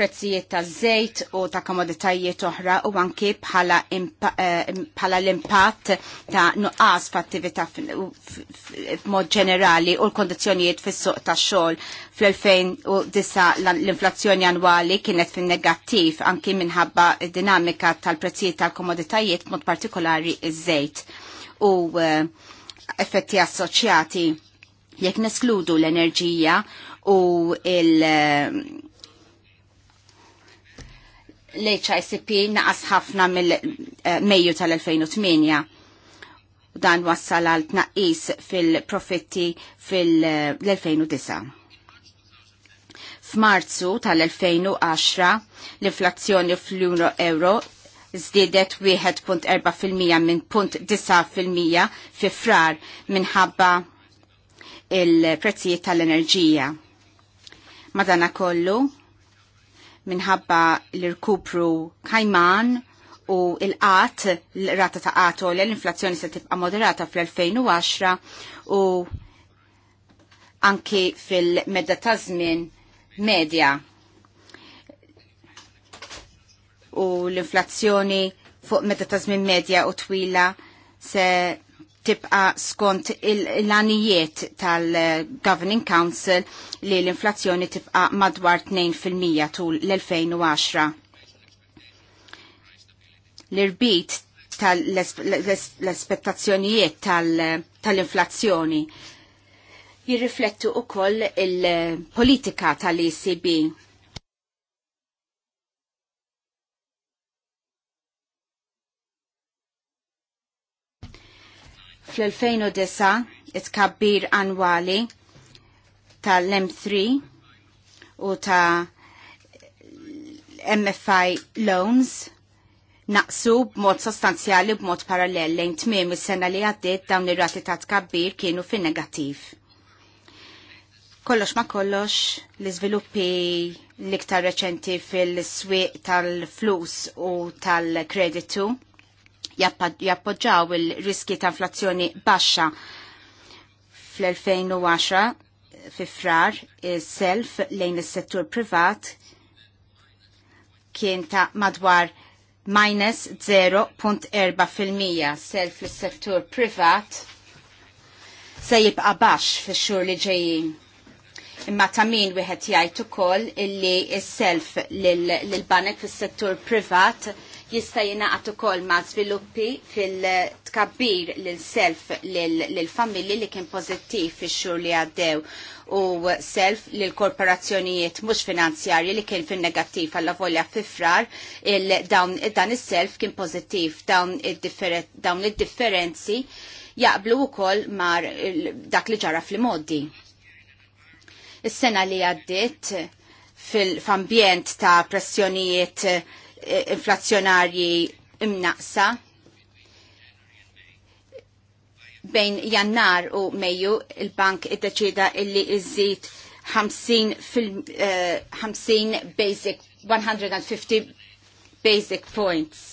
prezzijiet ta' żejt u ta' komoditajiet oħra u anki bħala eh, l-impatt ta' nuqqas f'attività f'mod ġenerali u l-kondizjonijiet fis-suq ta' xogħol fl-2009 l-inflazzjoni annwali kienet fin-negattiv anki minħabba dinamika tal-prezzijiet tal-komoditajiet mod partikolari iż-żejt u eh, effetti assoċjati jekk neskludu l-enerġija u il- l-HICP naqas ħafna mill-Mejju eh, tal-2008. Dan wassal għal tnaqqis fil-profitti fil-2009. F'Marzu tal-2010 l-inflazzjoni fl-euro euro zdidet 1.4% minn punt 9% fi frar minħabba il-prezzijiet tal-enerġija. Madana kollu, minħabba l-irkupru kajman u il-qat, l-rata ta' qat u l-inflazzjoni se tibqa moderata fl-2010 u anki fil-medda ta' żmien medja. U l-inflazzjoni fuq medda ta' żmien medja u twila se tibqa skont l-anijiet tal-Governing Council li l-inflazzjoni tibqa madwar 2% tul l-2010. L-irbit tal-aspettazzjonijiet tal-inflazzjoni jirriflettu u koll il-politika tal-ECB Fl-2009 it-kabbir annwali tal-M3 u ta' MFI loans naqsu b'mod sostanzjali b'mod parallel lejn tmiem is-sena li għaddiet dawn ir-rati ta' tkabbir kienu fin negattiv. Kollox ma kollox l-iżviluppi l-iktar reċenti fil-swieq tal-flus u tal-kreditu jappoġġaw il-riski ta' inflazzjoni baxxa. Fl-2010 fi frar self lejn is-settur privat kien ta' madwar minus 0.4% self fis settur privat se jibqa' baxx fix-xhur li ġejjin imma ta' min wieħed jgħid ukoll illi s-self lil banek fis-settur privat jista' jingħaqad ukoll ma' żviluppi fil-tkabbir l self l familji li kien pożittiv fix-xhur li għaddew u self l korporazzjonijiet mhux finanzjarji li kien fin-negattiv għalla volja fifrar il-dawn dan is-self kien pozittiv dawn id-differenzi jaqblu wkoll mar dak li ġara fl-modi. Is-sena li għaddiet fil fambjent ta' pressjonijiet inflazzjonarji imnaqsa bejn jannar u Mejju il-bank id-deċida illi iżid 50, fil, uh, eh, 50 basic 150 basic points.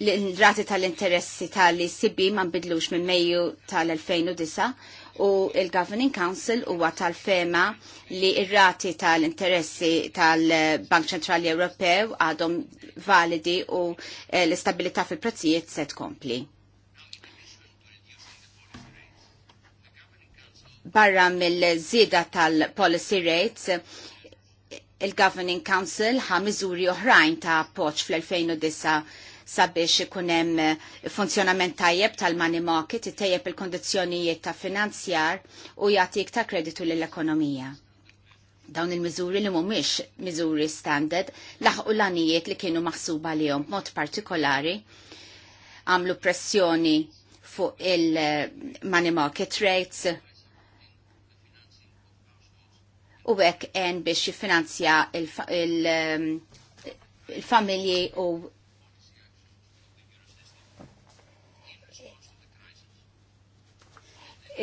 L-rati tal-interessi tal-ICB ma nbidlux minn Mejju tal-2009 u il-Governing Council huwa tal-fema li irrati rati tal-interessi tal-Bank Ċentrali Ewropew għadhom validi u eh, l-istabilità fil-prezzijiet se tkompli. Barra mill-żieda tal-policy rates, il-Governing Council ħa miżuri oħrajn ta' appoġġ fl-2009 sabiex ikunem eh, funzjonament tajjeb tal-money market, tajjeb il-kondizjonijiet ta' finanzjar u jagħti iktar kreditu lill-ekonomija. Dawn il-miżuri li mhumiex miżuri standard laħqu l-anijiet li kienu maħsuba jom b'mod partikolari għamlu pressjoni fuq il-money market rates u hekk en biex jiffinanzja eh, il-familji il il il u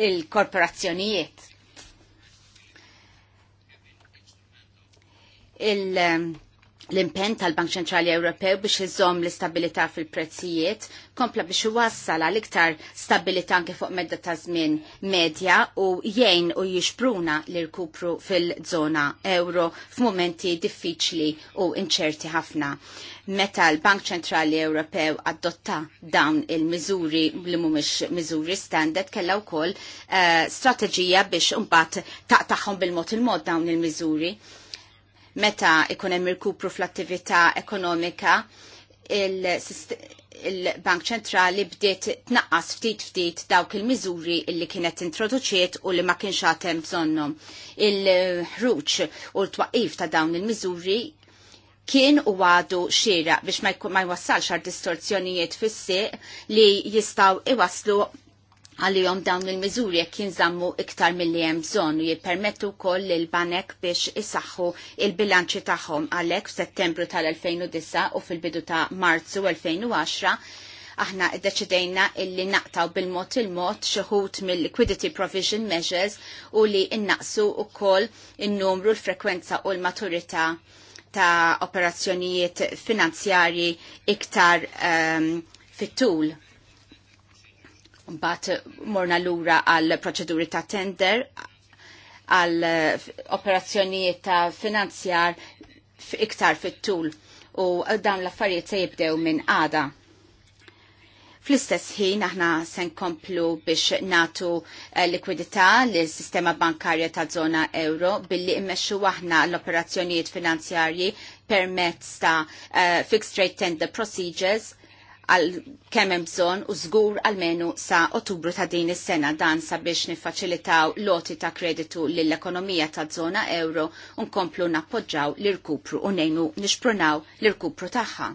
il-korporazzjonijiet. il, -korporazzjonijiet. Um, il l-impenn tal-Bank Ċentrali Ewropew biex iżomm l-istabilità fil-prezzijiet kompla biex iwassal għal iktar stabilità anke fuq medda ta' żmien medja u jgħin u jixpruna l-irkupru fil-żona euro f'mumenti diffiċli u inċerti ħafna. Meta l-Bank Ċentrali Ewropew adotta dawn il-miżuri li mhumiex miżuri standard kellha wkoll uh, strateġija biex imbagħad taqtaħħom bil-mod il-mod dawn il-miżuri meta ikun hemm il-kupru fl-attività ekonomika il-Bank ċentrali bdiet tnaqqas ftit ftit dawk il-miżuri illi kienet introduċiet u li ma kienx għatem bżonnhom. Il-ħruġ u l-twaqif ta' dawn il-miżuri kien u għadu xira biex ma jwassalx għal distorzjonijiet fis-sieq li jistaw iwaslu għalihom dawn il-miżuri jekk jinżammu iktar milli hemm bżonn u jippermettu wkoll lil banek biex isaħħu il-bilanċi tagħhom għalhekk f'Settembru tal-2009 u fil-bidu ta' Marzu 2010 aħna id-deċidejna illi naqtaw bil-mod il-mod xeħut mill-liquidity provision measures u li innaqsu u koll il-numru, l-frekwenza u l-maturita ta' operazzjonijiet finanzjari iktar um, fit-tul bat eh, morna lura għal proċeduri ta' tender għal eh, operazzjonijiet ta' finanzjar iktar fit-tul u dawn l-affarijiet se jibdew minn għada. Fl-istess ħin aħna se nkomplu biex natu eh, likwidità lis sistema bankarja ta' zona euro billi immexxu aħna l-operazzjonijiet finanzjarji permezz ta' fixed rate tender procedures għal kemm hemm bżonn u żgur għalmenu sa Ottubru ta' din is-sena dan sabiex niffaċilitaw loti ta' kreditu lill-ekonomija ta' żona euro u nkomplu nappoġġaw l-irkupru u nejnu nixprunaw l-irkupru tagħha.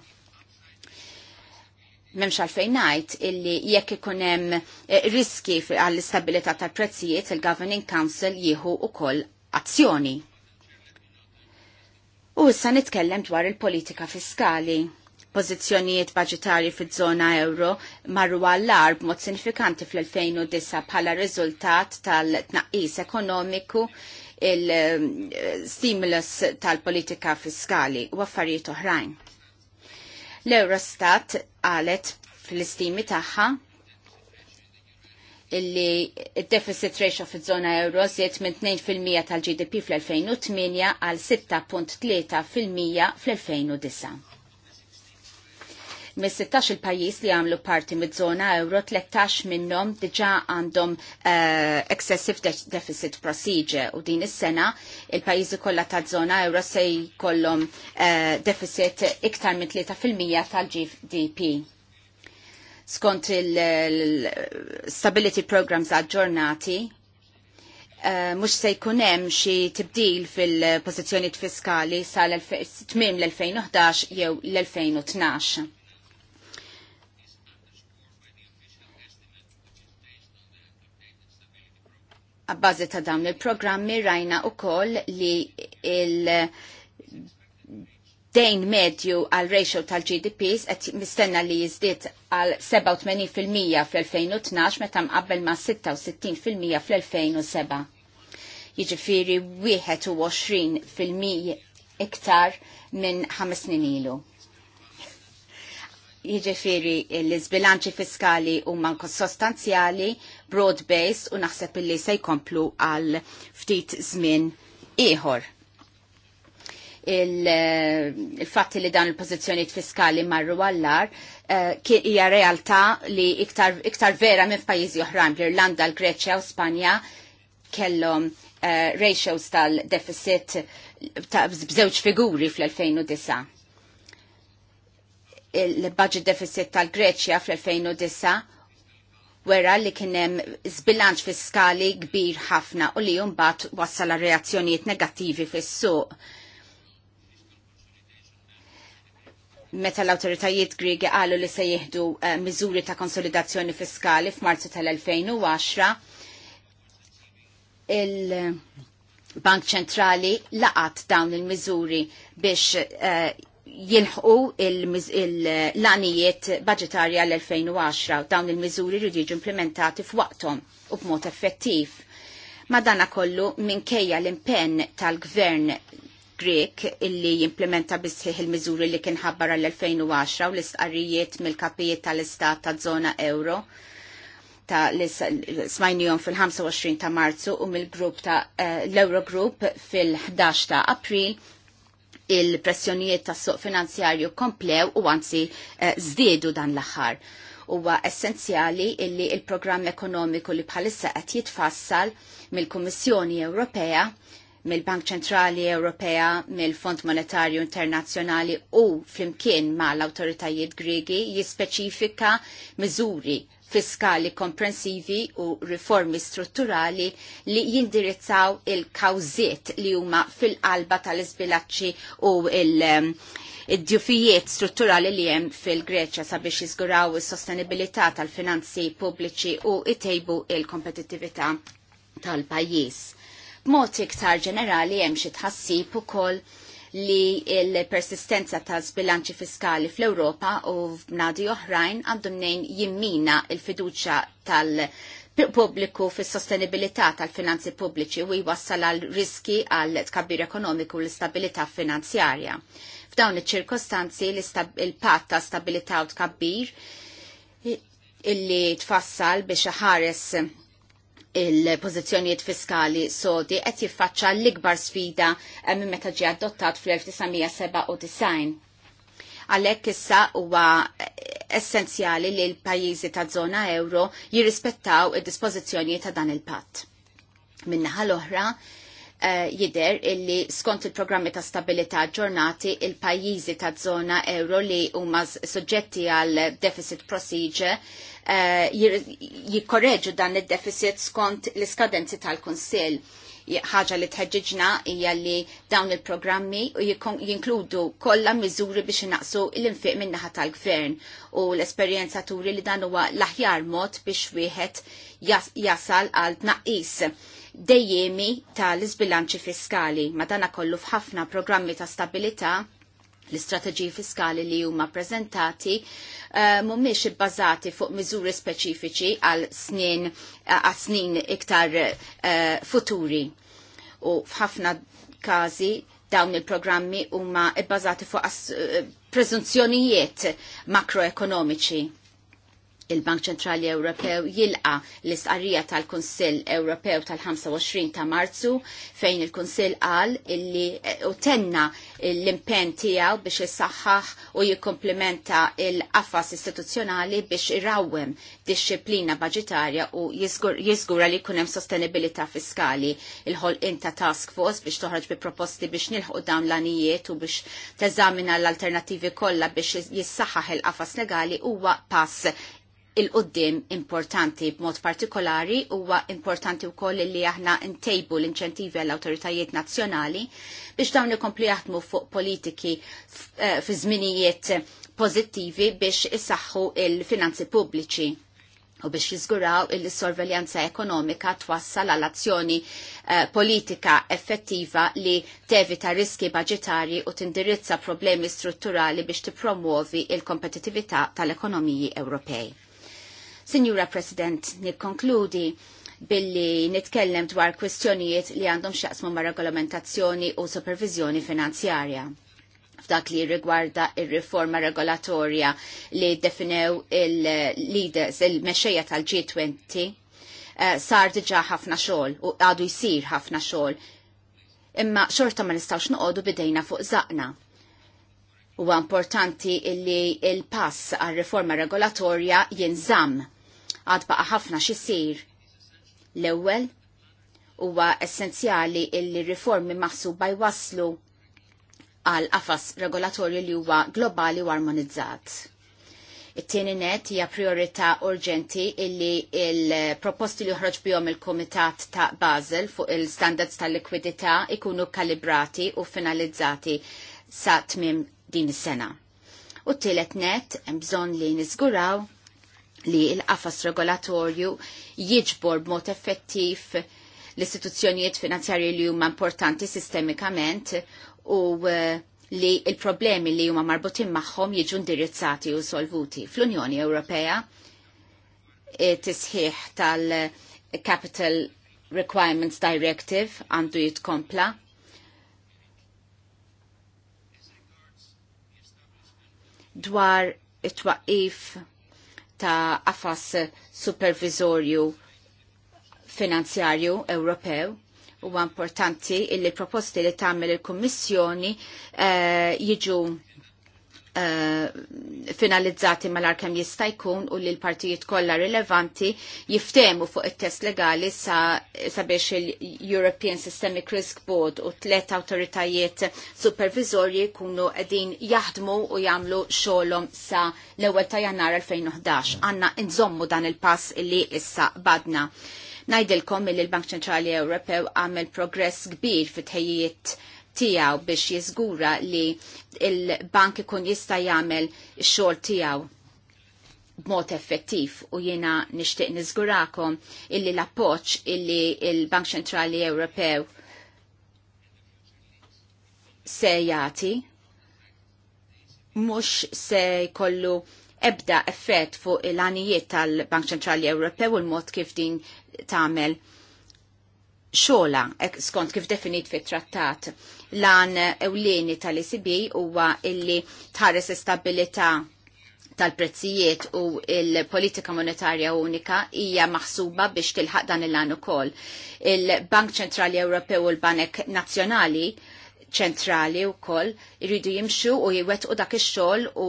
Memx għalfejn ngħid illi jekk ikun hemm eh, riski għall-istabilità tal-prezzijiet il-Governing Council jieħu ukoll azzjoni. U issa nitkellem dwar il-politika fiskali pożizzjonijiet budgetari fiż-żona euro marru għall-ar mod sinifikanti fl-2009 bħala riżultat tal-tnaqqis ekonomiku il-stimulus eh, tal-politika fiskali u affarijiet oħrajn. L-Eurostat għalet fl-istimi tagħha illi il-deficit ratio fi zona euro ziet minn 2% tal-GDP fl-2008 għal 6.3% fl-2009 mis 16 il-pajis li għamlu parti mid-zona euro 13 minnom diġa għandhom uh, excessive de deficit procedure u din is-sena il-pajizi kollha ta' zona euro se jkollhom uh, deficit iktar minn 3% tal-GDP. Skont il-stability programs aġġornati, Uh, eh, mux se jkun hemm xi tibdil fil pożizzjonijiet fiskali sal-tmiem l-2011 jew l-2012. Għabbażi ta' dawn il-programmi rajna u koll li il- dejn medju għal ratio tal-GDPs qed mistenna li jiżdied għal 87% fl-2012 meta mqabbel ma' 66% fl-2007. Jiġifieri 21% iktar minn ħames snin ilu. Jiġifieri l-iżbilanċi fiskali huma sostanzjali broad base u naħseb illi se jkomplu għal ftit żmien ieħor eh, il-fatt il li dan il-pozizjoniet fiskali marru għallar eh, hija uh, realtà li iktar, iktar vera minn f'pajjiżi oħrajn l-Irlanda, l-Greċja u Spanja kellhom uh, ratios tal-deficit ta' bżewġ figuri fl-2009. Il-budget deficit tal-Greċja fl-2009 wera li kienem zbilanċ fiskali kbir ħafna u li jumbat wassal reazzjonijiet negattivi fis-suq. meta l-autoritajiet Griegi għalu li se jihdu uh, miżuri ta' konsolidazzjoni fiskali f'Marzu tal-2010, il-Bank ċentrali laqat dawn il-miżuri biex uh, jilħqu l-għanijiet budgetarja l-2010 u dawn il-miżuri rridu jiġu implementati f'waqthom u b'mod effettiv. Madana kollu minkejja l-impenn tal-gvern Grek illi jimplementa bisħiħ il-miżuri li kien ħabbar l-2010 u l-istqarrijiet mill-kapijiet tal-istat ta' zona euro ta' li smajnijom fil-25 ta' marzu u mill-grupp ta' eh, l-Eurogroup fil-11 ta' april il-pressjonijiet tas suq finanzjarju komplew u għanzi zdiedu eh, dan l-axar. Huwa essenzjali illi il-programm ekonomiku li bħalissa qed jitfassal mill-Kummissjoni Ewropea, mill-Bank Ċentrali Ewropea, mill-Fond Monetarju Internazzjonali u flimkien ma l-autoritajiet Gregi jispeċifika miżuri fiskali komprensivi u riformi strutturali li jindirizzaw il-kawżiet li huma fil-qalba tal-izbilaċċi u il-djufijiet um, strutturali li hemm fil-Greċja sabiex jiżguraw is-sostenibilità tal-finanzi pubbliċi u itejbu il-kompetittività tal-pajjiż. B'mod iktar ġenerali hemm xi tħassib ukoll li il-persistenza ta' sbilanċi fiskali fl-Europa u f'nadi oħrajn għandhom nejn jimmina il-fiduċa tal- pubbliku fis sostenibilità tal-finanzi pubbliċi u jwassal għal riski għal tkabbir ekonomiku u l-istabilità finanzjarja. F'dawn iċ-ċirkostanzi il-patt ta' stabilità u tkabbir illi tfassal biex ħares il-pozizjonijiet fiskali sodi qed jiffaċċa l-ikbar sfida eh, minn meta ġie adottat fl-1997. Għalhekk issa huwa essenzjali li l-pajjiżi ta' żona euro jirrispettaw id-dispożizzjonijiet ta' dan il-patt. Minnaħa l-oħra, eh, jider illi skont il-programmi ta' stabilità ġurnati il-pajjiżi ta' zona euro li huma soġġetti għal deficit procedure Eh, jikkorreġu dan id-deficit skont l-iskadenzi tal-Kunsill ħaġa li tħeġġiġna hija li dawn il-programmi jinkludu kollha miżuri biex inaqsu l-infiq min-naħa tal-gvern u l-esperjenza turi li dan huwa l-aħjar mod biex wieħed jasal għal tnaqqis dejjemi tal iżbilanċi fiskali. Madana kollu f'ħafna programmi ta' stabilità l-istrateġiji fiskali li huma prezentati uh, eh, mhumiex ibbażati fuq miżuri speċifiċi għal snin eh, għal snin iktar uh, futuri. U f'ħafna każi dawn il-programmi huma ibbażati fuq preżunzjonijiet makroekonomiċi il-Bank Ċentrali Ewropew jilqa l-istqarrija tal-Kunsill Ewropew tal-25 ta' Marzu fejn il-Kunsill qal illi eh, tenna l-impenn tiegħu biex jissaħħaħ u jikkomplementa l-qafas istituzzjonali biex irawwem disċiplina budgetarja u jiżgura li jkun hemm sostenibilità fiskali il-ħolqien ta' task force biex toħroġ bi proposti biex nilħu dawn l-anijiet u biex teżamina l-alternativi kollha biex jissaħħaħ il-qafas legali huwa pass il-qoddim importanti b'mod partikolari huwa importanti wkoll li aħna ntejbu l-inċentivi għall awtoritajiet nazzjonali biex dawn ikomplu jaħdmu fuq politiki eh, fi żminijiet pożittivi biex isaħħu il-finanzi pubbliċi u biex jiżguraw il-sorveljanza ekonomika twassal għal azzjoni eh, politika effettiva li tevita riski budgetari u tindirizza problemi strutturali biex tipromuovi il-kompetitività tal-ekonomiji Ewropej. Sinjura President, nikkonkludi billi nitkellem dwar kwestjonijiet li għandhom xaqsmu ma' regolamentazzjoni u supervizjoni finanzjarja f'dak li rigwarda il riforma regolatorja li definew il-leaders, il-mexxejja tal-G20, eh, sar diġa ħafna xogħol u għadu jsir ħafna xogħol. Imma xorta ma nistgħux noqogħdu bidejna fuq zaqna. Huwa importanti li il-pass għal-riforma regolatorja jinżamm għad baqa ħafna xisir. L-ewwel huwa essenzjali illi riformi maħsuba waslu għal qafas regolatorju li huwa globali u armonizzat. It-tieni net hija priorità urġenti illi il-proposti li joħroġ bihom il-Kumitat ta' Basel fuq il-standards tal-likwidità ikunu kalibrati u finalizzati sa' tmim din is-sena. U t-tielet net hemm bżonn li niżguraw li l-qafas regolatorju jiġbor b'mod effettiv l-istituzzjonijiet finanzjarji li huma importanti sistemikament u eh, li il-problemi li huma marbutin magħhom jiġu indirizzati u solvuti. Fl-Unjoni Ewropea eh, tisħiħ tal-Capital Requirements Directive għandu jitkompla dwar it-twaqif ta' affas supervizorju finanzjarju Ewropew huwa importanti li proposti li tagħmel il-Kummissjoni uh, jiġu Eh, finalizzati mal-arkem jista' jkun u li l-partijiet kollha rilevanti jiftemu fuq it-test legali sa sabiex il-European Systemic Risk Board u tlet awtoritajiet supervizorji jkunu qegħdin jaħdmu u jagħmlu xogħolhom sa l-ewwel ta' Jannar 2011. Għandna nżommu dan il-pass li issa badna. Najdilkom li l-Bank Ċentrali Ewropew għamel progress kbir fit-tejjiet tiegħu biex jiżgura li il-bank ikun jista' jagħmel x-xogħol tiegħu b'mod effettiv u jiena nixtieq niżgurakom illi l-appoġġ illi il-Bank Ċentrali Ewropew se jagħti mhux se jkollu ebda effett fuq il-għanijiet tal-Bank Ċentrali Ewropew u l-mod kif din tagħmel xola, skont kif definit fit trattat lan ewlieni tal-ECB huwa illi tħares stabilita tal-prezzijiet u il-politika monetarja unika hija maħsuba biex tilħaq dan il-lan ukoll. Il-Bank Ċentrali Ewropew u l-Banek Nazzjonali ċentrali u koll irridu jimxu u jwetqu dak ix-xogħol u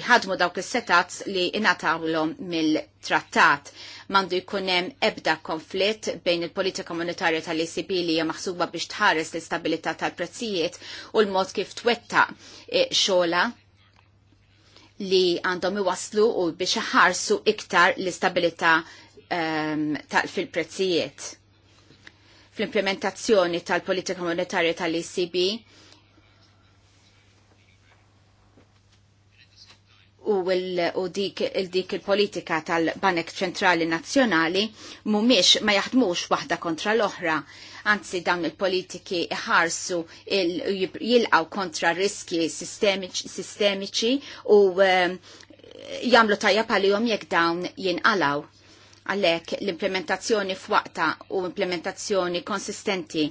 jħadmu dawk is-setats li inatawlhom mill-trattat mandu jkunem ebda konflitt bejn il-politika monetarja tal-ECB li hija maħsuba biex tħares l-istabilità tal-prezzijiet u l-mod kif twetta eh, xola li għandhom iwaslu u biex ħarsu iktar l-istabilità um, fil-prezzijiet. Fl-implementazzjoni tal-politika monetarja tal-ECB u dik il-politika tal-Banek Ċentrali Nazzjonali mumiex ma jaħdmux waħda kontra l-oħra. Anzi dawn il-politiki iħarsu jilqaw kontra riski sistemiċi u ehm, jamlu tajja palijom jek dawn jinqalaw. Għalek l-implementazzjoni f'waqta u implementazzjoni konsistenti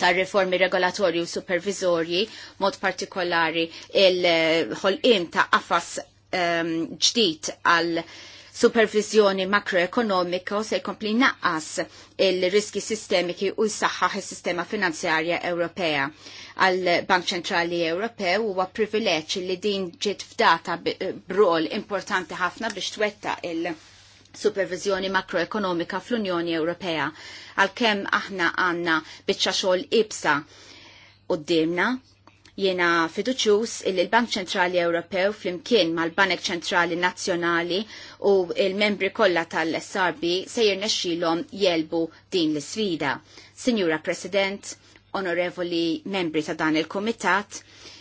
ta' reformi regolatorji u supervizorji, mod partikolari il-ħolqim ta' afas. Um, ġdid għal supervizjoni makroekonomika u se jkompli naqqas il-riski sistemiki u jsaħħaħ is-sistema finanzjarja Ewropea għal Bank Ċentrali Ewropew huwa privileġġ li din ġiet f'data brol importanti ħafna biex twetta il- supervizjoni makroekonomika fl-Unjoni Ewropea għal kem aħna għanna bieċa xogħol ibsa u d-dimna Jena fiduċus il l-Bank Ċentrali Ewropew flimkien mal-Banek Ċentrali Nazzjonali u il-membri kollha tal-SRB se jirnexxilhom jelbu din l-sfida. Sinjura President, onorevoli membri ta' dan il-Komitat,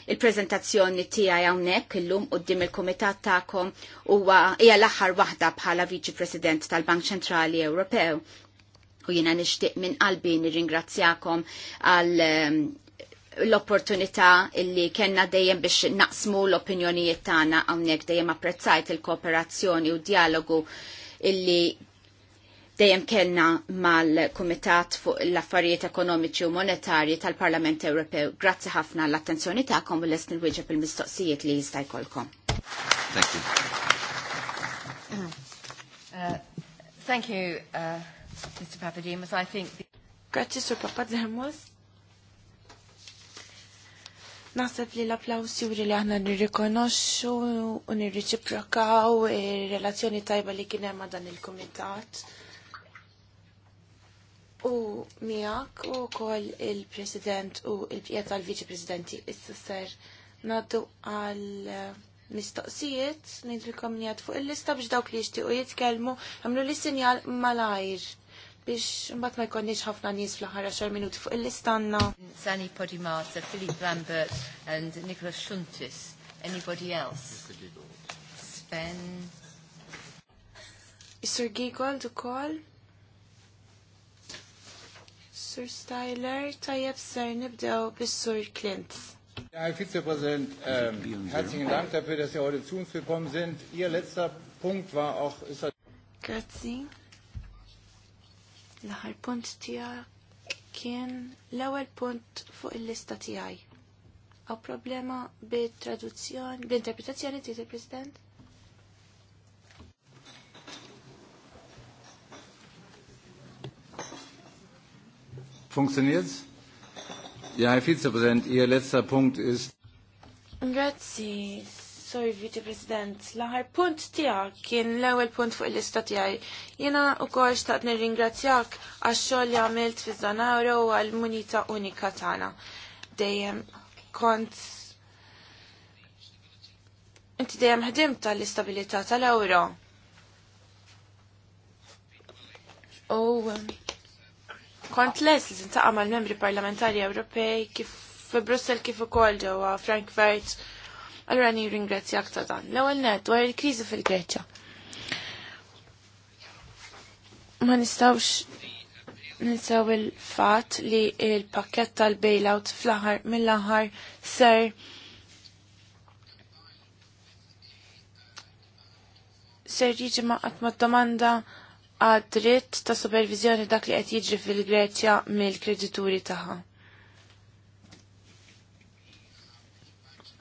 il-prezentazzjoni tiegħi hawnhekk illum quddiem il-Kumitat tagħkom huwa hija l-aħħar waħda bħala Viċi President tal-Bank Ċentrali Ewropew. U jiena nixtieq minn qalbi nirringrazzjakom għal ehm, l-opportunità illi kena dejjem biex naqsmu l-opinjonijiet tagħna hawnhekk dejjem apprezzajt il-kooperazzjoni u dialogu illi dejjem kellna mal-Kumitat fuq l-Affarijiet Ekonomiċi u Monetarji tal-Parlament Ewropew. Grazzi ħafna l-attenzjoni tagħkom u lest nirwieġeb il-mistoqsijiet li jista' jkollkom. Thank you. Uh, thank you, uh, Mr. Papadimus. I think the... Grazie, Sir Papademos. Naħseb li l-applaws juri li aħna nirrikonoxxu u nirriċiprokaw ir-relazzjoni e, tajba li kien hemm dan il-kumitat. U miak u wkoll il-President u l-bqija tal-Viċi Presidenti issa ser naddu għal e, mistoqsijiet ngħidilkom li fuq il-lista biex dawk li jixtiequ jitkellmu għamlu li sinjal malajr biex mbagħad ma jkollniex ħafna nies fl-aħħar 10 minuti fuq il-listanna. Sani Podimata, Philip Lambert and Nicholas Shuntis. Anybody else? Sven. Sir sur Gigold ukoll? Sir Styler, tajab sir, nibdew bis sir Clint. Ja, Herr Vizepräsident, ähm, herzlichen Dank dafür, dass Sie heute zu uns gekommen sind. Ihr letzter Punkt war auch... Ist Grazie l ħar punt tiegħek kien l-ewwel punt fuq il-lista tijaj. Għaw problema bit-traduzzjoni, bl-interpretazzjoni tijaj, President? Funktioniert? Ja, Herr Vizepräsident, Ihr letzter Punkt ist. Grazie, Sorry, Vice President, l punt tija kien l-ewel punt fuq il lista tijaj. Jena u kol xtaqt nir ingrazzjak għaxxol li għamilt fi Zanaro u għal-munita unika tana. Dejjem kont Inti dejjem ħdim tal-istabilità tal-euro. U um, kont les li tintaqa' mal-membri parlamentari Ewropej kif fi Brussel kif ukoll ġewwa Frankfurt Allora ni ringrazzjak ta' dan. L-ewwel net dwar il-kriżi fil-Greċja. Ma nistawx nistaw il-fatt li il-pakket tal-bailout fl-aħħar mill-aħħar ser ser jiġi maqat ma' domanda għad dritt ta' supervizjoni dak li qed jiġri fil-Greċja mill-kredituri tagħha.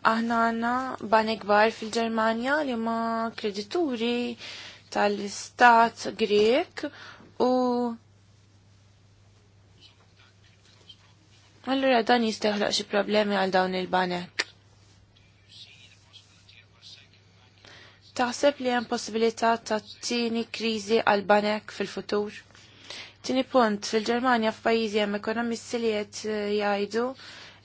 Aħna għanna banek gbar fil ġermania li ma kredituri tal-istat Grek u Allura dan jisteħloq xi problemi għal dawn il-banek. Taħseb li hemm possibilità ta' tieni kriżi għal banek fil-futur? Tieni punt, fil-Ġermanja f'pajjiżi hemm ekonomisti li qed jgħidu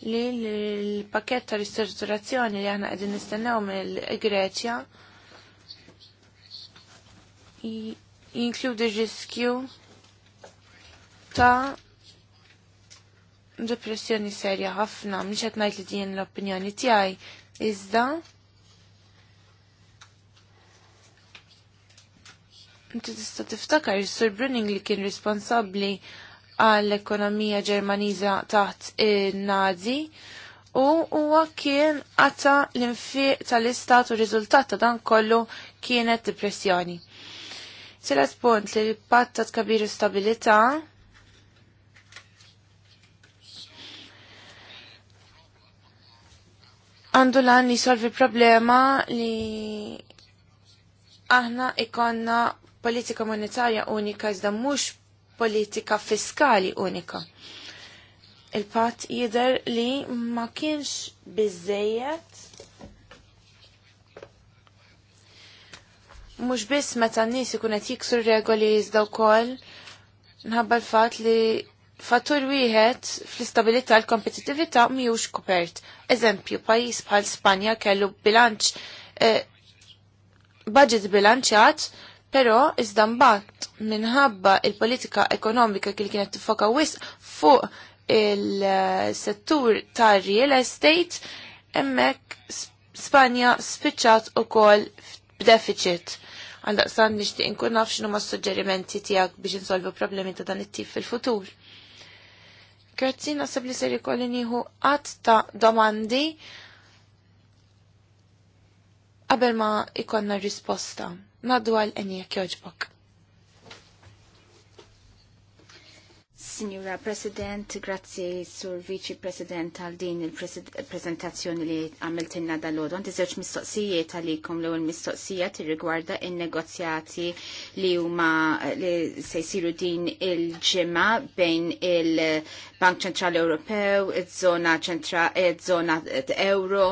li l-pakket ta' ristrutturazzjoni li aħna qegħdin nistennew mill-Greċja jinkludi riskju ta' depressjoni serja ħafna, mhux qed ngħid li din l-opinjoni tiegħi, iżda Inti tista' tiftakar Sir Brunning li kien responsabbli għall-ekonomija ġermaniża taħt il-Nazi u huwa kien għata l-infiq tal-istat u riżultat ta' dan kollu kienet depressjoni. Sela punt li l-patta tkabiru stabilita għandu lan li solvi problema li aħna ikonna politika monetarja unika iżda mhux politika fiskali unika. Il-pat jider li ma kienx bizzejiet mux biss meta n-nis ikun qed jiksu regoli iżda wkoll nħabba l-fatt li fattur wieħed fl-istabilità l-kompetittività mhijiex kopert. Eżempju, pajjiż bħal Spanja kellu bilanċ eh, budget bilanċjat Pero iżda mbagħad minħabba il-politika ekonomika kil kienet tifoka wisq fuq il-settur tar real estate emmek Spanja spiċċat ukoll b'deficit. Għandaq san nixtieq inkun naf x'inhu s-suġġerimenti tiegħek biex insolvu problemi ta' dan it-tip fil-futur. Grazzi naħseb li ser ikolli nieħu qatt ta' domandi qabel ma ikonna risposta. Naddu għal enjek joġbok. Signora President, grazie Sur Vici President għal din il-prezentazzjoni li għamiltinna dal-ħodu. Għandi zewċ mistoqsijiet għalikom l ewwel mistoqsija rigwarda il-negozjati li huma li se jsiru din il ġemma bejn il-Bank Ċentrali Ewropew, il-Zona ċentra, euro,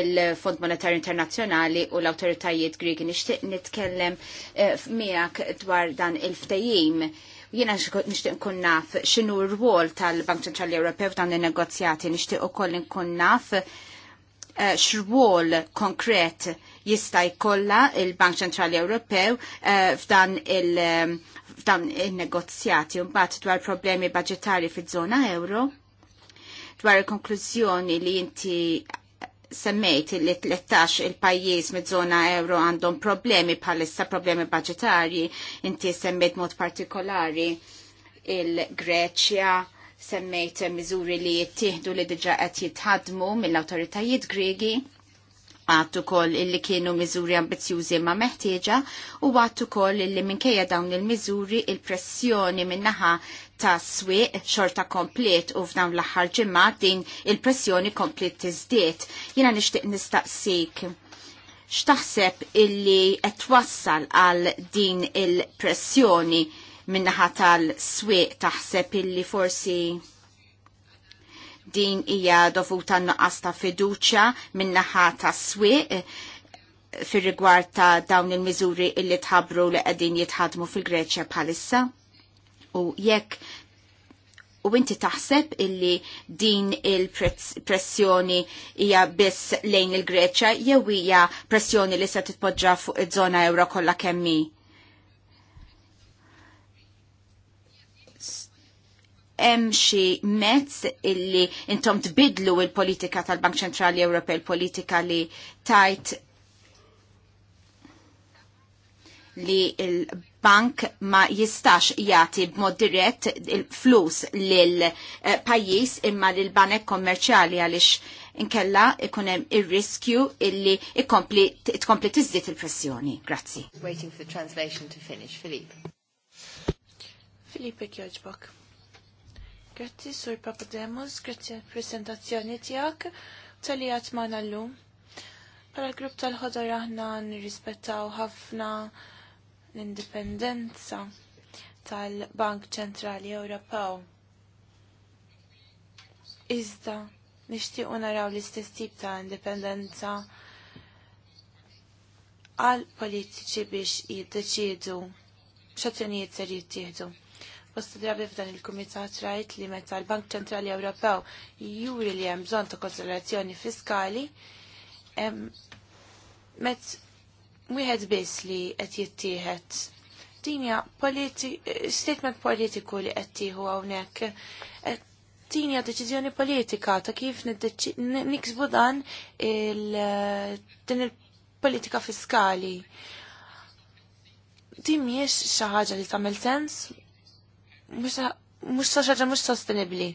il-Fond Monetarju Internazzjonali u l-awtoritajiet Grigi Nixtieq nitkellem eh, miegħek dwar dan il ftajim Jiena nixtieq nkun naf x'inhu r-rwol tal-Bank Ċentrali Ewropew f'dan in-negozjati, nixtieq ukoll nkun naf eh, x'wol konkret jista' jkollha il-Bank Ċentrali Ewropew eh, f'dan il- f'dan il-negozjati un bat dwar problemi budgetari fil żona euro dwar il-konklużjoni li inti semmejt li 13 il-pajjiż mid-żona euro għandhom problemi bħalissa problemi budgetarji, inti semmejt mod partikolari il-Greċja, semmejt miżuri li jittieħdu li diġa qed jitħadmu mill-awtoritajiet Griegi għattu kol illi kienu miżuri ambizjużi ma meħtieġa u għattu kol illi minkejja dawn il-miżuri il-pressjoni minnaħa ta' swiq xorta komplet u f'dawn l-aħħar ġimma din il-pressjoni komplet tiżdiet. Jiena nixtieq nistaqsik x'taħseb illi qed wassal għal din il-pressjoni minnaħa tal-swieq taħseb illi forsi din hija dovuta nuqqas ta' fiduċja minnaħa ta' swieq fir rigward ta' dawn il-miżuri illi tħabbru li qegħdin jitħadmu fil-Greċja bħalissa? u jekk u inti taħseb illi din il-pressjoni hija biss lejn il-Greċja jew hija pressjoni li se titpoġġa fuq iż-żona euro kollha kemm hemm xi mezz illi intom tbidlu il-politika tal-Bank Ċentrali Ewropej, il-politika li tajt li il bank ma jistax jati b'mod dirett il-flus lil-pajis eh, imma l banek kommerċali għalix inkella ikunem il-riskju illi tkompli tizdit il-pressjoni. Grazzi. Waiting for the translation to finish. Filip. Filip Ekjoġbok. Grazzi, Sur Papademos, grazzi għal-presentazzjoni tijak tali li għatmana l-lum. Għal grupp tal-ħodar aħna nirrispettaw ħafna l-indipendenza tal-Bank Ċentrali Ewropew. Iżda nixtiequ naraw l-istess tip ta' indipendenza għal politiċi biex jiddeċidu x'azzjonijiet ser jittieħdu. Bosta drabi f'dan il-Kumitat rajt li meta l-Bank Ċentrali Ewropew juri li hemm bżonn ta' konsolazzjoni fiskali, mezz wieħed biss li qed jittieħed. Dinja politi statement politiku li qed tieħu hawnhekk. tinja eh, deċiżjoni politika ta' kif niksbu dan il din il-politika fiskali. Din mhijiex xi ħaġa li tagħmel sens mhux mhux ħaġa mhux sostenibbli.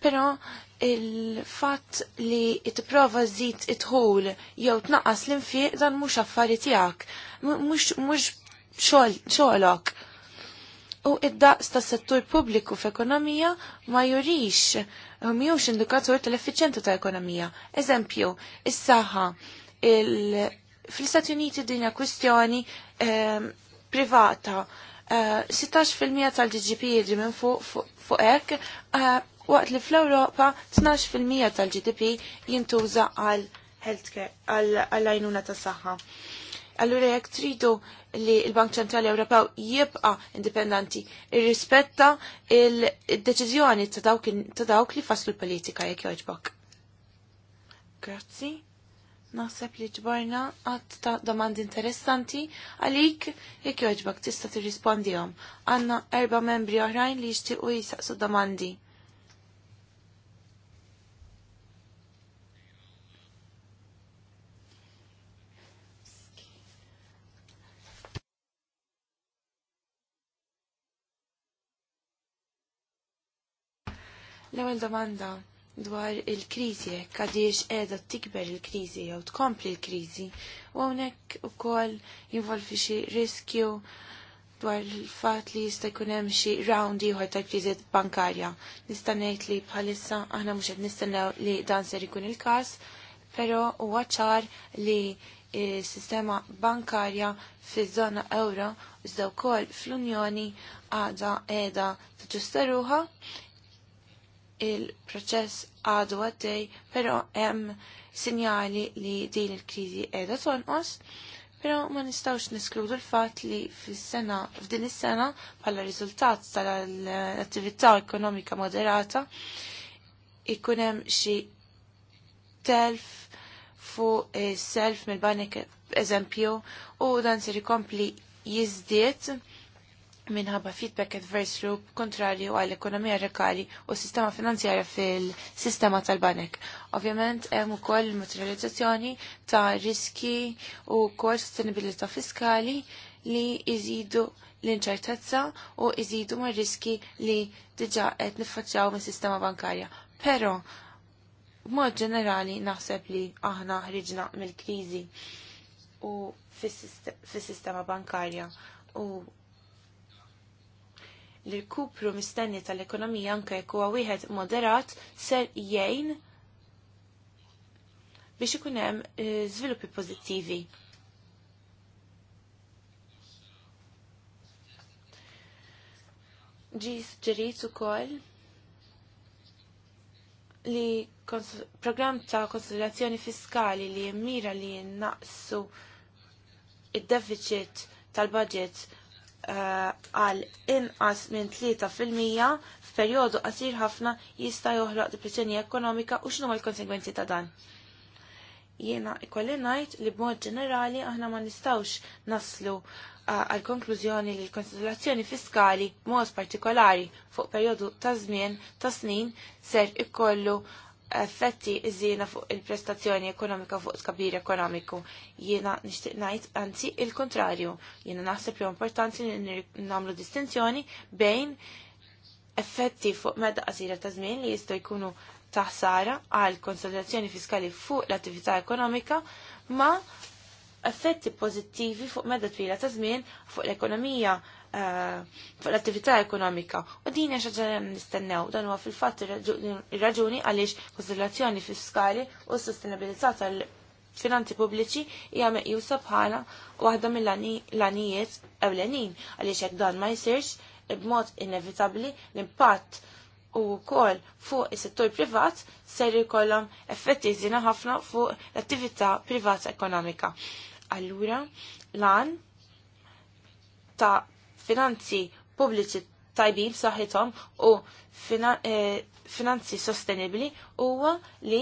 Pero il-fatt li it-prova zid it-ħul jew tnaqqas l-infiq dan mhux affari tiegħek, mhux xogħlok. U id-daqs tas settur pubbliku f'ekonomija ma jurix miewx indikatur tal-effiċjenza ta' ekonomija. Eżempju, is-saħħa fl-Istati Uniti dinja kwistjoni ehm, privata. 16% eh, tal-GGP jidri minn fuq fuq hekk eh, waqt li fl-Ewropa 12% tal-GDP jintuża għal healthcare, għal għajnuna ta' saħħa. Allura jekk tridu li l-Bank Ċentrali Ewropew jibqa' indipendenti, irrispetta il-deċiżjoni ta' dawk li faslu l-politika jekk jogħġbok. Grazzi. Naħseb li ġbarna għad ta' domandi interessanti għalik jekk jogħġbok tista' tirrispondihom. Għandna erba' membri oħrajn li jixtiequ jisaqsu domandi. L-ewwel domanda dwar il-kriżi jekk għadiex qiegħda tikber il-kriżi jew tkompli l-kriżi u hawnhekk ukoll jinvolvi xi riskju dwar il-fatt li jista' jkun hemm xi round ieħor tal-kriżi bankarja. Nista' ngħid li bħalissa aħna mhux qed nistennew li dan ser ikun il-każ, però huwa ċar li s-sistema bankarja fiż-żona euro iżda wkoll fl-Unjoni għadha qiegħda tiġġusta il-proċess għadu għaddej, pero hemm sinjali li din il-krizi qiegħda tonqos, pero ma nistawx niskludu l-fatt li fis-sena f'din is-sena bħala riżultat tal-attività ekonomika moderata ikun hemm xi telf fuq is-self mill-banek eżempju u dan se jkompli jizdiet minħabba feedback adverse loop kontrarju għall ekonomija rekali u sistema finanzjarja fil-sistema tal-banek. Ovvjament, hemm ukoll materializzazzjoni ta' riski u kol sostenibilità fiskali li jżidu l-inċertezza u jżidu ma' riski li diġa qed niffaċċjaw mis sistema bankarja. Però, b'mod ġenerali naħseb li aħna ħriġna mill-kriżi u fis-sistema bankarja u li l-kupru mistenni tal-ekonomija anke jekk huwa wieħed moderat ser jgħin biex ikun hemm eh, żviluppi pożittivi. Ġi suġġerit ukoll li program ta' konsolidazzjoni fiskali li jimmira li naqsu id-deficit tal-budget Eh, għal inqas minn 3% f'perjodu qasir ħafna jista' joħloq depressjoni ekonomika u x'numa l-konsegwenzi ta' dan. Jiena ikolli ngħid li b'mod ġenerali aħna ma nistgħux naslu eh, għal konklużjoni li l-konsiderazzjoni fiskali mod partikolari fuq perjodu ta' żmien ta' snin ser ikollu effetti iż-żiena fuq il-prestazzjoni ekonomika fuq skabir ekonomiku. Jiena nixtieq ngħid anzi il-kontrarju. Jiena naħseb li importanti li nagħmlu distinzjoni bejn effetti fuq medda qasira ta' żmien li jistgħu jkunu taħsara għal konsolidazzjoni fiskali fuq l-attività ekonomika ma' effetti pozittivi fuq medda twila ta' żmien fuq l-ekonomija fuq l-attività ekonomika. U din hija xi nistennew dan huwa fil-fatt ir-raġuni għaliex konsiderazzjoni fiskali u s-sostenibilità tal-finanzi pubbliċi hija meqjusa bħala waħda mill-għanijiet ewlenin għaliex hekk dan ma jsirx b'mod inevitabbli l-impatt u kol fuq is settur privat ser jkollhom effetti żina ħafna fuq l-attività privata ekonomika. Allura, lan ta' finanzi pubbliċi tajbin saħħithom u eh, finanzi sostenibli huwa li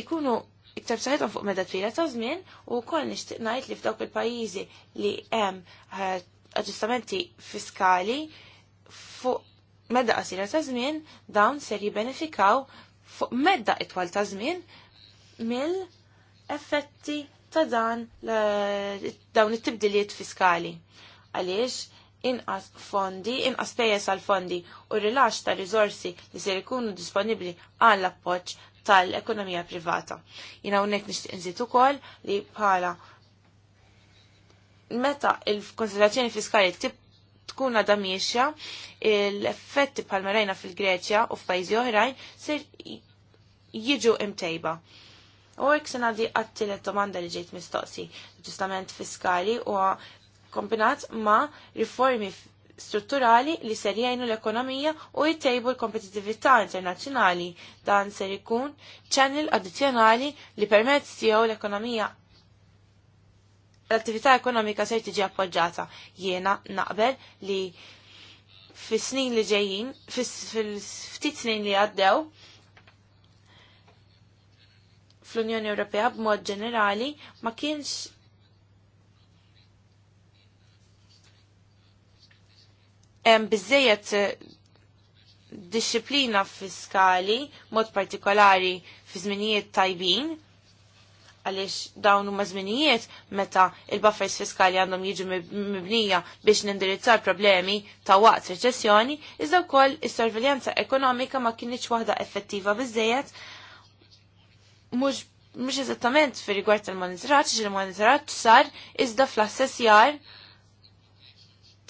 ikunu iktar saħħithom fuq meda twila ta' żmien u wkoll nixtieq ngħid li f'dawk il-pajjiżi li hemm eh, aġġustamenti fiskali fuq medda qasira ta' żmien dawn ser jibbenefikaw fuq medda itwal ta' żmien mill-effetti ta' dan eh, dawn it-tibdiliet fiskali għaliex inqas fondi, inqas pejjeż għal fondi u rilax ta' risorsi li se jkunu disponibbli għall appoġġ tal-ekonomija privata. Jina hawnhekk nixtieq nżid ukoll li bħala meta il konsidrazzjoni fiskali tib tkun għadha miexja, l-effetti bħal marajna fil-Greċja u f'pajjiżi oħrajn se jiġu imtejba. U għek sena di għattilet domanda li ġejt mistoqsi, ġustament fiskali u kombinat ma' riformi strutturali li ser jgħinu l-ekonomija u jtejbu l-kompetitività internazzjonali. Dan ser ikun channel addizzjonali li permezz tiegħu l-ekonomija l-attività ekonomika ser tiġi appoġġata. Jiena naqbel li fis-snin li ġejjin, fis ftit snin li għaddew, fl-Unjoni Ewropea b'mod ġenerali ma kienx hemm biżejjed eh, disciplina fiskali mod partikolari fi żminijiet tajbin għaliex dawn huma żminijiet meta il-buffers fiskali għandhom jiġu mibnija biex nindirizzar problemi ta' waqt reċessjoni, iżda wkoll is-sorveljanza ekonomika ma kienx waħda effettiva biżejjed mhux mhux eżattament fi rigward tal-monitoraġġ, il-monitoraġġ sar iżda fl-assessjar jar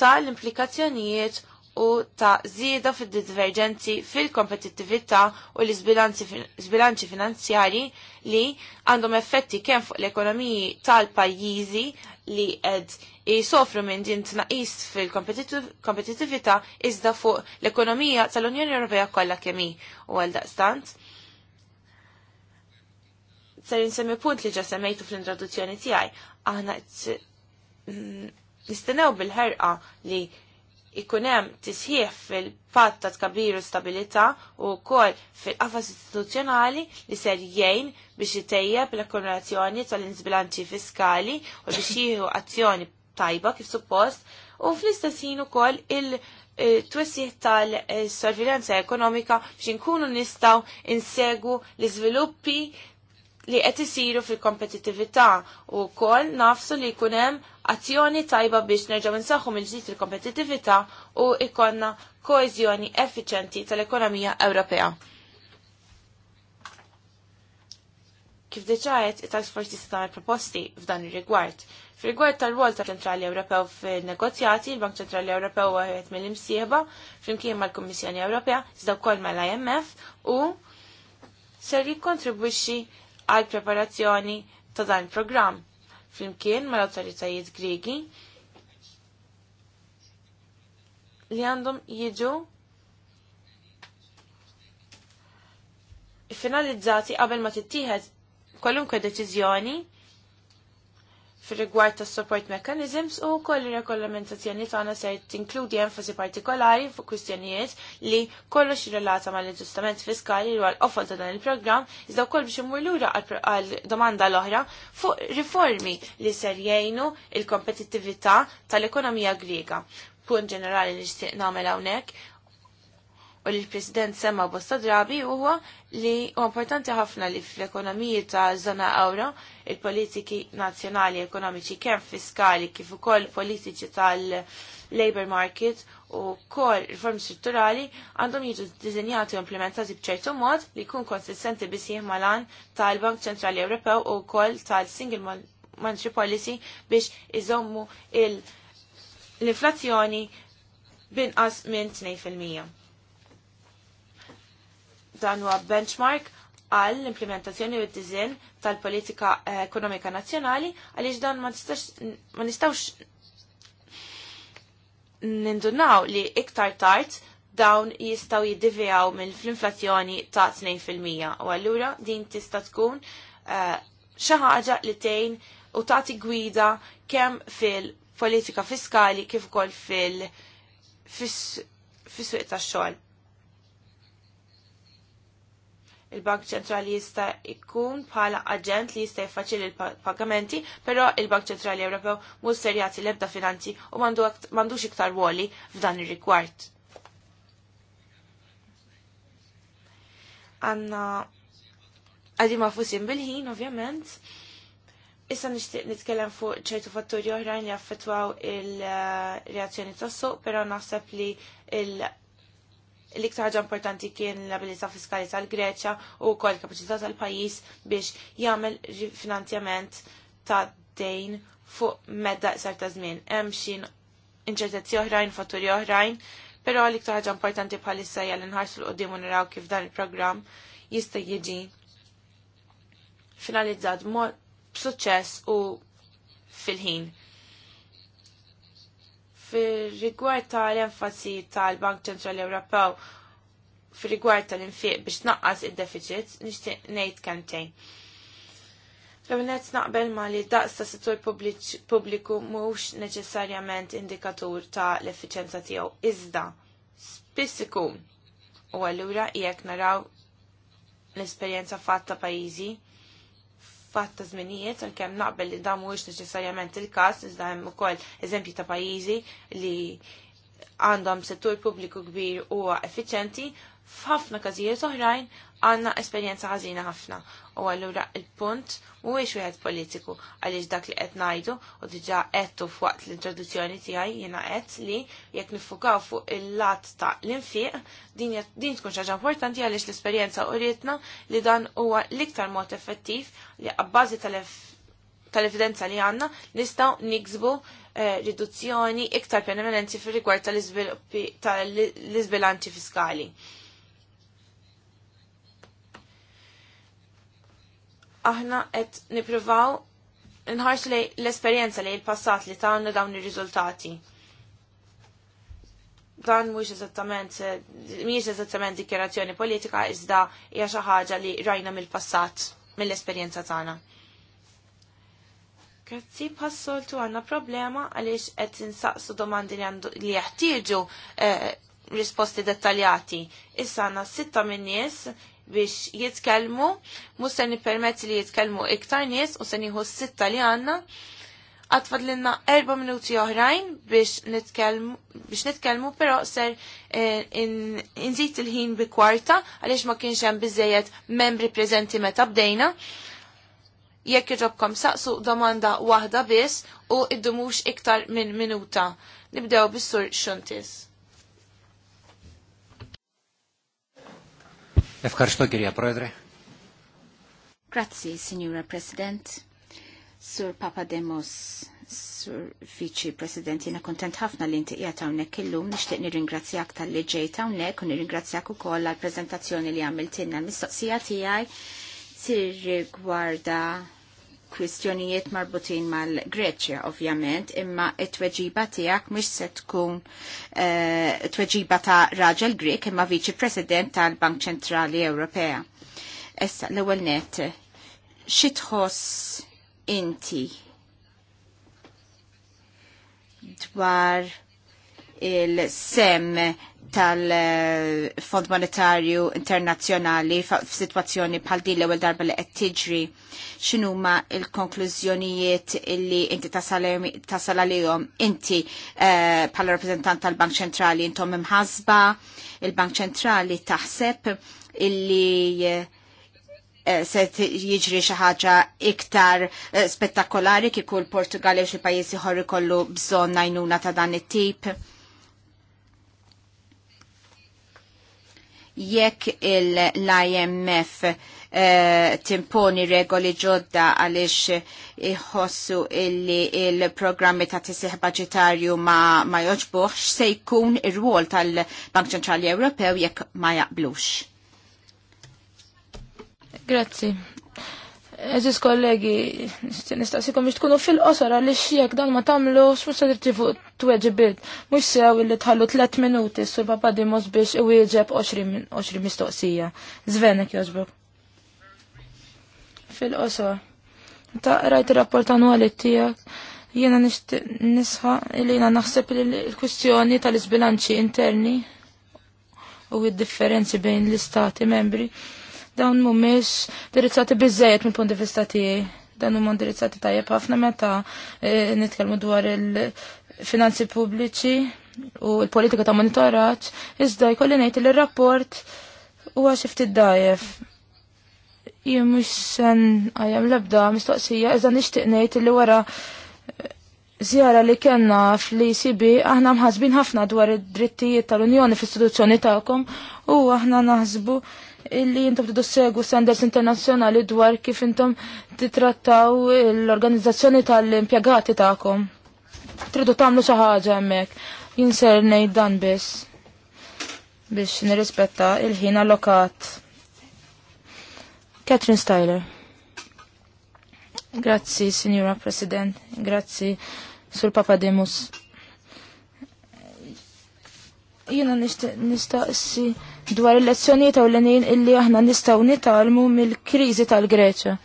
ta' l-implikazzjonijiet u ta' zieda fil-divergenzi fil-kompetittività u l-sbilanċi finanzjari li għandhom effetti kemm fuq l-ekonomiji tal-pajjiżi li qed jisofru minn din tnaqis fil-kompetittività iżda fuq l-ekonomija tal-Unjoni Ewropea kollha kemm hi u għal daqstant ser insemmi punt li ġa semmejtu fl-introduzzjoni tiegħi. Aħna nistenew bil-ħerqa li ikunem tisħieħ fil-patt ta' tkabiru stabilita u kol fil-qafas istituzzjonali li ser jgħin biex jitejjeb l-akkumulazzjoni tal-insbilanċi fiskali u biex jieħu azzjoni tajba kif suppost u fl-istess u ukoll il-twissieħ tal-sorviljanza ekonomika biex inkunu nistgħu insegu l-iżviluppi li qed isiru fil-kompetittività u wkoll nafsu li jkun hemm azzjoni tajba biex nerġgħu nsaħħu mill-ġdid il-kompetittività u ikonna koeżjoni effiċenti tal-ekonomija Ewropea. Kif deċajet, it-tax forsi star proposti f'dan ir-rigward. Fil-rigward tal-rwol ta' ċentrali Ewropew fil-negozjati, il-Bank Ċentrali Ewropew għajet mill imsieba flimkien mal-Kummissjoni Ewropea, iżda wkoll mal-IMF u ser jikkontribwixxi għal preparazzjoni ta' dan programm flimkien mal autoritajiet Gregi li għandhom jiġu finalizzati qabel ma tittieħed kwalunkwe deċiżjoni fil-rigward ta' support mechanisms u koll rekolamentazzjoni tagħna se tinkludi enfasi partikolari fuq kwistjonijiet li kollox relata mal-ġustament fiskali li għal qofol ta' dan il-programm iżda wkoll biex imur lura għal domanda l-oħra fuq riformi li ser jgħinu il-kompetittività tal-ekonomija Griega. Punt ġenerali li xtieq nagħmel hawnhekk u li l-President semma bosta drabi huwa li u importanti ħafna li fl-ekonomiji ta' zona euro il-politiki nazjonali ekonomiċi kemm fiskali kif ukoll politiċi tal-labor market u kol riformi strutturali għandhom jiġu dizinjati u implementati bċertu mod li kun konsistenti bisih malan tal-Bank Ċentrali Ewropew u kol tal-Single Monetary Policy biex iżommu l-inflazzjoni binqas minn 2% dan huwa benchmark għall implementazzjoni u d-dizin tal-politika eh, ekonomika nazzjonali għaliex dan ma nistawx nindunaw li iktar tard dawn jistaw jiddivijaw mill-inflazzjoni ta' 2% u għallura din tista' tkun eh, xi ħaġa li tgħin u tagħti gwida kemm fil-politika fiskali kif ukoll fil-fis-suq tax-xogħol il-Bank Ċentrali jista' jkun bħala aġent li jista' jfaċil il-pagamenti, però il-Bank Ċentrali Ewropew mhux ser jagħti l-ebda finanzi u m'għandux iktar woli f'dan ir-rigward. Għanna għadi ma fusim bil-ħin, ovvjament. Issa nishtiq nitkellem fuq ċertu fatturi oħrajn li affettwaw il-reazzjoni eh, tas-suq, però naħseb li il- L-iktar ħaġa importanti kien l-abilità fiskali tal-Greċja u wkoll kapaċità tal-pajjiż biex jagħmel rifinanzjament ta' dejn fuq medda qsar ta' żmien. Hemm xi inċertezzi oħrajn, fatturi oħrajn, però l-iktar ħaġa importanti bħalissa hija li nħarsu l-qudiem u naraw kif dan il-programm jista' jiġi finalizzat b'suċċess u fil-ħin fir-rigward l enfasi tal-Bank Ċentrali Ewropew fil rigward tal-infiq biex naqqas id-deficit, nixtieq ngħid l Femnet naqbel ma li daqs ta' settur pubbliku mhux neċessarjament indikatur ta' l-effiċenza tiegħu iżda spiss ikun. U allura jekk naraw l-esperjenza fatta pajjiżi fatt ta' żminijiet għalkemm naqbel li dan mhuwiex neċessarjament il-każ iżda hemm ukoll eżempji ta' pajjiżi li għandhom settur pubbliku kbir huwa effiċjenti, f'ħafna każijiet oħrajn għandna esperjenza ħażina ħafna u għallura il-punt mhuwiex wieħed politiku għaliex dak li qed ngħidu u diġà għedtu f'waqt l-introduzzjoni tiegħi jina għed li jekk nifukaw fuq il-lat ta' l-infiq din tkun xaġa ħaġa importanti għaliex l-esperjenza rritna li dan huwa l-iktar mod effettiv li qabbażi tal-evidenza li għanna nistgħu niksbu eh, riduzzjoni iktar permanenti fir rigward tal izbilanti fiskali. aħna qed nippruvaw nħarx li l-esperjenza li il-passat li tagħna dawn ir-riżultati. Dan mhux eżattament mhijiex eżattament dikjerazzjoni politika iżda hija xi ħaġa li rajna mill-passat mill-esperjenza tagħna. Grazzi passoltu għanna problema għaliex qed insaqsu domandi li jeħtieġu eh, risposti dettaljati. Issa għanna sitta minn nies biex jitkellmu, mhux se nippermetti li jitkellmu iktar nies u se nieħu sitta li għandna. Għatfad l-inna erba minuti oħrajn biex nitkellmu, pero ser eh, inżit il-ħin bi kwarta għaliex ma kienx hemm biżejjed membri preżenti meta bdejna. Jekk iġobkom saqsu domanda waħda biss u iddumux iktar minn minuta. Nibdew bis-sur xuntis. Efkarstogirja κυρία Grazie, signora President. Sur Papademos, Sur Vici President, jena kontent ħafna li inti qiegħed hawnhekk illum nixtieq nirringrazzjak tal-li ġejt hawnhekk u nirringrazzjak ukoll għall prezentazzjoni li għamiltilna l-mistoqsija tiegħi gwarda kwistjonijiet marbutin mal-Greċja, ovvjament, imma it-tweġiba tijak mux se tkun uh, tweġiba ta' raġel Grek imma viċi president tal-Bank Ċentrali Ewropea. Issa, l-ewel net, xitħos inti dwar il-sem tal-Fond Monetarju Internazzjonali f'sitwazzjoni bħal din l-ewwel darba li qed tiġri x'inhuma l-konklużjonijiet illi inti tasal għalihom inti eh, bħala rappreżentant tal-Bank Ċentrali intom imħasba il-Bank Ċentrali taħseb illi eh, se jiġri xi ħaġa iktar eh, spettakolari kieku l-Portugal u xi pajjiżi ħor kollu bżonn għajnuna ta' dan it-tip. jekk l-IMF eh, timponi regoli ġodda għalix iħossu illi il-programmi ta' tisih budgetarju ma, ma joġbuħx se jkun ir wol tal-Bank Ċentrali Ewropew jekk ma jaqblux. Grazzi. Eżis kollegi, nistaqsikom biex tkunu fil-qosor li xiek dan ma tamlux mux fuq t tweġibilt, mux sew illi tħallu 3 minuti sur papa dimos biex u jieġeb 20 mistoqsija. Zvenek joġbok. Fil-qosor. Ta' rajt il-rapport annuali tijak, jena nisħa illi jena naħseb il-kwistjoni tal-izbilanċi interni u id-differenzi bejn l-istati membri dawn mumiex dirizzati biżejjed mill punt di vista tiegħi. Dan huma dirizzati tajjeb ħafna meta eh, nitkellmu dwar il-finanzi pubbliċi u l-politika ta' monitoraċ, iżda jkolli ngħid li r-rapport huwa xi ftit dajjef. Jien mhux sen għajam l-ebda mistoqsija, iżda nixtieq ngħid li wara Zjara eh, li kena fl-ECB, aħna mħazbin ħafna dwar id-drittijiet tal-Unjoni fl-istituzzjoni ta'kom u aħna naħsbu illi intom tidu segu standards internazzjonali dwar kif intom titrattaw l-organizzazzjoni tal-impjegati ta'kom. Tridu tamlu xi ħaġa hemmhekk. Jinser ngħid dan biss biex nirrispetta il-ħin allokat. Catherine Styler. Grazzi, Signora President. Grazzi, Sur Papadimus. Jena nistaqsi. Nista dwar il-lezzjonijiet ewlenin illi aħna nistgħu nitalmu mill-kriżi tal-Greċja.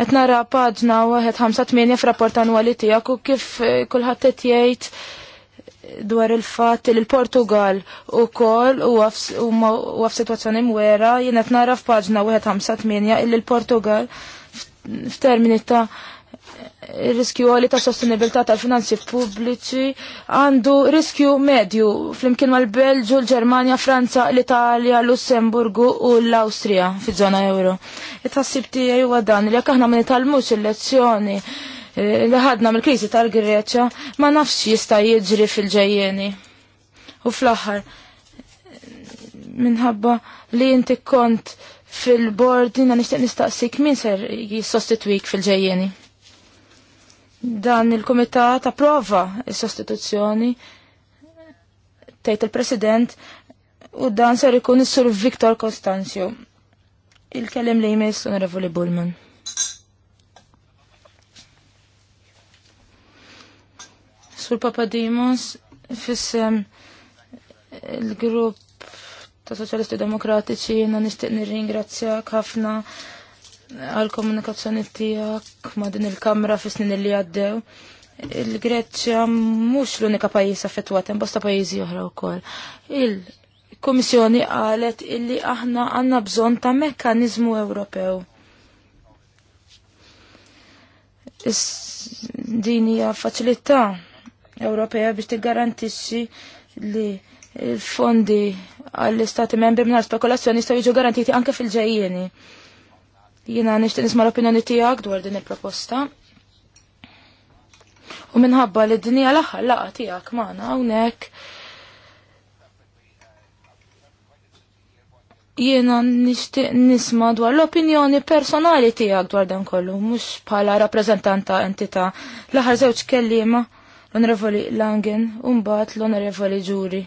Qed nara paġna għet 58 f'rapport annwali tiegħek u kif eh, kulħadd qed jgħid dwar il-fatt li l-Portugal ukoll għaf f'sitwazzjoni mwera jien qed nara f'paġna wieħed 58 illi l-Portugal f'termini ta' riskju għali ta' sostenibilità tal-finanzi pubbliċi għandu riskju medju flimkien mal-Belġu, l-Ġermanja, Franza, l-Italja, Lussemburgu u l-Awstrija fi zona euro. It-tassib tiegħi huwa dan li jekk aħna ma nitalmux il-lezzjoni eh, li ħadna mill-kriżi tal-Greċja ma nafx jista' jiġri fil-ġejjeni. U fl-aħħar minħabba li inti kont fil-bord jina nistaqsik min ser jissostitwik fil-ġejjeni. Dan il-komitat approva il-sostituzzjoni tejt il-President u dan ser ikun is-Sur Viktor Kostanzju. Il-kellem li jmiss Onorevoli Bullman. Sur Papadimos fissem il-grupp ta' Soċjalisti Demokratiċi jiena nixtieq nirringrazzjak ħafna għal-komunikazzjoni tijak ma din il-kamra fi snin li għaddew. Il-Greċja mux l-unika pajis affettwat, hemm bosta pajizi oħra wkoll. Il-Kummissjoni qalet illi aħna għandna bżonn ta' mekkaniżmu Ewropew. Din hija faċilità Ewropea biex tiggarantixxi li l-fondi għall-Istati membri minn spekulazzjoni jistgħu jiġu garantiti anke fil-ġejjieni. Jina nishtiq nisma l-opinjoni tiegħek dwar din il-proposta. U minħabba li d-dinja l-aħħar laqa tiegħek magħna hawnhekk jiena nishtiq nisma dwar l-opinjoni personali tiegħek dwar dan kollu, mhux bħala rappresentanta entità. L-aħħar żewġ kelliema l-Onorevoli Langen u mbagħad l-Onorevoli Ġuri.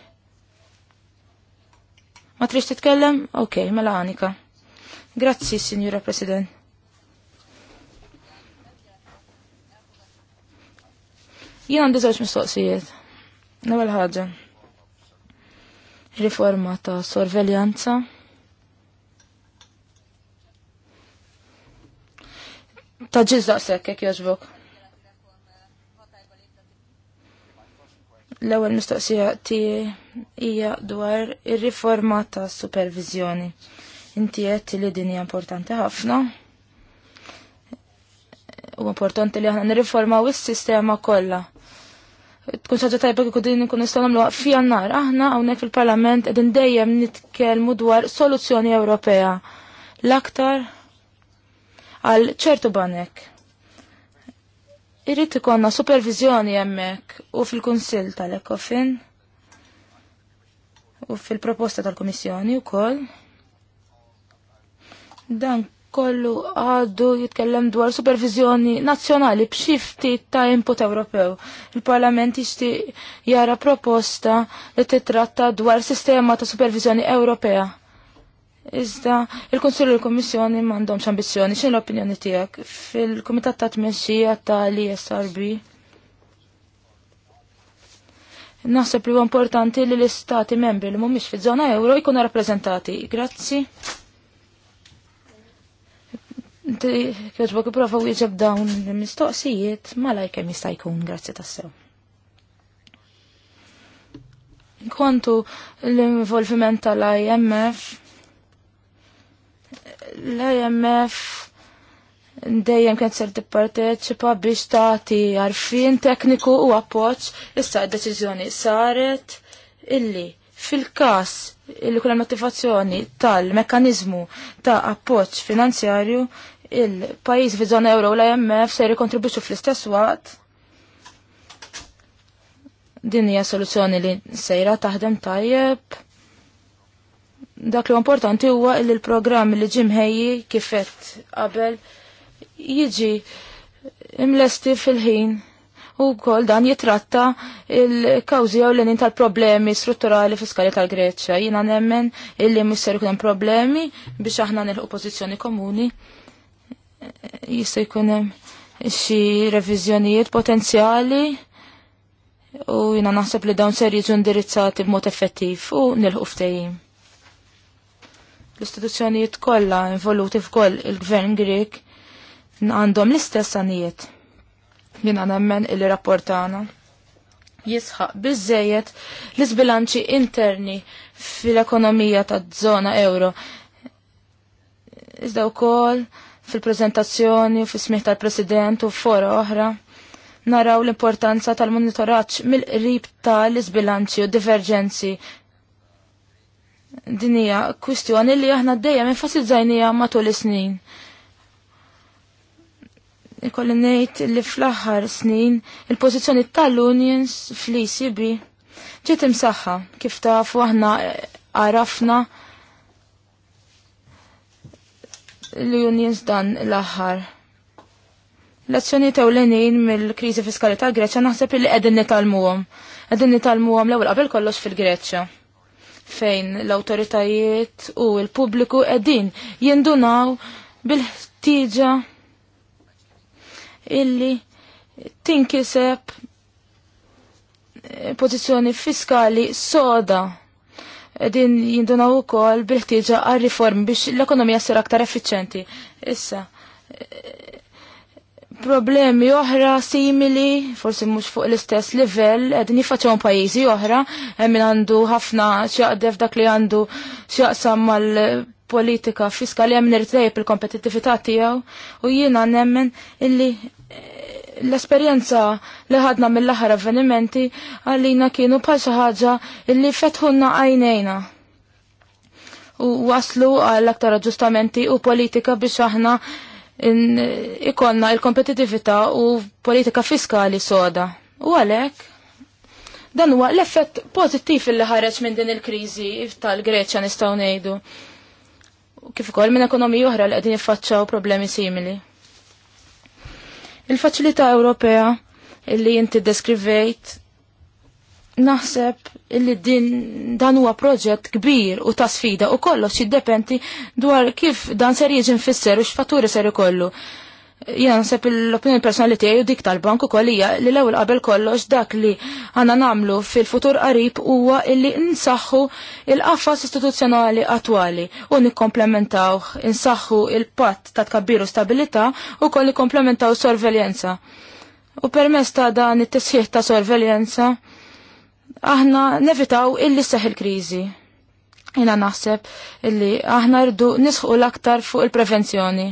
Ma trix titkellem? Okej, mela Anika. Grazzi, Signora President. Jien għandi żewġ mistoqsijiet. L-ewwel ħaġa. Riforma ta' sorveljanza. Ta' ġiżdaq sekk jekk jogħġbok. L-ewwel mistoqsija tiegħi hija dwar ir-riforma ta' supervizjoni. Inti qed li din hija importanti ħafna. U importanti li aħna nirriformaw is-sistema kollha. Tkun ħaġa tajba kieku din nkun nistgħu nagħmlu fija nar. Aħna hawnhekk fil-Parlament qegħdin dejjem nitkellmu dwar soluzzjoni Ewropea. L-aktar għal ċertu banek. Irrid ikonna supervizjoni hemmhekk u fil-Kunsill tal-Ekofin u fil-proposta tal-Komissjoni wkoll Dan kollu għadu jitkellem dwar supervizjoni nazzjonali b'xifti ta' input Ewropew. Il-Parlament jixtieq jara proposta li titratta dwar sistema ta' supervizjoni Ewropea. Iżda, il konsul u l-Komissjoni m'għandhomx ambizzjoni, x'in l-opinjoni tiegħek fil-Kumitat ta' Tmexxija tal-ISRB? Naħseb li huwa importanti li l-istati membri li mhumiex fil-Zona euro jkunu rappreżentati. Grazzi. Inti kħedbok iprofa u jieġeb dawn l-mistoqsijiet ma jista' jkun grazzi tassew. Kontu l-involviment tal-IMF, l-IMF dejjem kien ser tipparteċipa biex tagħti għarfien tekniku u appoġġ issa d-deċiżjoni saret illi fil-każ illi kull motivazzjoni tal-mekkaniżmu ta' appoġġ finanzjarju il-pajjiż fi żona euro u l-IMF se jirikontribuċu fl-istess waqt din hija soluzzjoni li sejra taħdem tajjeb. Dak li importanti huwa li l-programm li ġim ħejji kifet qabel jiġi imlesti fil-ħin u kol dan jitratta il-kawzi u l-nin tal-problemi strutturali fiskali tal-Greċja. Jina nemmen illi misser kunem problemi biex aħna nil-oppozizjoni komuni jista' jkun hemm xi reviżjonijiet potenzjali u jina naħseb li dawn ser jiġu indirizzati b'mod effettiv u nilħu ftehim. L-istituzzjonijiet kollha involuti f'koll il-Gvern Grek għandhom l-istess għanijiet. Jina nemmen il rapportana jisħaq biżejjed l-isbilanċi interni fil-ekonomija ta' zona euro. Iżda wkoll fil-prezentazzjoni u fil-smiħ tal-President u fora oħra naraw l-importanza tal-monitoraġġ mill-qrib tal-isbilanċi u diverġenzi. Din hija kwistjoni li aħna dejjem enfasizzajnija matul is-snin. Ikolli ngħid li fl-aħħar snin il-pożizzjoni tal-unions fl-ECB ġiet imsaħħa kif tafu aħna għarafna l-unions dan l-aħħar. L-azzjoni tew l-enin mill-krizi fiskali tal-Greċja naħseb li qegħdin nitalmuhom. Qegħdin għom l-ewwel qabel kollox fil-Greċja fejn l-awtoritajiet u l-pubbliku qegħdin jindunaw bil-ħtieġa illi tinkiseb eh, pożizzjoni fiskali soda din jindunaw ukoll bil-ħtieġa għal riformi biex l-ekonomija ssir aktar effiċenti. Issa, eh, problemi oħra simili, forsi mhux fuq l-istess livell, qegħdin jifacħu pajjiżi oħra, hemm min għandu ħafna x'jaqdef dak li għandu x'jaqsam mal-politika fiskali hemm nirtejb il kompetitivitati tiegħu u jiena nemmen illi l-esperjenza li ħadna mill-aħħar avvenimenti għalina kienu bħal xi ħaġa li fetħunna għajnejna u waslu għall aktar aġġustamenti u politika biex aħna ikonna il-kompetitività u politika fiskali soda. U għalek, dan huwa l-effett pozittiv li ħareġ minn din il-kriżi tal-Greċja nistgħu ngħidu. Kif ukoll minn ekonomija oħra li qegħdin jiffaċċaw problemi simili. Il-faċilità Ewropea illi jinti deskrivejt naħseb illi din dan huwa proġett kbir u ta' sfida u kollox jiddependi dwar kif dan ser jiġi nfisser u x'fatturi ser ikollu. Jena nseb l-opinjoni personali tiegħi u dik tal-bank ukoll hija li l-ewwel qabel kollox dak li għandna nagħmlu fil-futur qarib huwa illi nsaħħu il-qafas istituzzjonali attwali u nikkomplementawh, insaħħu il-patt ta' tkabbiru stabilità u koll nikkomplementaw sorveljenza. U permess ta' dan it-tisħiħ ta' sorveljenza aħna nevitaw illi seħ il-kriżi. Jena naħseb illi aħna rdu nisħu l-aktar fuq il-prevenzjoni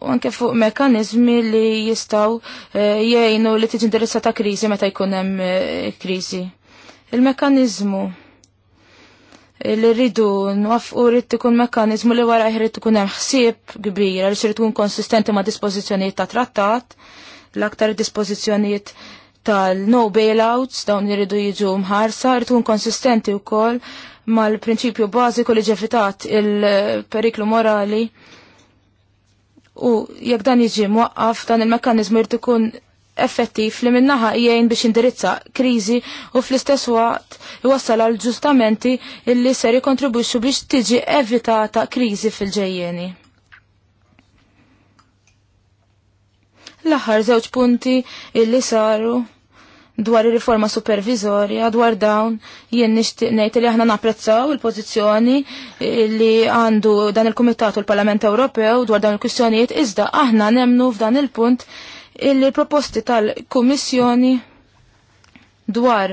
u anke fuq mekanizmi li jistaw eh, jgħinu li tiġi ta' kriżi meta jkun hemm eh, kriżi. Il-mekanizmu li rridu nwafqu rrid ikun mekanizmu li wara jrid ikun hemm ħsieb kbira li jrid ikun konsistenti ma' dispożizzjonijiet ta' trattat, l-aktar dispożizzjonijiet tal-no bailouts dawn iridu jiġu mħarsa, rrid ikun konsistenti wkoll mal-prinċipju bażiku li ġefitat il-periklu morali U jekk dan jiġi mwaqqaf dan il-mekkanizmu jrid ikun effettiv li minnaħa jgħin biex indirizza kriżi u fl-istess waqt iwassal għal ġustamenti illi ser jikontribwixxu biex tiġi evitata kriżi fil-ġejjeni. L-aħħar żewġ punti illi saru dwar ir-riforma supervizorja dwar dawn jien nixtieq ngħid li aħna napprezzaw il-pożizzjoni li għandu dan il-Kumitat u l-Parlament Ewropew dwar dawn il-kwistjonijiet iżda aħna nemnu f'dan il-punt illi proposti tal-Kummissjoni dwar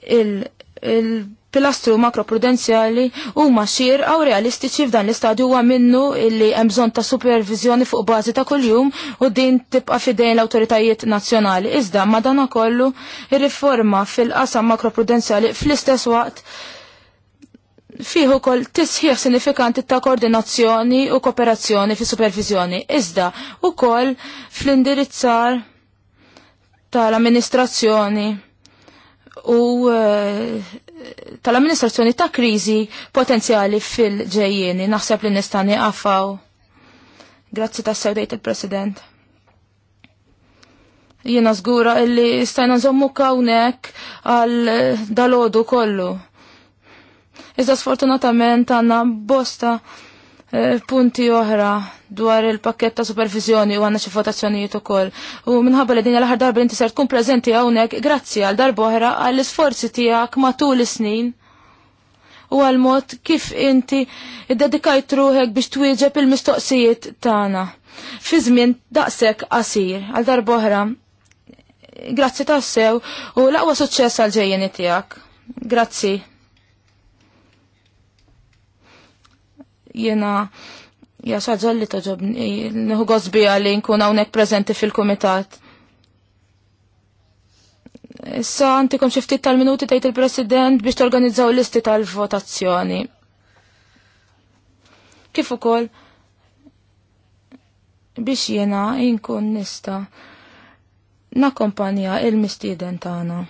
il-, il pilastru makroprudenzjali huma maċir għaw realistiċi f'dan l-istadju huwa minnu illi hemm bżonn ta' supervizjoni fuq bażi ta' kuljum u din tibqa' fidejn l-awtoritajiet nazzjonali. Iżda madanakollu il riforma fil-qasam makroprudenzjali fl-istess waqt fiħu kol tisħiħ sinifikanti ta' koordinazzjoni u kooperazzjoni fi supervizjoni. Iżda u kol fl-indirizzar tal-amministrazzjoni u eh, tal-amministrazzjoni ta' kriżi potenzjali fil ġejjeni Naħseb li nistani għaffaw. Grazzi ta' sewdejt il-President. Jiena żgura illi stajna nżommu kawnek għal dalodu kollu. Iżda sfortunatament għanna bosta Eh, punti oħra dwar il-pakket ta' supervizjoni u għanna xi votazzjonijiet ukoll. U minħabba li din l-aħħar darba inti ser tkun preżenti hawnhekk grazzi għal darba oħra għall isforzi tiegħek matul is-snin u għal mod kif inti id-dedikajt ruħek biex twieġeb il-mistoqsijiet tagħna. Fi żmien daqshekk qasir għal darba oħra. Grazzi tassew u l-aqwa suċċess għal ġejjeni tiegħek. Grazzi. jena ja li taġob nħu għazbi għalli nkun għawnek prezenti fil-komitat. Issa għantikom xiftit tal-minuti tajt il-president biex torganizzaw listi tal-votazzjoni. Kif ukoll biex jena inkun nista nakkompanja il-mistieden tagħna.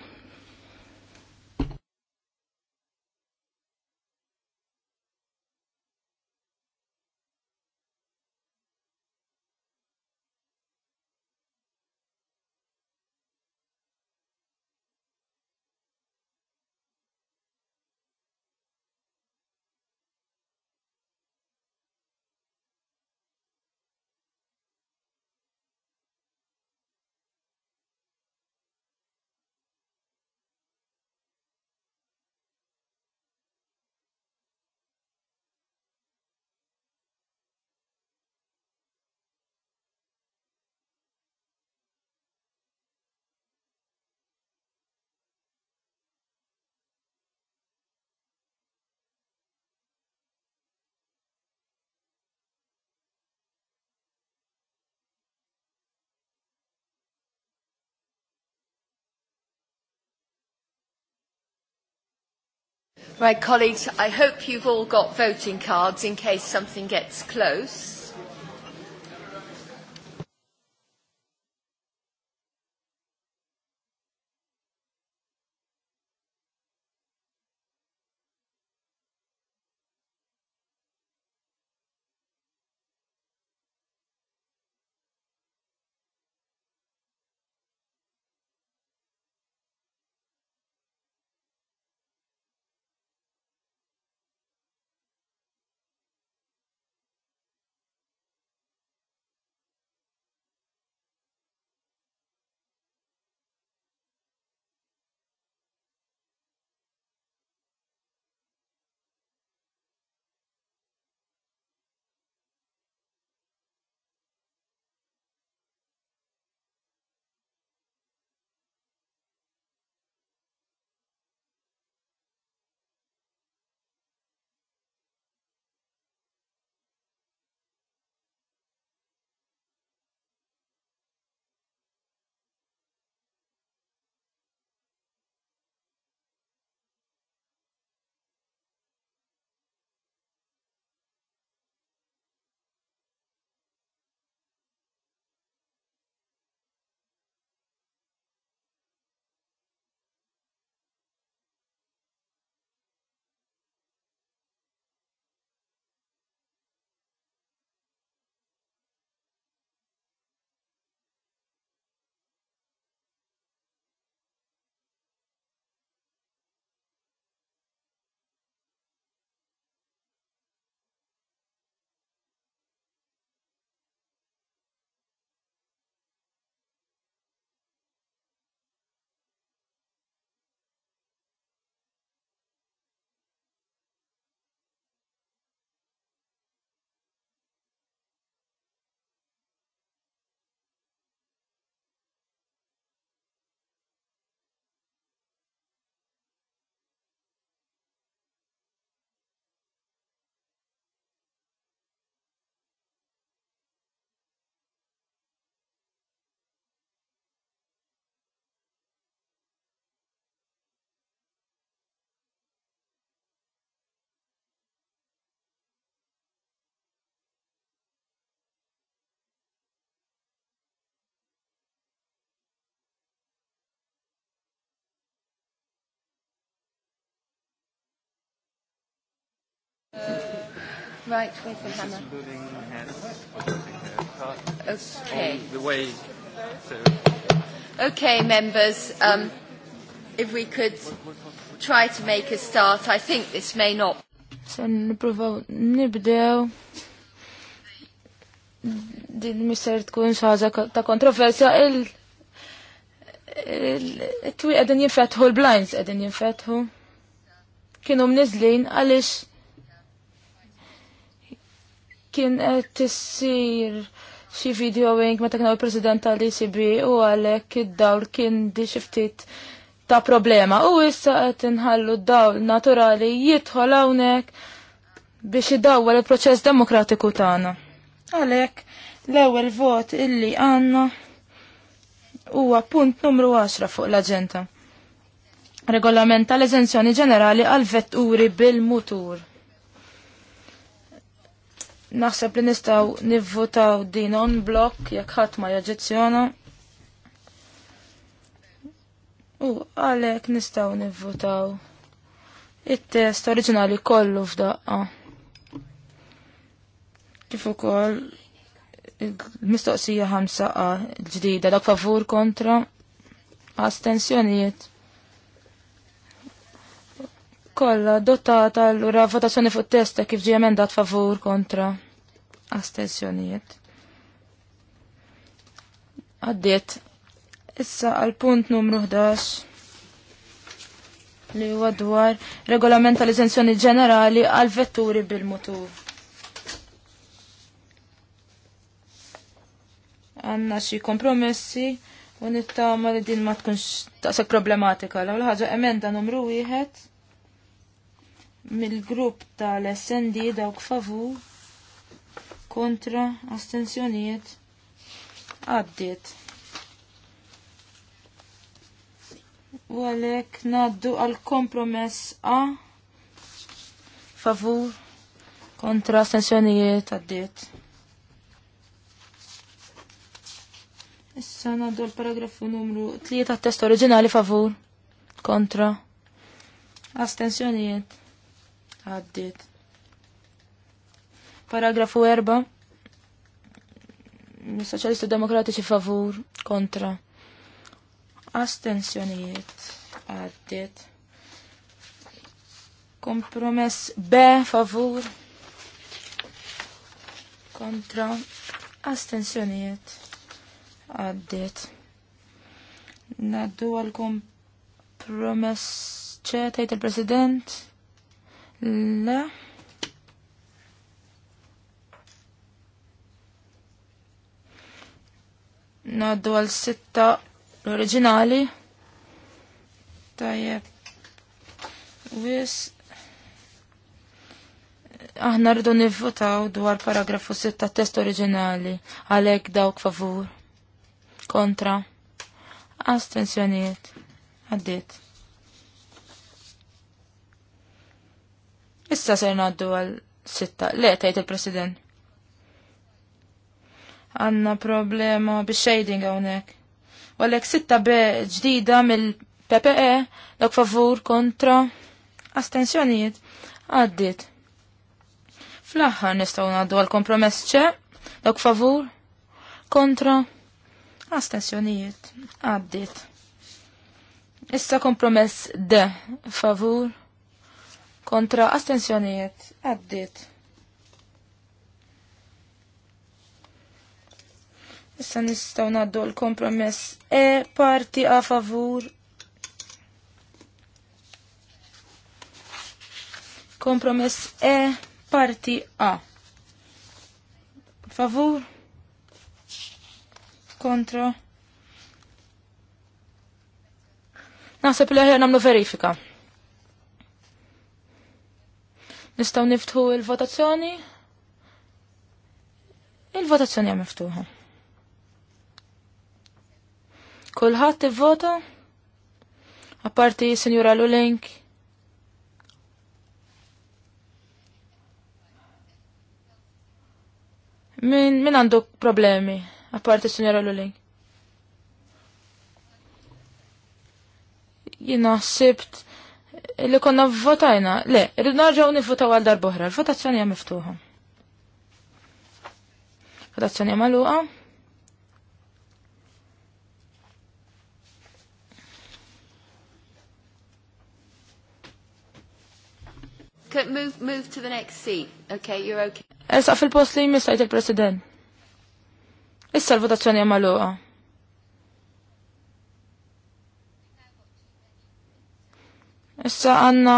Right, colleagues, I hope you've all got voting cards in case something gets close. Right, where's the hammer? Okay. the way. So. Okay, members, um, if we could try to make a start, I think this may not. Sen nipruvaw nibdew din miser tkun xaġa ta' kontroversja il il-twi għedin jinfetħu, il-blinds għedin jinfetħu. Kienu mnizlin għalix kien qed tissir xi videoing meta kien il-President tal icb u għalhekk id-dawl kien di xi ftit ta' problema u issa qed inħallu d-dawl naturali jidħol hawnhekk biex idawwal il-proċess demokratiku tagħna. Għalhekk l-ewwel vot illi għandna huwa punt numru 10 fuq l-aġenda. Regolament tal-eżenzjoni ġenerali għal vetturi bil-mutur. Naħseb li nistaw nivvotaw din on blok jekk ħadd ma jaġġezzjona. U għalhekk nistaw nivvotaw it-test oriġinali kollu f'daqqa. Kif ukoll il-mistoqsija ħamsa ġdida dak favur kontra astensjonijiet dotata l allura votazzjoni fuq testa kif ġie emendat favur kontra astensjonijiet. Għaddiet. Issa għal punt numru 11 li huwa dwar regolament tal-eżenzjoni ġenerali għal vetturi bil-motur. Għanna xi kompromessi u nittama li din ma tkunx taqseg problematika. L-ħaġa emenda numru wieħed mill-grupp tal-SND dawk favur kontra astensjonijiet għaddiet. U għalek naddu għal kompromess A favur kontra astensjonijiet għaddiet. Issa naddu l-paragrafu numru 3 tat-test oriġinali favur kontra astensjonijiet għaddit. Paragrafu 4. soċjalisti Demokratiċi favur, kontra. Astensjonijiet għaddit. Kompromess B favur, kontra. Astensjonijiet għaddit. Naddu għal kompromess ċe tajt il-President Le. Naddu għal sitta l-oriġinali. Tajjeb. Wis. Aħna rridu nivvotaw dwar paragrafu 6 test oriġinali. Għalek dawk favur. Kontra. Astensjoniet. Għaddit. Issa ser naddu għal sitta. Le, tajt il-President. Għanna problema bi shading għonek. Għalek sitta be ġdida mill-PPE, dak favur kontra astensjonijiet għaddit. Fl-axħar nistaw naddu għal kompromess ċe, dak favur kontra astensjonijiet għaddit. Issa kompromess de favur kontra astensjonijiet għaddit. Issa nistaw naddu l-kompromess E parti a favur. Kompromess E parti A. Favur. Kontra. Naħseb li ħer namlu verifika. Nistaw niftħu il-votazzjoni? Il-votazzjoni hija miftuħa. Kulħadd ivvota? Apparti senjura Lulink. Min, min għandu problemi, apparti Sinjura Lulink? Jina sibt li konna votajna, le, rridu narġaw nivvotaw għal darbohra, l-votazzjoni hija miftuħa. Votazzjoni hija magħluqa. Move, move to the next seat. Okay, you're okay. Esa fil-post li jmistajt il-president. Issa l-votazzjoni hija magħluqa. Issa għanna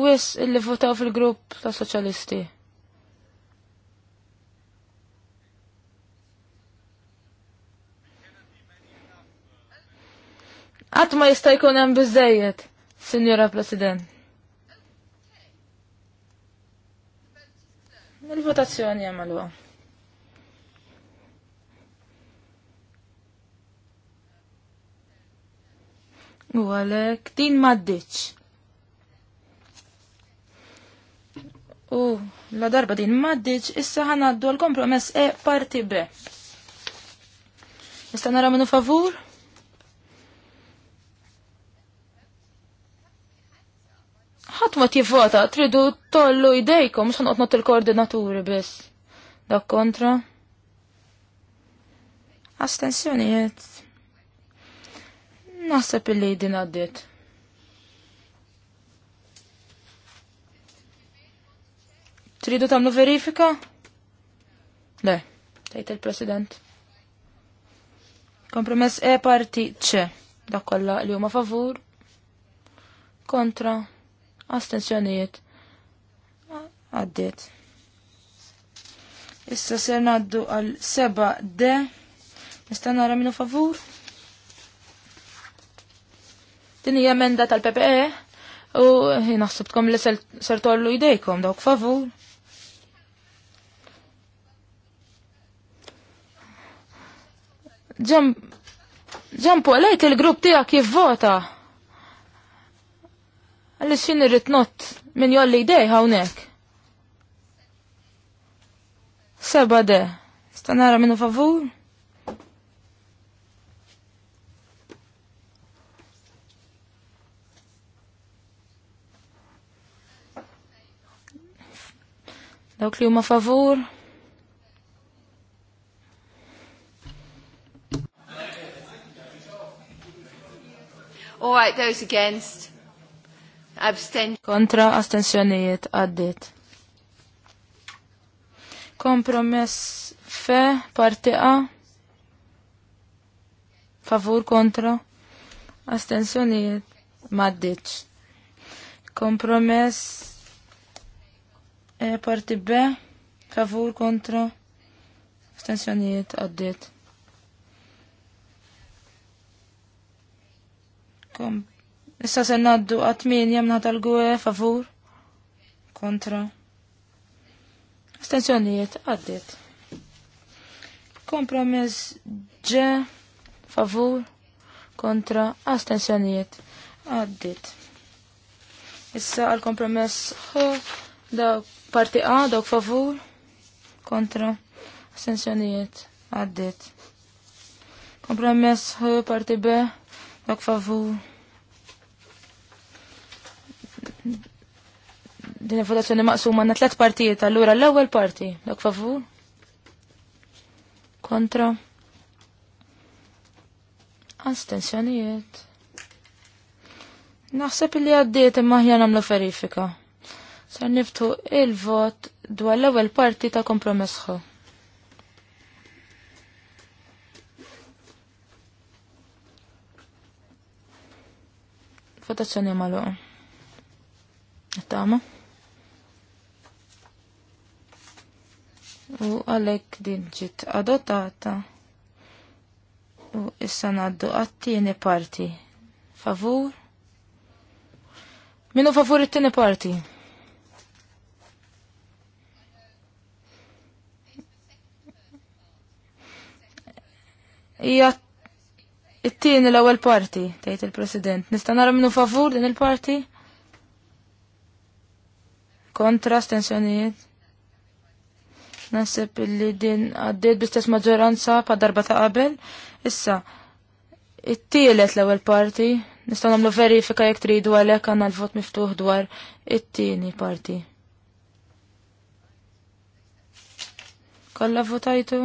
wis illi votaw fil-grupp ta' soċjalisti. Għat ma jista' jkun hemm biżejjed, Sinjora President. Il-votazzjoni għalwa? U għalhekk din maddiċ. U la darba din maddiġ, issa għaddu għal-kompromess E parti B. Nista' nara minu favur? ħadd ma tivvota, tridu tollu idejkom, mhux ħanqod not il-koordinaturi biss. Dak kontra. Astensjonijiet. Naħseb illi din għaddiet. Tridu tagħmlu verifika? Le, tgħid il-President. Kompromess E parti C. Dak kollha li huma favur. Kontra. Astenzjonijiet. Għaddiet. Issa ser naddu għal 7D. Nista' nara minu favur. Din hija emenda tal-PPE u naħseb li sertollu idejkom jdejkom dawk favur. ġampu għalajt il-grupp tijak jivvota. Għalli xin irrit not minn jolli idej hawnek. Seba de, stanara minnu favur. Dawk li huma favur. right, those against. Abstain. Kontra astensjonijiet għaddit. Kompromess fe parti A. Favur kontra. Astensjonijiet maddit Kompromess e parti B. Favur kontra. Astensjonijiet għaddit. tagħkom. Issa se ngħaddu għat-tmien jemna tal-gwe favur kontra. Astenzjonijiet għaddit. Kompromess ġe favur kontra astenzjonijiet għaddit. Issa għal kompromess ħu da parti A dawk favur kontra astenzjonijiet għaddit. Kompromess ħu parti B dawk favur din votazzjoni maqsuma għandna tliet partijiet, allura l-ewwel parti, dak favur. Kontra. Astensjonijiet. Naħseb li għaddiet imma ħja nagħmlu verifika. Sar niftu il-vot dwar l-ewwel parti ta' kompromessħu. Votazzjoni maluqa. Nittama? U għalek din ġit adottata. U issa naddu għattini parti. Favur. Minu favur it-tini parti? Ija it-tini l-ewwel parti, tgħid il-President. Nista' nara minnu favur din il-parti? kontra stensjonijiet. Nasib li din għaddiet bistess maġġoranza pa darba ta' qabel. Issa, it-tielet l-ewwel parti, nistan nagħmlu verifika jekk tridu għalhekk għandna l-vot miftuħ dwar it-tieni parti. Kolla votajtu?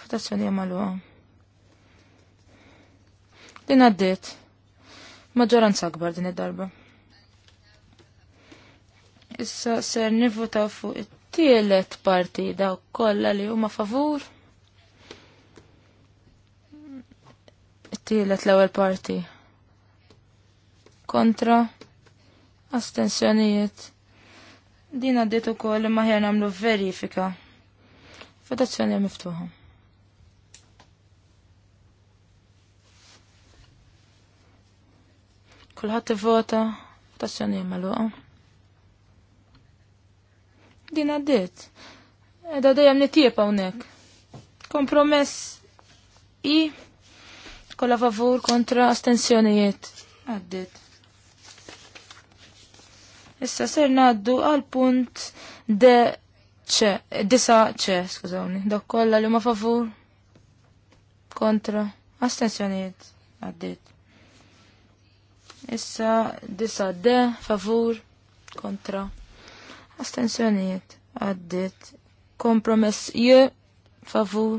Votazzjoni għam. Din għaddit. Maġġoranza akbar din id-darba. Issa ser nivvotaw fuq it-tielet parti daw kollha li huma favur. It-tielet l-ewwel parti. Kontra. Astensjonijiet. Din għaddiet ukoll imma ħjar nagħmlu verifika. Votazzjoni miftuħa. Kulħadd ivota, votazzjoni maluqa. Din għaddit. Edha dejjem nitjieb hawnhekk. Kompromess i kolla favur kontra astensjonijiet. Għaddit. Issa ser naddu għal punt de ċe, disa ċe, skużawni, dak kolla li ma favur kontra astensjonijiet. Għaddit. Issa disa de favur kontra Astensjonijiet għaddit. Kompromess je favur.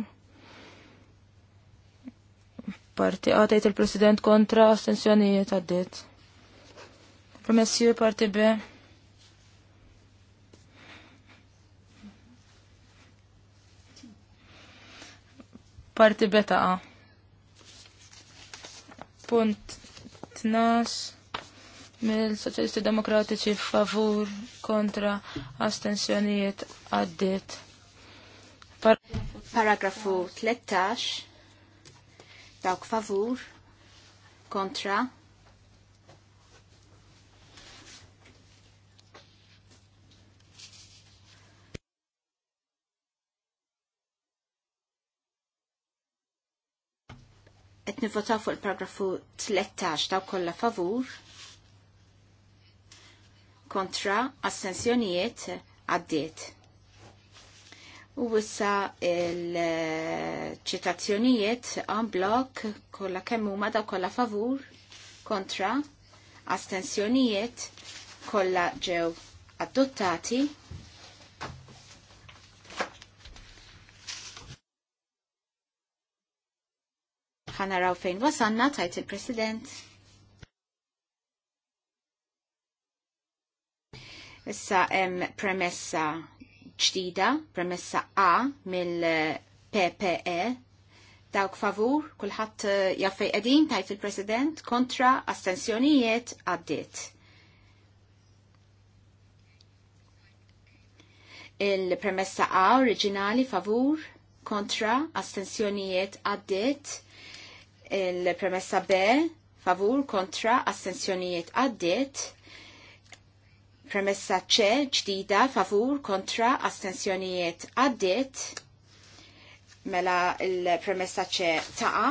Parti għatajt il-President kontra astensjonijiet għaddit. Kompromess je parti B. Parti B ta' Punt 12 mill-Soċjalisti Demokratiċi favur kontra astensjonijiet għaddit. Par Paragrafu 13 dawk favur kontra Et nivotaw fuq il-paragrafu 13 daw kollha favur kontra assenzjonijiet għaddiet. U wissa il-ċitazzjonijiet għan blok kolla kemmu ma da kolla favur kontra astensjonijiet kolla ġew adottati ħanaraw fejn wasanna tajt il-President. Issa hemm premessa ġdida, premessa A mill-PPE. Dawk favur, kulħadd eh, jaffej qegħdin tajt il-President kontra astensjonijiet għaddiet. Il-premessa A oriġinali favur kontra astensjonijiet għaddiet. Il-premessa B favur kontra astensjonijiet għaddiet Premessa ċe ġdida favur kontra astensjonijiet għaddit mela il-premessa ċe taqa.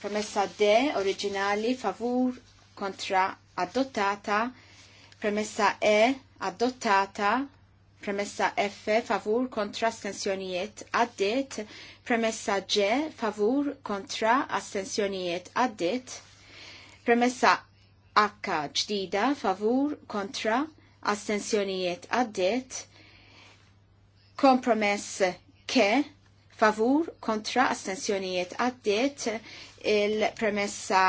Premessa D oriġinali favur kontra adottata. Premessa E adottata. Premessa F favur kontra astensjonijiet għaddit. Premessa G favur kontra astensjonijiet għaddit. Premessa Akka ġdida favur kontra astensjonijiet għaddiet kompromess ke favur kontra astensjonijiet għaddiet il-premessa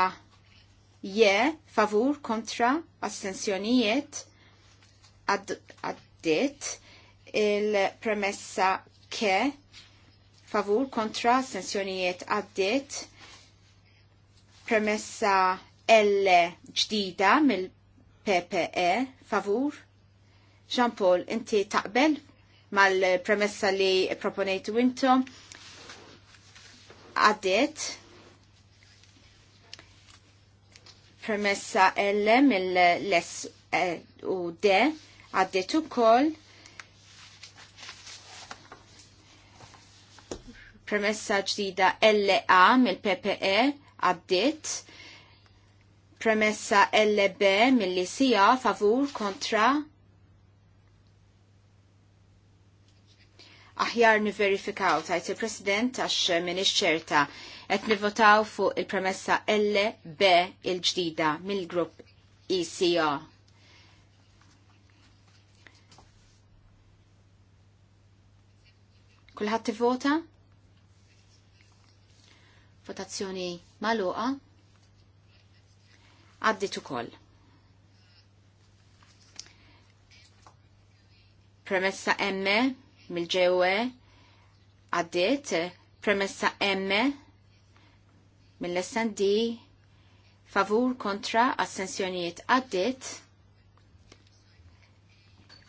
je favur kontra astensjonijiet għaddiet il-premessa ke favur kontra astensjonijiet għaddiet premessa L ġdida mill-PPE favur. Jean-Paul, inti taqbel mal-premessa li proponejtu intom Għaddit premessa L mill-less e u D u ukoll premessa ġdida LA mill-PPE għaddiet Premessa LB mill-li sija favur kontra aħjar niverifikaw tajt il-President għax minix ċerta qed nivvotaw fuq il-premessa LB il-ġdida mill-grupp Kulħat e Kulħadd tivvota? Votazzjoni maluqa? għaddit ukoll. Premessa M mill-ġewe għaddit, premessa M mill-SND favur kontra assenzjonijiet għaddit,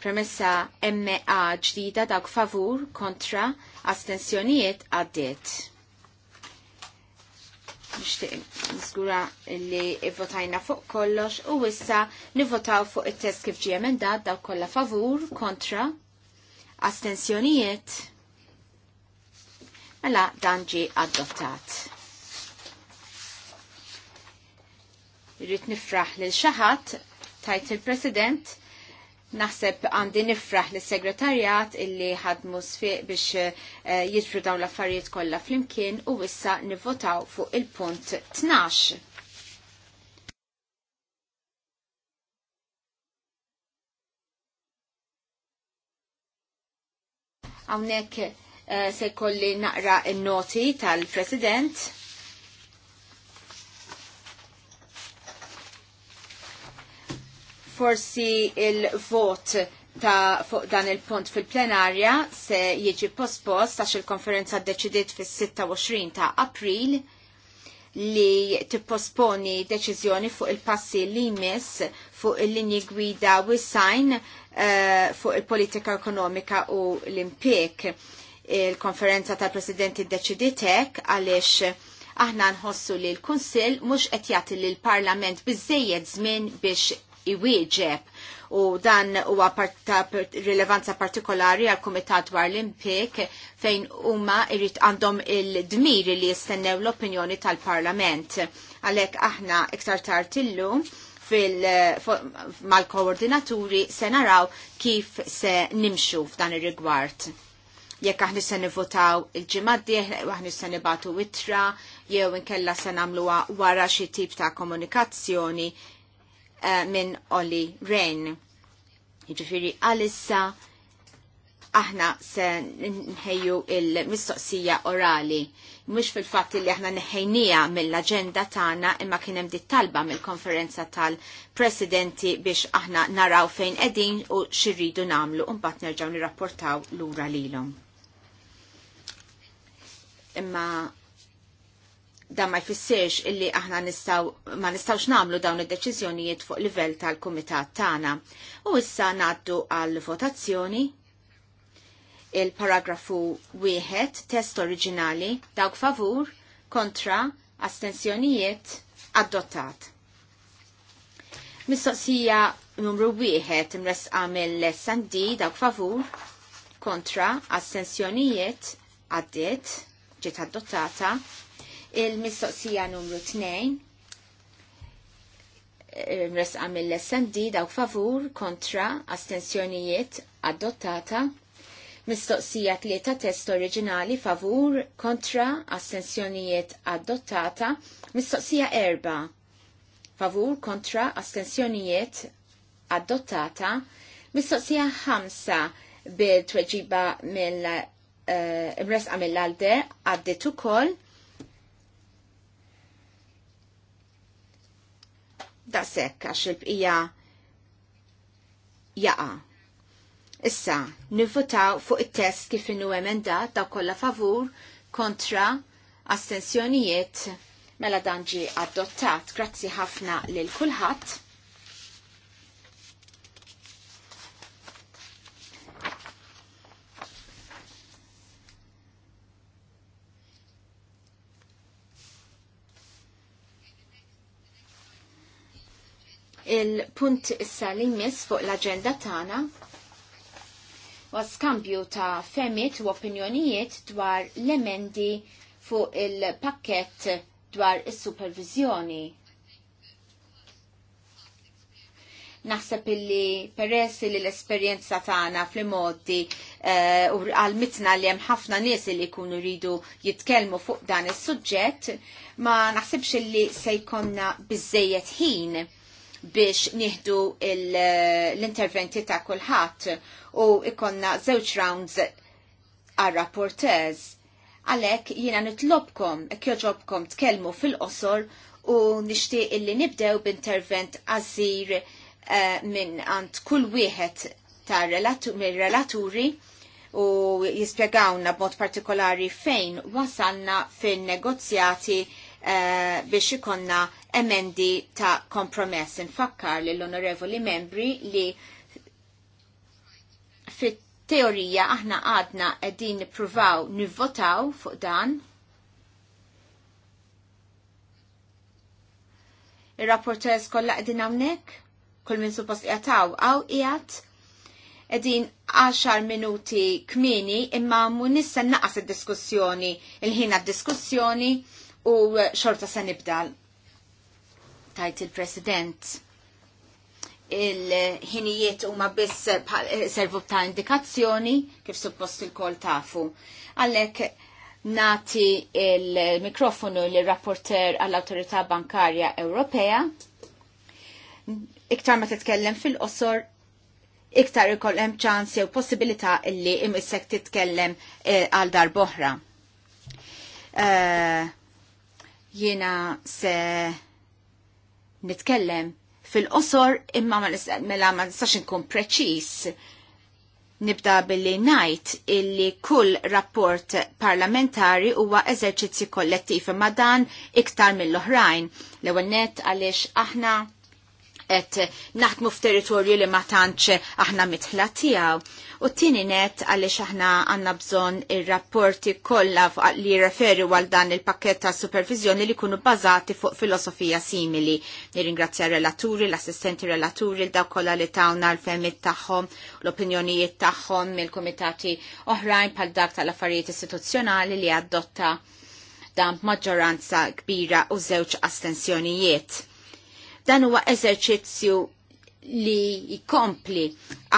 premessa MA ġdida dak favur kontra astensjonijiet għaddit nixtieq nżgura li votajna fuq kollox u issa nivvotaw fuq it-test kif ġie emendat daw kollha favur, kontra, astensjonijiet. Mela dan ġie adottat. Irrid nifraħ lil xi ħadd tajt il-President Naħseb għandi nifraħ l segretarjat illi ħadmu sfiq biex eh, jitru dawn l-affarijiet kollha flimkien u issa nivvotaw fuq il-punt 12. Għawnek eh, se kolli naqra il-noti tal-President. forsi il-vot ta' fuq dan il-punt fil-plenarja se jiġi pospost għax il-konferenza deċidiet fis-26 ta' April li tipposponi deċiżjoni fuq il-passi li jmiss fuq il-linji gwida u sajn uh, eh, fuq il-politika ekonomika u l impiek Il-konferenza tal-presidenti deċiditek għaliex aħna nħossu li l-Kunsil mhux qed jagħti lill parlament biżejjed żmien biex iwieġeb u dan huwa rilevanza partikolari għal Kumitat dwar l-Impik fejn huma irrid għandhom il-dmir li jistennew l-opinjoni tal-Parlament. Għalhekk aħna iktar tard illum mal-koordinaturi se naraw kif se nimxu f'dan ir-rigward. Jekk aħna se nivotaw il-ġimaddi, aħna se nibatu witra, jew inkella se nagħmluha wara xi tip ta' komunikazzjoni Eh, minn Oli Rain. Ġifiri għalissa aħna se nħejju il-mistoqsija orali. Mux fil-fat li aħna nħejnija mill-agenda tagħna imma kien hemm dit talba mill-konferenza tal-presidenti biex aħna naraw fejn qegħdin u xirridu namlu u mbagħad nerġgħu nirrapportaw lura lilhom. Imma dan ma jfissirx illi aħna nistaw, ma nistawx namlu dawn id-deċiżjonijiet fuq livell tal-Kumitat tagħna. U issa ngħaddu għal votazzjoni il-paragrafu wieħed test oriġinali dawk favur kontra astensjonijiet adottat. Mistoqsija numru wieħed għamil mill-SND dawk favur kontra astensjonijiet għaddiet ġiet adottata Il-mistoqsija numru 2 resqa mill di daw favur kontra astensjonijiet adottata mistoqsija tlieta test oriġinali favur kontra astensjonijiet adottata, mistoqsija erba favur kontra astensjonijiet adottata, mistoqsija ħamsa bil-tweġiba mill eh, għamil l alde għaddit ukoll ta' sekka għax il-bqija jaqa. Issa, nivvotaw fuq it-test kif innu emendat ta' kollha favur kontra astensjonijiet mela dan ġie adottat. Grazzi ħafna lil kulħadd. il-punt issa li jmiss fuq l-agenda tagħna wa skambju ta' femit u opinjonijiet dwar l-emendi fuq il-pakket dwar is-supervizjoni. Naħseb illi peress li l-esperjenza tagħna fl-modi eh, u uh, għal-mitna li hemm ħafna nies li jkunu ridu jitkellmu fuq dan is-suġġett, ma naħsibx illi se jkollna biżejjed ħin biex nieħdu eh, l-interventi ta' kulħadd u ikonna żewġ rounds għal-rapportez. Għalek jiena nitlobkom, joġobkom tkellmu fil-qosor u nishtiq illi nibdew b'intervent għażir uh, minn għand kull wieħed ta' relaturi u jispiegawna b'mod partikolari fejn wasalna fin negozjati Eh, biex ikonna emendi ta' kompromess. Infakkar l onorevoli membri li fit teorija aħna għadna edin nipruvaw nivvotaw fuq dan. Il-rapporters kollha qegħdin hawnhekk, kull min suppost iqataw għaw qiegħed edin 10 minuti kmini imma mu nissa naqas id-diskussjoni, il-ħina d-diskussjoni, il ħina diskussjoni u xorta se nibdal. Tajt il-President il-ħinijiet u ma biss servu ta' indikazzjoni kif suppost il-kol tafu. Għallek nati il-mikrofonu l-rapporter għall-Autorità Bankarja Ewropea. Iktar ma titkellem fil-qosor, iktar ikoll hemm ċans jew possibilità li imissek titkellem eh, għal dar boħra. Uh, Jiena se nitkellem fil-qosor imma mela ma nistax inkun preċis. Nibda billi najt illi kull rapport parlamentari huwa eżerċizzi kollettiv imma dan iktar mill-oħrajn. L-ewwel nett għaliex aħna qed naħdmu f'territorju li ma tantx aħna mitħla tiegħu U t-tini net għalli aħna għanna bżon il-rapporti kollha li referi għal dan il-pakket ta' supervizjoni li kunu bazati fuq filosofija simili. Nirringrazzja relaturi, l-assistenti relaturi, l-daw kollha li tawna l-femit tagħhom, l-opinjonijiet tagħhom mill-komitati oħrajn pal dak tal-affarijiet istituzzjonali li adotta dan maġġoranza kbira u żewġ astensjonijiet. Dan huwa eżerċizzju li jkompli.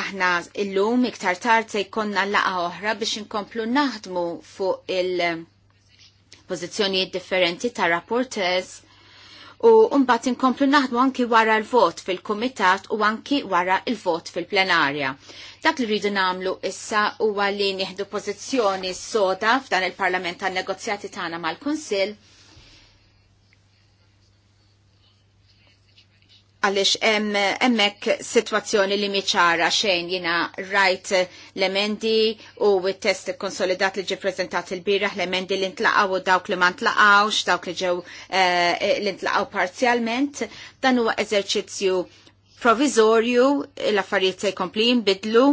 Aħna illum iktar tard se jkonna laqa oħra biex inkomplu naħdmu fuq il-pożizzjonijiet differenti ta' rapporters u mbagħad inkomplu naħdmu anki wara l-vot fil-kumitat u anki wara l-vot fil-plenarja. Dak li rridu nagħmlu issa huwa li nieħdu pożizzjoni soda f'dan il-Parlament tan-negozjati tagħna mal-Kunsill għalix emmek situazzjoni li miċara xejn jina rajt l-emendi u il-test konsolidat li ġi prezentat il birraħ l-emendi li ntlaqaw u dawk li ma ntlaqawx, dawk li ġew eh, eh, li ntlaqaw parzjalment. Dan huwa eżerċizzju provizorju, l-affarijiet se jkompli jinbidlu.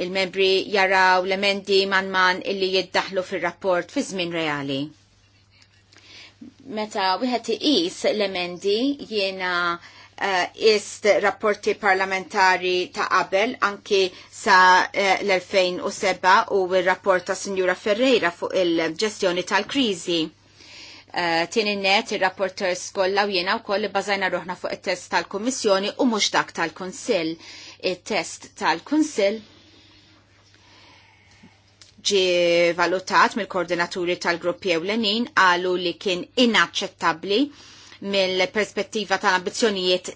Il-membri jaraw l-emendi man man illi jiddaħlu fil-rapport fi żmien reali meta wieħed iqis l-emendi jiena uh, ist rapporti parlamentari ta' qabel anki sa uh, l-2007 u il-rapport ta' Signora Ferreira fuq il-ġestjoni tal-krizi. Uh, Tieni net il-rapporter skolla u jena u koll bazajna ruħna fuq il-test tal-Kommissjoni u mux dak tal-Konsil. Il-test tal-Konsil ġi valutat mill-koordinaturi tal-gruppi ewlenin għalu li kien inaċċettabbli mill-perspettiva tal-ambizjonijiet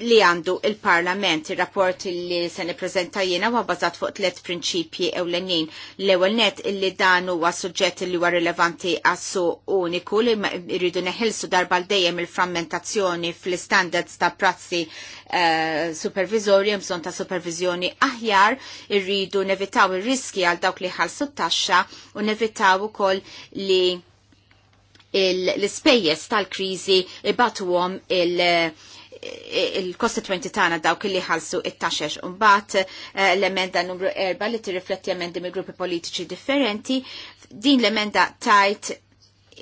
li għandu il-Parlament, il-rapport li se nipprezenta jiena huwa bazat fuq tliet prinċipji ewlenin. L-ewwel net illi dan huwa suġġett li huwa rilevanti għassu uniku li jridu neħilsu darba l dejjem il-frammentazzjoni fl-standards ta' prazzi uh, eh, supervizorji bżonn ta' supervizjoni aħjar, irridu nevitaw ir-riski għal dawk li ħalsu t-taxxa u nevitaw ukoll li l-ispejjeż tal-kriżi ibatuhom il-, il il kosti 20 tagħna dawk li ħalsu it-taxex mbagħad eh, l-emenda numru 4 li tirrifletti emendi me gruppi politiċi differenti. Din l-emenda tajt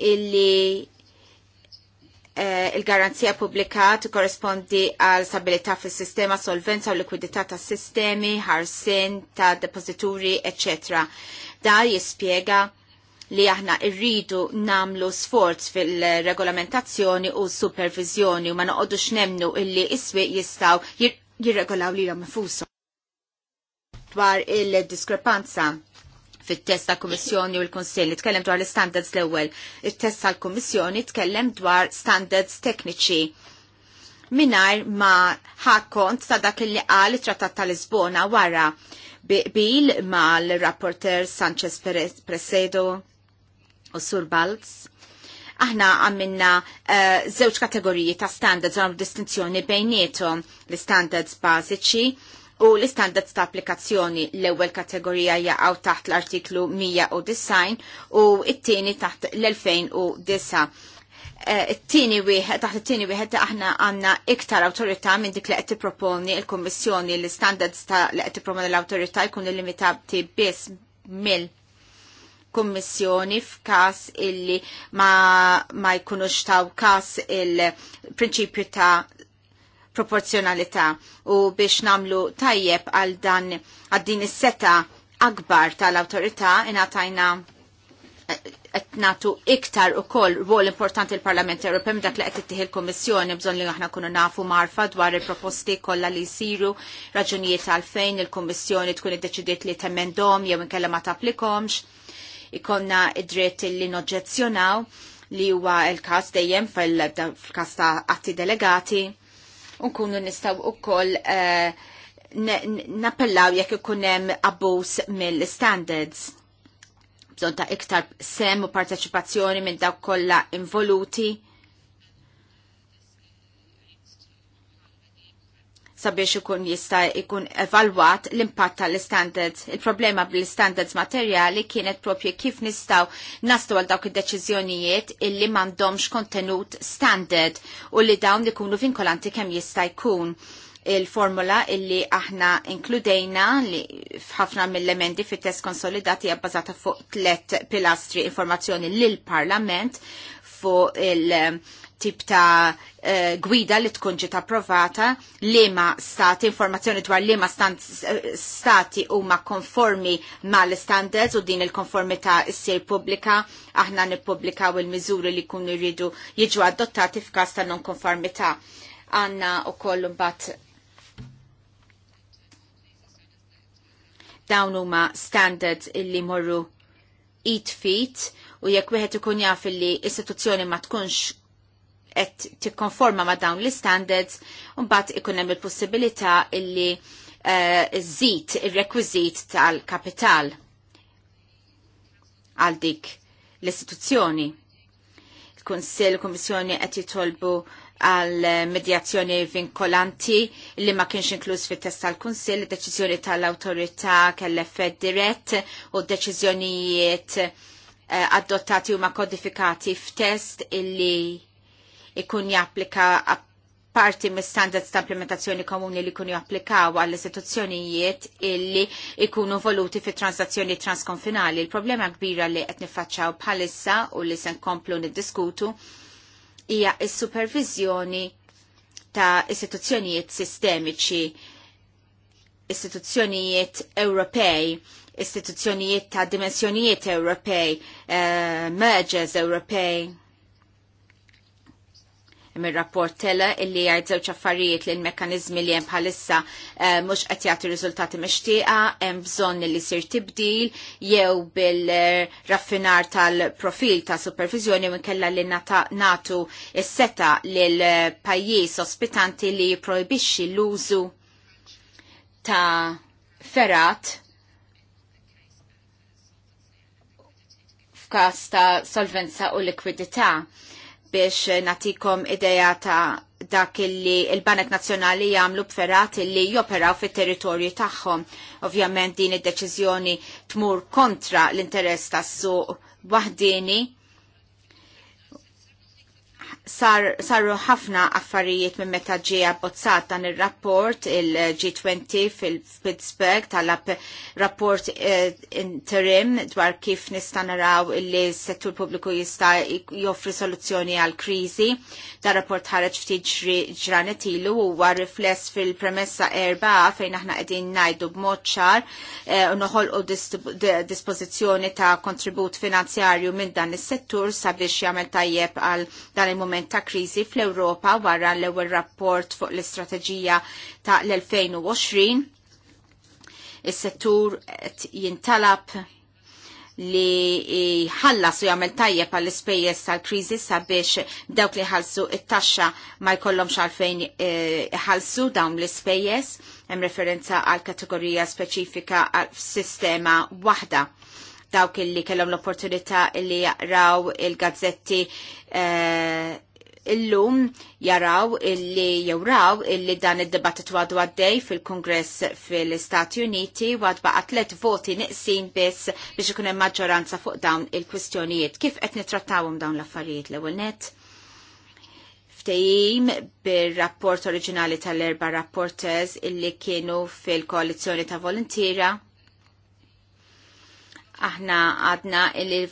illi eh, il-garanzija pubblika korrespondi għal stabilità fis sistema solvenza u likwidità tas sistemi, ħarsin ta' depozituri, eccetera. Da jispjega li aħna irridu namlu sforz fil-regolamentazzjoni u supervizjoni u ma noqodux nemnu illi iswi jistaw jirregolaw li jom fuso. Dwar il-diskrepanza fit-test tal kummissjoni u l-Konsilli tkellem dwar l-standards l-ewwel. Il-test tal kummissjoni tkellem dwar standards tekniċi minar ma ħakkont ta' dak li qal it-Trattat tal-Lisbona wara bil ma l-rapporter Sanchez Presedo u Sur Balz. Aħna għamminna uh, eh, zewċ kategoriji ta' standards għam distinzjoni bejnietom l-standards bażiċi u l-standards ta' applikazzjoni l-ewwel kategorija jaqgħu taħt l-artiklu 109 u eh, it-tieni taħt l-2009. it wieħed taħt it-tieni wieħed aħna għandna iktar awtorità minn dik li qed tipproponi l-Kummissjoni l-standards ta' li qed tipproponi l-awtorità jkunu limitati biss mill kummissjoni f'kas illi ma, ma jkunux taw kas il-prinċipju ta' proporzjonalità u biex namlu tajjeb għal dan għal din is-seta akbar tal-autorità inatajna etnatu eh, iktar u koll rwol importanti l-Parlament Ewropew dak li qed tittieħi il kummissjoni bżonn li aħna kunu nafu marfa dwar il-proposti kollha li jsiru raġunijiet għalfejn il-Kummissjoni tkun iddeċidiet li temmendhom jew inkella ma tapplikomx ikonna id-dritt li noġġezzjonaw li huwa l-każ dejjem fil kas ta' atti delegati nkunu nistgħu wkoll koll eh, nappellaw jekk ikun hemm abbuż mill-standards bżon ta' iktar sem u parteċipazzjoni minn dawk kollha involuti sabiex ikun jista ikun evalwat l-impatt tal-standards. Il-problema bil-standards materjali kienet propju kif nistaw nastaw għal dawk id-deċizjonijiet illi mandomx kontenut standard u li dawn ikunu vinkolanti kemm jista jkun il-formula illi aħna inkludejna li fħafna mill emendi fit test konsolidati għabbażata fuq tlet pilastri informazzjoni l-parlament fuq il- tip ta' uh, gwida li tkun ġiet approvata li ma stati, informazzjoni dwar li ma stati u ma konformi ma l-standards u din il-konformita issir publika, aħna nipublika u l-mizuri li kun irridu jiġu adottati f'kas ta' non-konformita. Għanna u kollu bat dawn huma standards li morru it feet u jekk wieħed ikun jaf li istituzzjoni ma tkunx qed tikkonforma ma' dawn l-standards u mbagħad ikun hemm il-possibilità illi eh, żid ir-rekwiżit tal-kapital għal dik l-istituzzjoni. Il-Kunsill, il-Kummissjoni qed jitolbu għal medjazzjoni vinkolanti li ma kienx inkluż fit test tal-Kunsill, deċiżjoni tal-autorità kell-effett dirett u deċiżjonijiet eh, adottati u ma kodifikati f'test illi ikun japplika parti mis standards ta' implementazzjoni komuni li kunu applikaw għall istituzzjonijiet illi ikunu voluti fi transazzjoni transkonfinali. Il-problema kbira li qed niffaċċaw bħalissa u li se nkomplu niddiskutu hija s-supervizjoni ta' istituzzjonijiet sistemiċi, istituzzjonijiet Ewropej, istituzzjonijiet ta' dimensjonijiet Ewropej, uh, mergers Ewropej mir-rapport tela illi jgħid żewġ affarijiet li l-mekkaniżmi li hemm bħalissa eh, mhux qed jagħti riżultati mixtieqa, hemm bżonn li sir tibdil jew bil-raffinar tal-profil ta' supervizjoni u kella li natu s-seta lil pajjiż ospitanti li jipprojbixxi l-użu ta' ferat f'każ ta' solvenza u likwidità biex natikom ideja ta' dak illi il-Banek Nazzjonali jagħmlu b'ferat illi joperaw fit-territorju tagħhom. Ovvjament din id-deċiżjoni tmur kontra l-interess tas-suq waħdini sar, saru ħafna affarijiet minn meta ġie abbozzat dan il-rapport il-G20 fil-Pittsburgh tal-app rapport eh, interim dwar kif nista' naraw li s-settur pubbliku jista' joffri soluzzjoni għal kriżi. Dar rapport ħareġ ftit ġranet ilu huwa rifless fil-premessa erba' fejn aħna qegħdin ngħidu b'mod ċar eh, u noħolqu dispożizzjoni ta' kontribut finanzjarju minn dan is-settur sabiex jagħmel tajjeb għal dan il-moment moment ta' kriżi fl-Ewropa wara l-ewwel rapport fuq l-istrateġija ta' l-2020. Is-settur jintalab li ħallas u jagħmel tajjeb għall ispejjeż tal-kriżi sabiex dawk li ħallsu it-taxxa ma jkollhomx għalfejn eh, ħallsu dawn l-ispejjeż hemm referenza għal kategorija speċifika għal sistema waħda dawk illi kellhom l-opportunità li jaqraw il-gazzetti eh, illum jaraw illi jawraw illi dan id-dibattit għadu għaddej fil-Kongress fil-Stati Uniti għad baqa tlet voti niqsin biss biex ikun hemm maġġoranza fuq dawn il-kwistjonijiet. Kif qed nitrattawhom dawn l-affarijiet l-ewwel net? Ftehim bir-rapport oriġinali tal-erba rapportez illi kienu fil-koalizzjoni ta' volontira. aħna għadna illi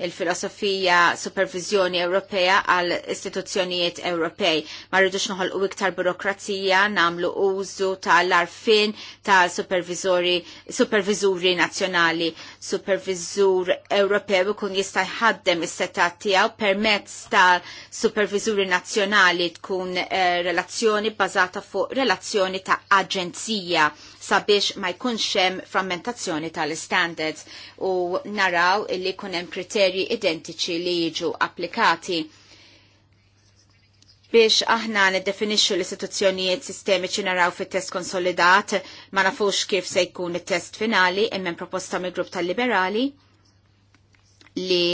il-filosofija supervizjoni Ewropea għal istituzzjonijiet Ewropej. Ma rridux noħolqu iktar burokrazija, namlu użu tal-arfin ta' supervizori supervizuri nazzjonali. Supervizur Ewropew ikun jista' jħaddem is-setat tiegħu permezz tal-supervizuri nazzjonali tkun eh, relazzjoni bbażata fuq relazzjoni ta' aġenzija sabiex ma jkunx hemm frammentazzjoni tal-standards u naraw illi jkun hemm kriterji identiċi li jiġu applikati biex aħna niddefinixxu l-istituzzjonijiet sistemiċi naraw fit-test konsolidat ma nafux kif se jkun it-test finali imma proposta mill-grupp tal-liberali li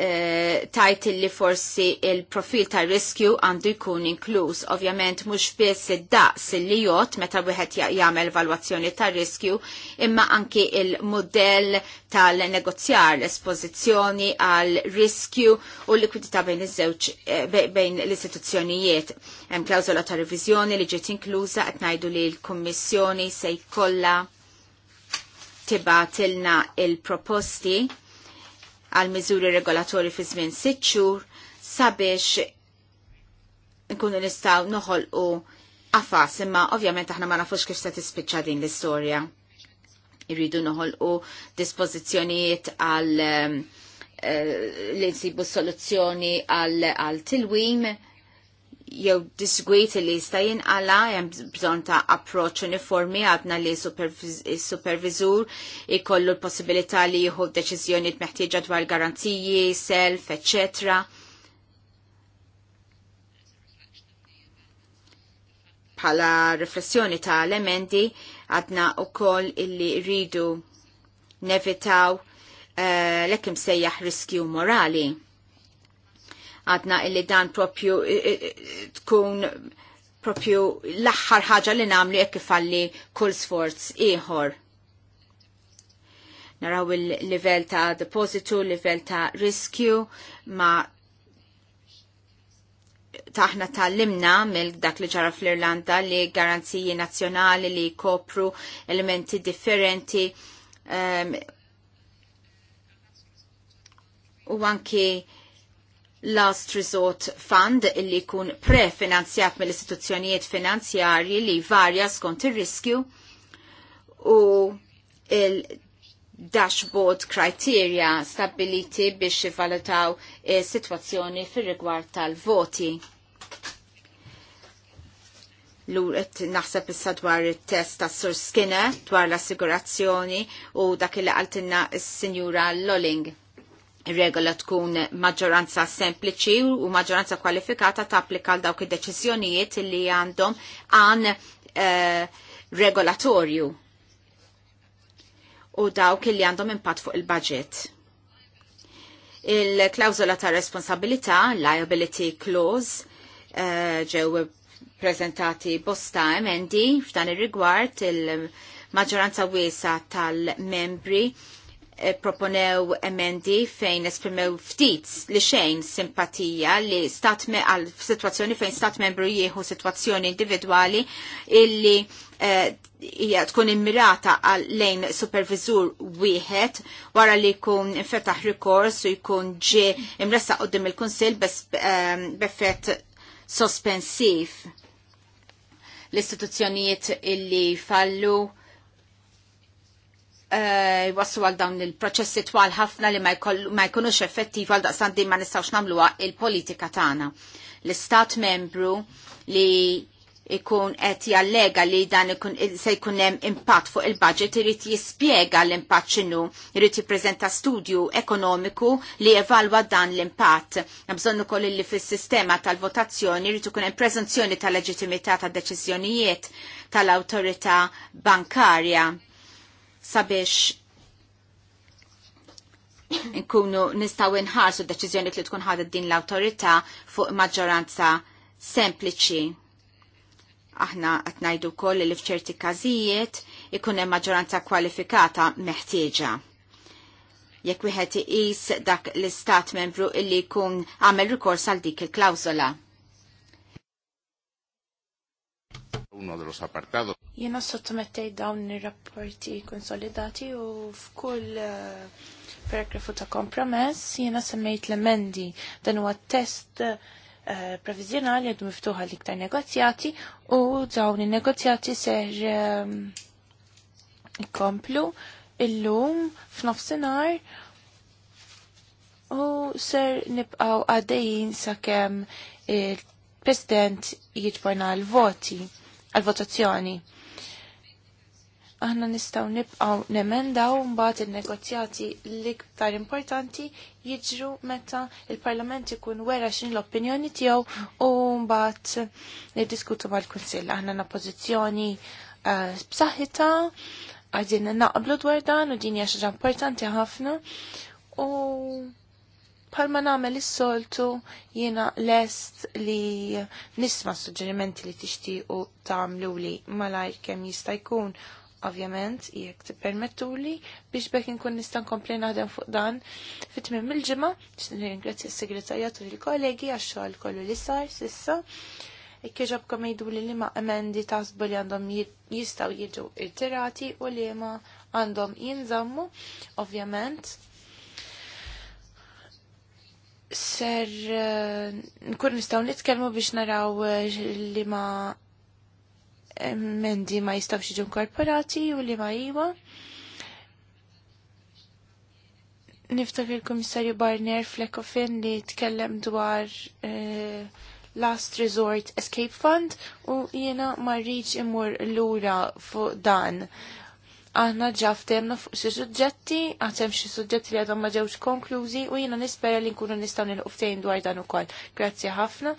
Eh, tajt li forsi il-profil ta' riskju għandu jkun inkluż. Ovvjament mhux biss id-daqs li jgħod meta wieħed jagħmel valwazzjoni ta' riskju, imma anki il-modell tal-negozjar l-espożizzjoni għal riskju u l-likwidità bejn iż-żewġ eh, bejn l-istituzzjonijiet. Hemm klawżola ta' reviżjoni li ġiet inkluża qed ngħidu li l-Kummissjoni se jkollha tibatilna il-proposti għal miżuri regolatori fi żmien sitt xhur sabiex nkunu nistgħu noħolqu qafas imma ovvjament aħna ma nafux kif se tispiċċa din l-istorja. Irridu noħolqu dispożizzjonijiet għal eh, li nsibu soluzzjoni għal tilwim jew disgwiti li jista' jinqala hemm bżonn ta' approċċ uniformi għadna li s-supervizur ikollu l-possibilità li jieħu deċiżjonijiet meħtieġa dwar garanziji, self, etc. Bħala riflessjoni ta' elementi għadna wkoll illi rridu nevitaw uh, l-ekim sejjaħ riskju morali għadna illi dan propju tkun propju l-axħar ħaġa li namlu jekk ifalli kull sforz ieħor. Naraw il-livell ta' depositu, livell ta' riskju, ma taħna tal-limna mill dak li ġara fl-Irlanda li garanziji nazjonali li kopru elementi differenti um, u anki Last Resort Fund illi jkun prefinanzjat mill-istituzzjonijiet finanzjarji li varja skont ir-riskju u il-dashboard criteria stabiliti biex valutaw e situazzjoni fir-rigward tal-voti l-uret naħseb issa dwar il-test ta' Sur Skinner dwar l-assigurazzjoni u dak il-għaltinna il-Sinjura Lolling regola tkun maġġoranza sempliċi u maġġoranza kwalifikata ta' applikal dawk id-deċizjonijiet li għandhom għan eh, regolatorju u dawk li għandhom impatt fuq il-budget. Il-klawzola ta' responsabilità, liability clause, eh, ġew prezentati bosta emendi f'dan ir-rigward il-maġġoranza wiesa tal-membri Eh, proponew emendi fejn esprimew ftit li xejn simpatija li stat me għal situazzjoni fejn stat membru jieħu situazzjoni individuali illi eh, hija tkun immirata għal lejn supervizur wieħed wara li jkun infetaħ rikors u jkun ġie imressa qoddim il-Kunsill ehm, b'effett sospensiv l-istituzzjonijiet illi fallu jwassu eh, għal dawn il-proċessi twal ħafna li ma jkunux effettiv għal daqstan ma nistawx namluwa il-politika tagħna. L-istat membru li ikun qed jallega li dan ikun se jkun hemm impatt fuq il-budget irid jispjega l-impatt x'inhu, irid jippreżenta studju ekonomiku li evalwa dan l-impatt. bżonn ukoll li fis-sistema tal-votazzjoni irid ikun hemm preżunzjoni tal-leġittimità tad-deċiżjonijiet tal-awtorità bankarja sabiex nkunu nistaw inħarsu d-deċizjoni li tkun ħadet din l-autorita fuq maġġoranza sempliċi. Aħna għatnajdu koll li fċerti kazijiet ikunem maġġoranza kwalifikata meħtieġa. Jekk wieħed iqis dak l-istat membru illi jkun għamel rikors għal dik il-klawzola. uno de los apartados. Jena sottomettej dawn ir-rapporti konsolidati u f'kull eh, paragrafu ta' kompromess jena semmejt l-emendi dan huwa test eh, provizjonali għadu miftuħa l-iktar negozjati u dawn il-negozjati ser eh, ikomplu illum f'nofsinhar u ser nibqaw għaddejjin sakemm il-President jiġborna l-voti għal-votazzjoni. Aħna nistaw nibqaw nemendaw mbagħad il-negozjati l-iktar importanti jiġru meta il-Parlament ikun wera xin l-opinjoni tiegħu u mbagħad niddiskutu mal-Kunsill. Aħna na pożizzjoni uh, b'saħħitha għadin naqblu dwar dan u din hija xaġa importanti ħafna u Palma namel is-soltu jiena lest li nisma suġġerimenti li tixtiequ tagħmlu li malajr kemm jista' jkun ovvjament jekk tippermettuli biex bek inkun nista' nkompli naħdem fuq dan fit mil il-ġimgħa ringrazzja s-segretarjat u l-kollegi għax-xogħol kollu li sar s'issa ikkieġabkom jgħidu li ma emendi tasbu li għandhom jistaw jiġu irtirati u li ma għandhom jinżammu, ovvjament, ser eh, nkun nistaw nitkellmu biex naraw eh, li ma eh, mendi ma jistaw xieġu korporati u li ma jiva. Niftak il-Komissarju Barnier Flekofin li tkellem dwar Last Resort Escape Fund u jiena marriċ imur l-ura fuq dan Aħna ġa ftehmna fuq xi suġġetti, għad hemm xi suġġetti li għadhom ma ġewx konklużi u jiena nispera li nkunu nistgħu nilqu ftehim dwar dan ukoll. Grazzi ħafna.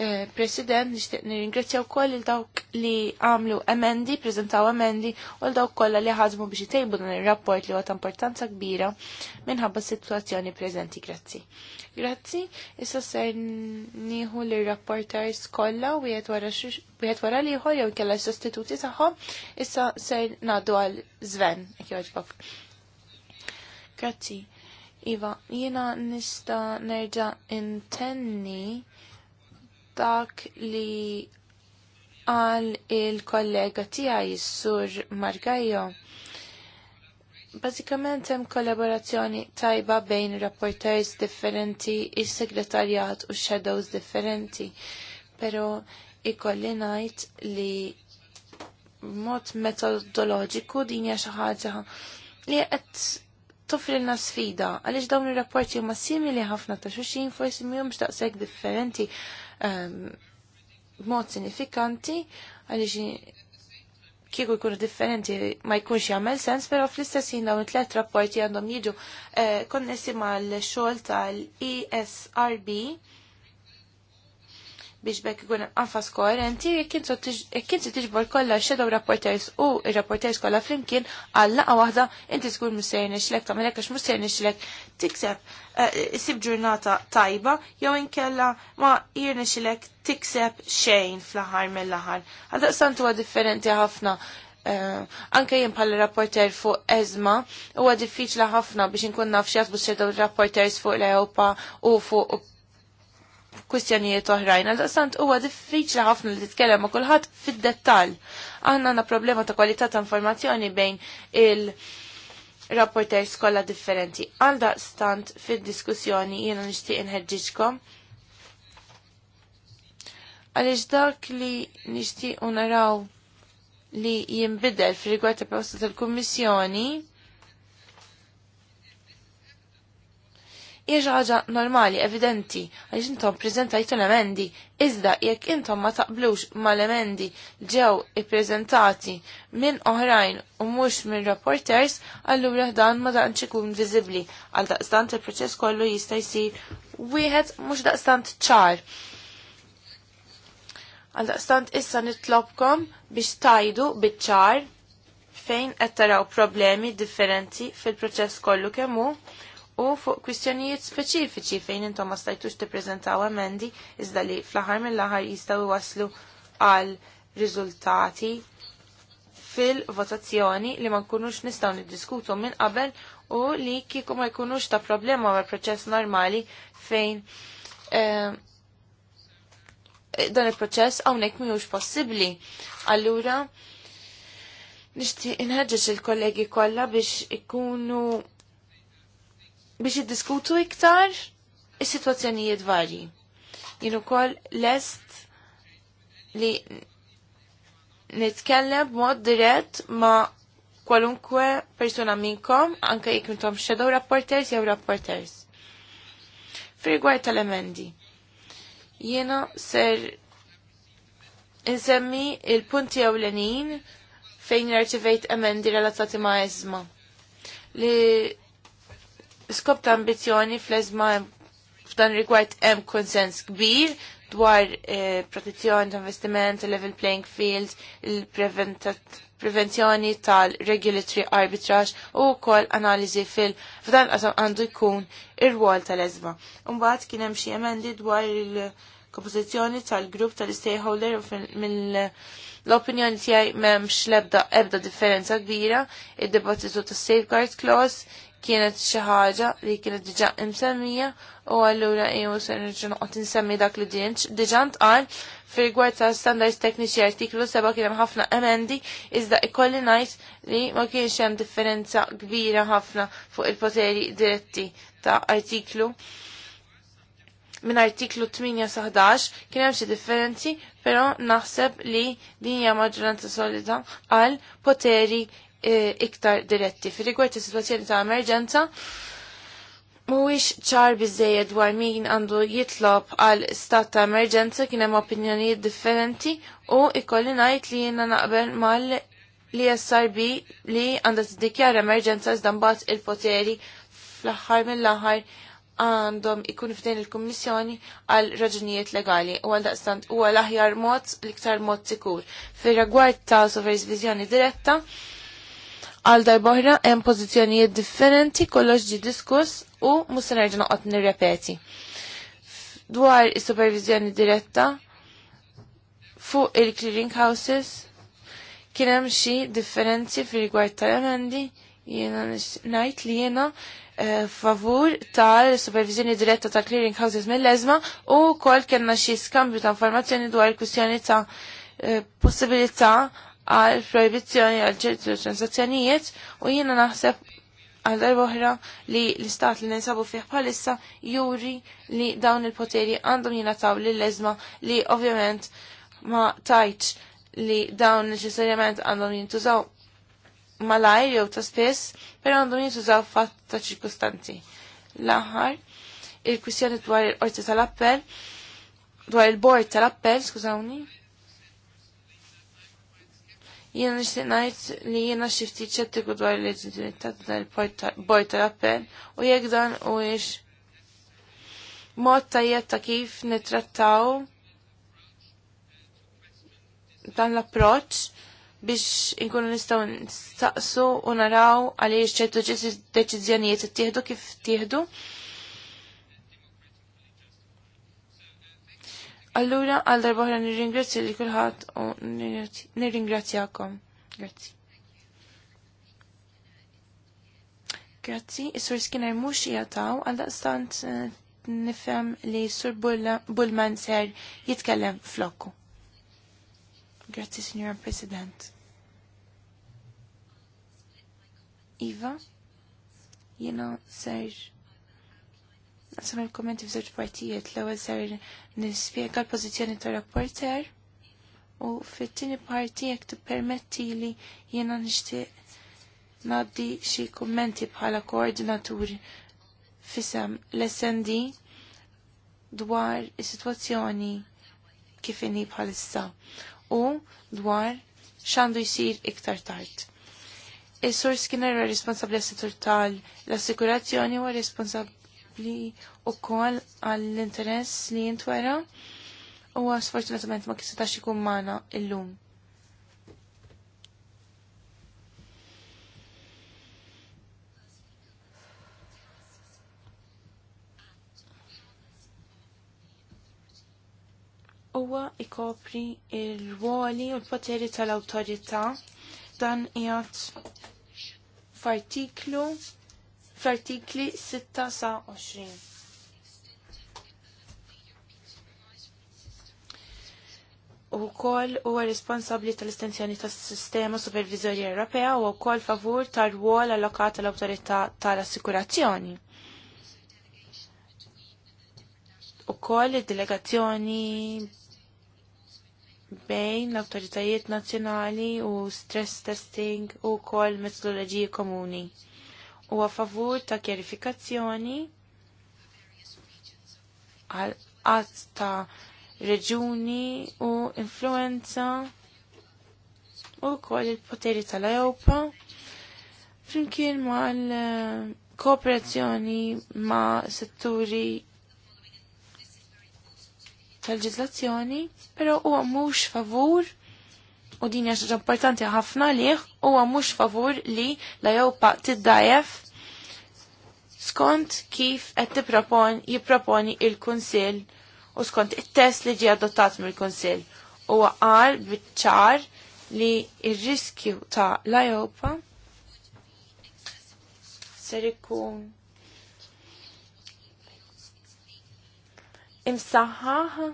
Eh, President, nishtiq nirringrazzja wkoll il dawk li għamlu emendi, prezentaw emendi, u l dawk kollha li ħazmu biex jtejbu dan ir-rapport li huwa ta' importanza kbira minħabba s-sitwazzjoni preżenti. Grazzi. Grazzi, issa ser nieħu lir rapporters kollha wieħed wara li wara jew kellha sostituti tagħhom, issa ser naddu għal Sven, jekk jogħġbok. Grazzi. Iva, jiena nista nerġa' intenni dak li għal il-kollega tiegħi sur Margajo. Bażikament hemm kollaborazzjoni tajba bejn rapporters differenti, is-segretarjat u shadows differenti, però ikolli ngħid li mod metodoloġiku din hija xi ħaġa li qed tofrilna sfida għaliex dawn ir-rapporti huma simili ħafna ta' xulxin forsi mhumiex daqshekk differenti Ehm, mod sinifikanti għaliex kieku jkunu differenti ma jkunx jagħmel sens, però fl-istess jien dawn it-tlet rapporti għandhom jiġu eh, konnessi mal-xogħol tal-ESRB biex bekk ikun anfas koerenti kien se tiġbor kollha shadow rapporters u ir-rapporters kollha flimkien għal laqa waħda inti skur missier nixlek tagħmel hekk għax missier nixlek tikseb isib eh, ġurnata tajba jew inkella ma jirnexilek tikseb xejn fl-aħħar mill aħar Għaldaqstant huwa differenti ħafna eh, anke jien bħal rapporter fuq ezma, huwa diffiċli ħafna biex inkun naf s xedaw rapporters fuq l-Ewpa u fuq kwistjonijiet oħrajn, għal sant huwa diffiċli ħafna li titkellem ma' kulħadd fid-dettall. għandna għandna problema ta' kwalità ta' informazzjoni bejn il- rapporter skolla differenti. Għalda stant fid-diskussjoni jiena nixtieq inħeġġiġkom. Għaliex dak li nishtiq naraw li jinbidel fil-rigward ta' proposta tal-Kummissjoni hija ħaġa normali, evidenti, għaliex intom preżentajtu l-emendi, iżda jekk intom ma taqblux ma l-emendi ġew ippreżentati minn oħrajn u mhux minn reporters, allura dan ma daqs ikun viżibbli għal daqstant il-proċess kollu jista' jsir wieħed mhux daqstant ċar. Għal daqstant issa nitlobkom biex tajdu biċ-ċar fejn qed taraw problemi differenti fil-proċess kollu kemm hu u fuq kwistjonijiet speċifiċi fejn intom ma stajtux tippreżentaw emendi iżda li fl-aħħar mill-aħħar jistgħu waslu għal riżultati fil-votazzjoni li ma nkunux nistgħu niddiskutu minn qabel u li kieku ma jkunux ta' problema ma' proċess normali fejn eh, dan il-proċess hawnhekk mhijiex possibbli. Allura nixtieq inħeġġeġ il-kollegi kollha biex ikunu biex id-diskutu iktar is-sitwazzjonijiet varji. Jien ukoll lest li nitkellem b'mod dirett ma' kwalunkwe persuna minkom, anke jekk intom shadow rapporters jew rapporters. Frigwaj tal-emendi. Jiena ser insemmi il-punti ewlenin fejn rċivejt emendi relatati ma' ezma. Li Skop ta' ambizjoni fl-ezma f'dan rigward hemm konsens kbir dwar eh, protezzjoni ta' investiment, level playing field, il-prevenzjoni tal-regulatory arbitrage u kol analizi fil f'dan qasam għandu jkun ir-rwol tal-ezma. Umbagħad kien hemm xi emendi dwar il-kompożizzjoni tal-grupp tal-stakeholder mill l-opinjoni tiegħi m'hemmx l ebda differenza kbira, id debattitu tas safeguard clause, kienet xi ħaġa li kienet diġà imsemmija u allura jew se nirġa' noqgħod insemmi dak li dinx. diġà ntqal fil-rigward ta' standards tekniċi artiklu seba kien hemm ħafna emendi iżda ikolli ngħid li ma kienx hemm differenza kbira ħafna fuq il-poteri diretti ta' artiklu minn artiklu 8 sa 11 kien hemm xi differenzi, però naħseb li din hija maġġoranza solida għal poteri Eh, iktar diretti. Fil-rigward is-sitwazzjoni ta' emerġenza, Mhuwiex ċar biżejjed dwar min għandu jitlob għal stat ta' emerġenza kien hemm opinjonijiet differenti u ikolli ngħid li jiena naqbel mal li SRB li għandha tiddikjar emerġenza iżda mbagħad il-poteri fl-aħħar mill-aħħar għandhom ikun f'din il-Kummissjoni għal raġunijiet legali u għal daqstant huwa l-aħjar mod l-iktar mod sikur. Fir-rigward ta' supervizjoni diretta, Għal darbohra hemm pożizzjonijiet differenti kollox ġi diskuss u mhux se nerġa' noqgħod nirrepeti. Dwar is-supervizjoni diretta fuq il-clearing houses kien hemm xi differenzi fi rigward tal-emendi jiena ngħid li jiena eh, favur tal-supervizjoni diretta ta' clearing houses mill-ezma u kol kienna xi skambju ta' informazzjoni dwar il-kwistjoni ta' eh, possibilità għal proibizzjoni għal ċertu transazzjonijiet u jiena naħseb għal darba oħra li l-istat li ninsabu fih bħalissa juri li dawn il-poteri għandhom jingħataw lill ezma li ovvjament ma tajċ li dawn neċessarjament għandhom jintużaw malajr jew ta' spess, pero għandhom jintużaw fatt ta' ċirkustanti. L-aħħar, il-kwistjoni dwar il-qorti tal-appell, dwar il-bord tal-appell, skużawni, Jena nishtiq najt li jena xifti ċettiku dwar l-leġitimità ta' boj tal-appell u jekk dan u ix mod tajjeb ta' kif nitrattaw dan l approċċ biex inkunu nistaw nistaqsu u naraw għaliex ċertu deċiżjonijiet ittieħdu kif tieħdu. Allura, għal darba nir nirringrazzja li kullħat u nirringrazzjakom. Grazzi. Grazzi, jissur sur Skinner mhux jataw għal daqstant eh, nifhem li sur Bullman ser jitkellem flokku. Grazzi, Signora President. Iva, jiena ser Nasam il-kommenti f'żewġ partijiet l-ewwel ser nispjega l-pożizzjoni tar-rapporter u fit-tieni parti jekk tippermetti li jiena nixtieq ngħaddi xi kummenti bħala koordinatur fisem l-SND dwar is-sitwazzjoni kif inhi bħalissa u dwar x'għandu jsir iktar tard. Is-sur Skinner responsabbli għas-settur tal-assikurazzjoni u responsabbli li u kol għall-interess li jintwera u sfortunatament ma kisetax ikun mana illum. Uwa ikopri il-ruoli u l-poteri tal-autorita dan jgħat f'artiklu fl-artikli 6 sa 20. u kol u responsabli tal-estensjoni tas sistema supervizorja Ewropea u kol favur tar ruol allokat l-autorità tal-assikurazzjoni. U kol delegazzjoni bejn l-autoritajiet nazzjonali u stress testing u kol metodoloġiji komuni huwa favur ta' kjerifikazzjoni għal qatt ta' reġuni u influenza u wkoll il-poteri tal-Ewpa flimkien ma' l-kooperazzjoni ma' setturi tal-ġizlazzjoni, pero huwa mhux favur u din jaxġa importanti ħafna lih huwa mhux favur li la jewpa tiddajef skont kif qed tipropon jipproponi il-Kunsill u skont it-test li ġie adottat mill-Kunsill huwa qal biċ-ċar li il riskju ta' la jewpa ser ikun imsaħħaħ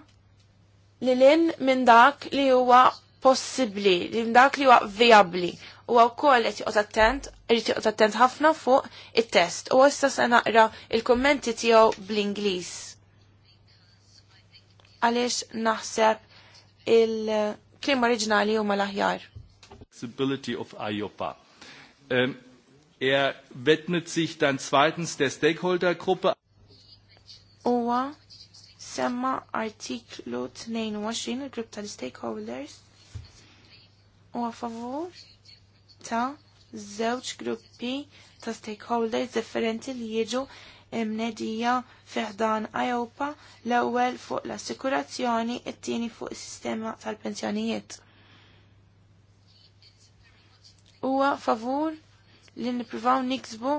li l-in minn dak li huwa possibbli, li dak li huwa viabli. U wkoll qed joqgħod attent, irid joqgħod attent ħafna fuq it-test. U issa se naqra il-kummenti tiegħu bl-Ingliż. Għaliex naħseb il-klim oriġinali huma l-aħjar. Flexibility of IOPA. Um, ähm, er widmet sich dann zweitens der Stakeholdergruppe. Uwa semma artiklu 22 il-grupp stakeholders u għafavur ta' żewġ gruppi ta' stakeholders differenti li jiġu imnedija fiħdan għajopa l-ewwel fuq l-assikurazzjoni, it-tieni fuq is-sistema tal-pensjonijiet. Huwa favur li nippruvaw niksbu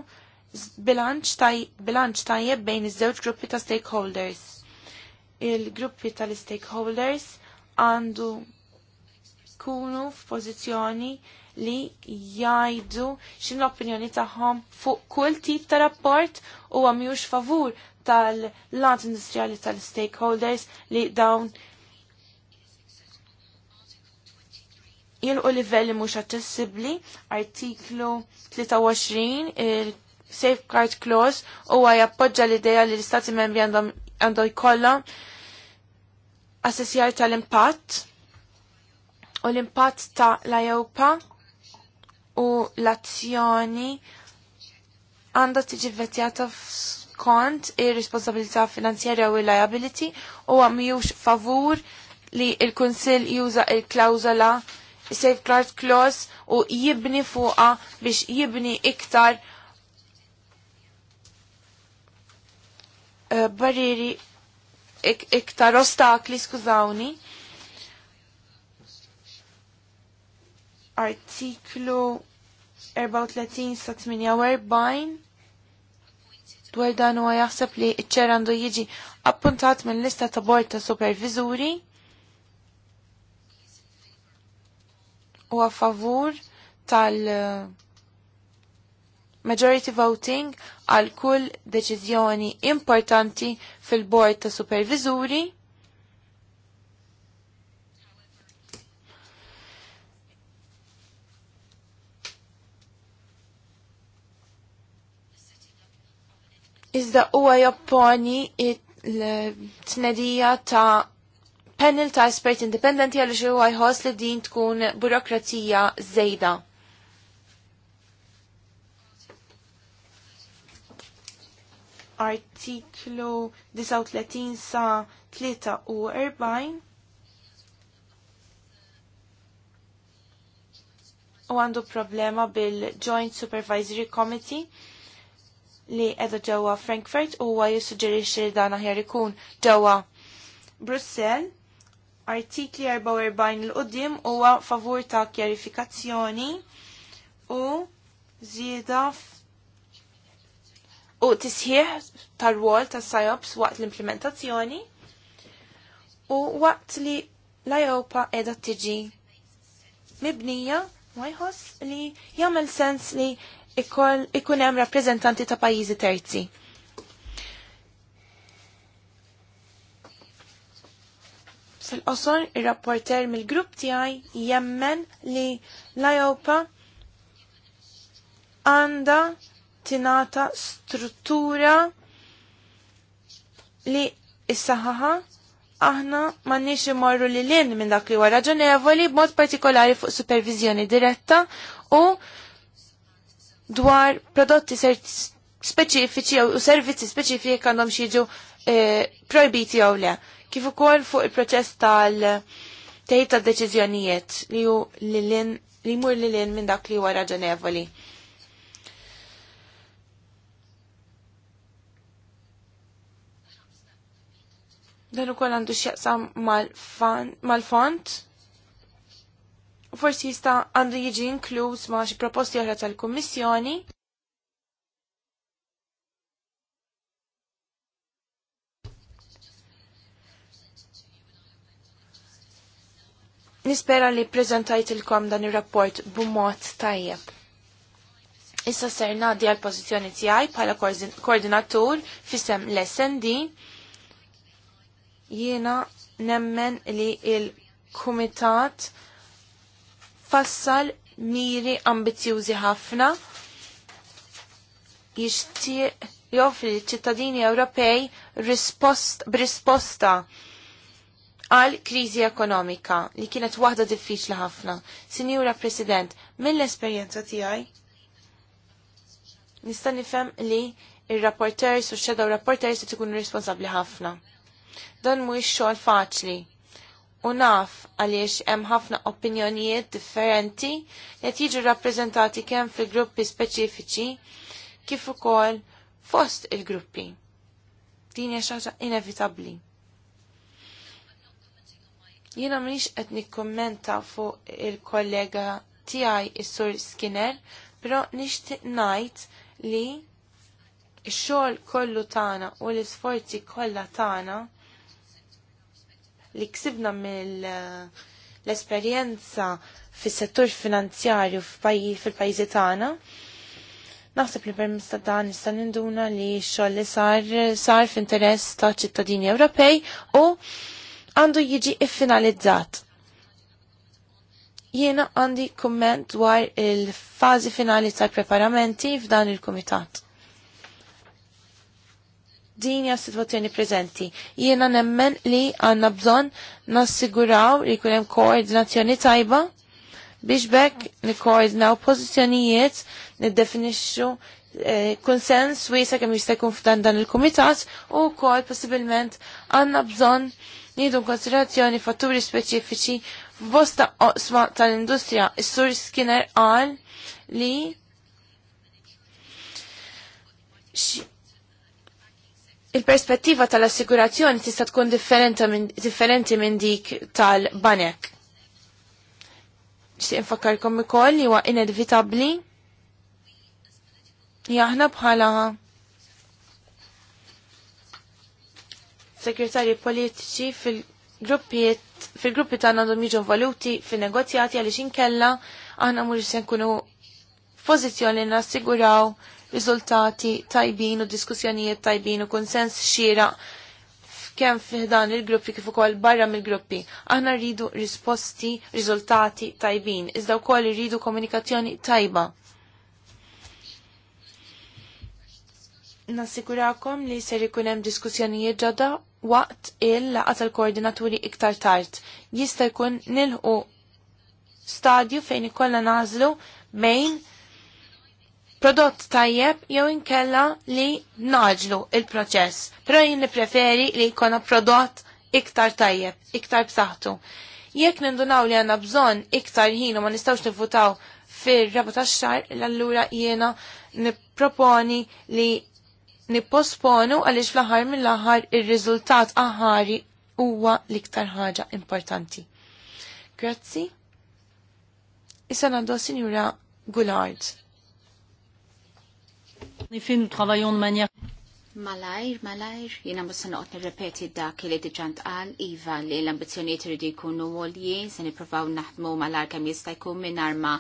bilanċ tajjeb bejn iż-żewġ gruppi ta' stakeholders. Il-gruppi tal-stakeholders għandu tkunu f'pożizzjoni li jgħidu xin l-opinjoni tagħhom fuq kull tip ta' rapport u għamjux favur tal-lat industrijali tal-stakeholders li dawn jilqu livelli mhux aċċessibbli, artiklu 23 il-Safeguard Clause huwa jappoġġa l-idea li l-Istati membri għandhom jkollhom assessjar tal-impatt u l-impatt ta' l-Ewpa u l-azzjoni għandha tiġi vetjata skont ir-responsabilità finanzjarja u l-liability u għamijux favur li il-Kunsil juża il-klawzola safeguard clause u jibni fuqa biex jibni iktar eh, barriri iktar ostakli, skużawni, artiklu 34 sa 48 dwar dan huwa jaħseb li ċ-ċer għandu jiġi appuntat minn lista ta' bord ta' supervizuri u a favur tal eh, majority voting għal kull deċiżjoni importanti fil-bord ta' supervizuri Iżda huwa jopponi t-tnedija ta' panel ta' espert indipendenti għal huwa jħoss li din tkun burokrazija żejda. Artiklu 39 sa 40. u għandu problema bil-Joint Supervisory Committee li edha ġewwa Frankfurt u huwa jissuġġerixxi dan aħjar ikun ġewwa Brussell. Artikli 44 l-qudiem huwa favur ta' kjarifikazzjoni u żieda u tisħiħ tar wol tas sajops waqt l-implementazzjoni u waqt li l europa edha tiġi mibnija ma jħoss li jagħmel sens li ikun hemm rappreżentanti ta' pajjiżi terzi. Fil-qosor, ir-rapporter mill-grupp tiegħi jemmen li l-Ajopa għanda tinata struttura li issaħħaħa aħna nix imorru li l-in minn dak li wara ġonevoli b'mod partikolari fuq supervizjoni diretta u dwar prodotti speċifiċi u servizzi speċifiċi għandhom xieġu eh, projbiti jew le. Kif ukoll fuq il-proċess tal-teħid ta' deċiżjonijiet li l-lin li jmur li lin minn dak li huwa raġonevoli. Dan ukoll għandu x'jaqsam mal-font forsi jista' għandu jiġi inkluż ma' xi proposti oħra tal-Kummissjoni. Nispera li prezentajt il-kom dan ir rapport b'mod tajjeb. Issa ser nadi għal pożizzjoni tiegħi bħala koordinatur fisem l-SND. Jiena nemmen li il-Kumitat fassal miri ambizjużi ħafna jixtieq joffri ċittadini Ewropej rispost, b'risposta għal kriżi ekonomika li kienet waħda diffiċli ħafna. Sinjura President, mill-esperjenza tiegħi nista' nifhem li ir-rapporters u x-shadow rapporters se ikunu responsabbli ħafna. Dan mhuwiex xogħol faċli u naf għaliex hemm ħafna opinjonijiet differenti li jiġu rappreżentati kemm fil gruppi speċifiċi kif ukoll fost il-gruppi. Din hija xaġa inevitabbli. Jiena mhix qed nikkummenta fuq il-kollega tiegħi is-sur Skinner, però nixtieq ngħid li x-xogħol kollu tagħna u l-isforzi kollha tagħna li ksibna mill eh, l-esperjenza fis-settur finanzjarju fil-pajjiżi tagħna. Naħseb li permezz ta' dan nista' ninduna li x-xogħol li sar sar f'interess ta' ċittadini Ewropej u għandu jiġi iffinalizzat. Jiena għandi kumment dwar il-fażi finali tal-preparamenti f'dan il-kumitat. Din hija situazzjoni preżenti. Jiena nemmen li għandna bżonn nassiguraw li jkun hemm koordinazzjoni tajba biex bekk nikkoordinaw pożizzjonijiet, niddefinixxu eh, konsens wiesa kemm jista' jkun f'dan dan il-kumitat u wkoll possibilment għandna bżonn nieħdu konsiderazzjoni fatturi speċifiċi f'bosta oqsma tal-industrija. Is-sur Skinner qal li il-perspettiva tal-assigurazzjoni tista' tkun differenti minn dik tal-banek. Xtieq infakkarkom ukoll li huwa inevitabbli li aħna bħala segretarji politiċi fil-gruppijiet fil-gruppi tagħna għandhom jiġu valuti fin-negozjati għaliex inkella aħna mhux se nkunu f'pożizzjoni nassiguraw riżultati tajbin u diskussjonijiet tajbin u konsens xira kemm fiħdan il-gruppi kif ukoll barra mill-gruppi. Aħna rridu risposti, riżultati tajbin, iżda wkoll rridu komunikazzjoni tajba. Nassigurakom li ser ikun hemm diskussjonijiet ġodda waqt il laqgħa tal-koordinaturi iktar tard. Jista' jkun nilħu stadju fejn ikollna nażlu bejn prodott tajjeb jew inkella li naġlu il-proċess. Però jien preferi li jkollna prodott iktar tajjeb, iktar b'saħħtu. Jekk nindunaw li għandna bżonn iktar ħin u ma nistgħux nifutaw fir rabu tax-xar, allura jiena nipproponi li nipposponu għaliex fl-aħħar mill-aħħar ir-riżultat aħari huwa l-iktar ħaġa importanti. Grazzi. Issa għandu Sinjura Gullard. Nifin travajon manja. Malajr, malajr, jina musan uqt nirrepeti dak li diġant għal, Iva li l-ambizjoniet rridu jkunu għolji, se niprofaw naħdmu malar kem jista' jkun ma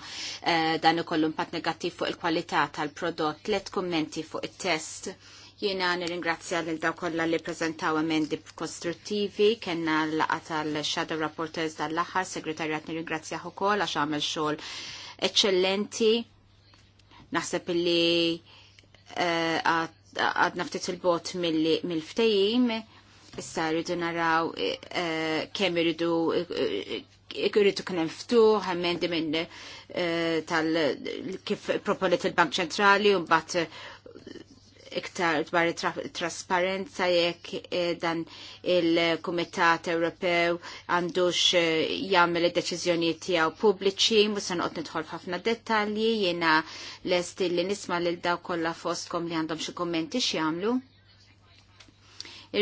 eh, dan ikollu impatt negattiv fuq il-kwalità tal-prodott. Let kommenti fuq it-test. Jiena nirringrazzja lil daw kollha li preżentaw emendi kostruttivi, kellna l-laqa tal-Shadow Rapporteurs dal-aħħar, segretarjat nirringrazzjah ukoll għax għamel xogħol eċċellenti. Naħseb li Eh, għadna ftit il-bot mill-ftejim, issa rridu naraw eh, kemm rridu eh, rridu kien hemm ftuħ, emendi minn tal kif proponet il-Bank Ċentrali u mbagħad iktar dwar trasparenza jekk eh, dan il-Kumitat Ewropew għandux eh, jagħmel id-deċiżjonijiet tiegħu pubbliċi, mhux se noqgħod nidħol f'ħafna dettalji, jiena lest li nisma' lil daw kollha fostkom li għandhom xi kummenti x'jagħmlu.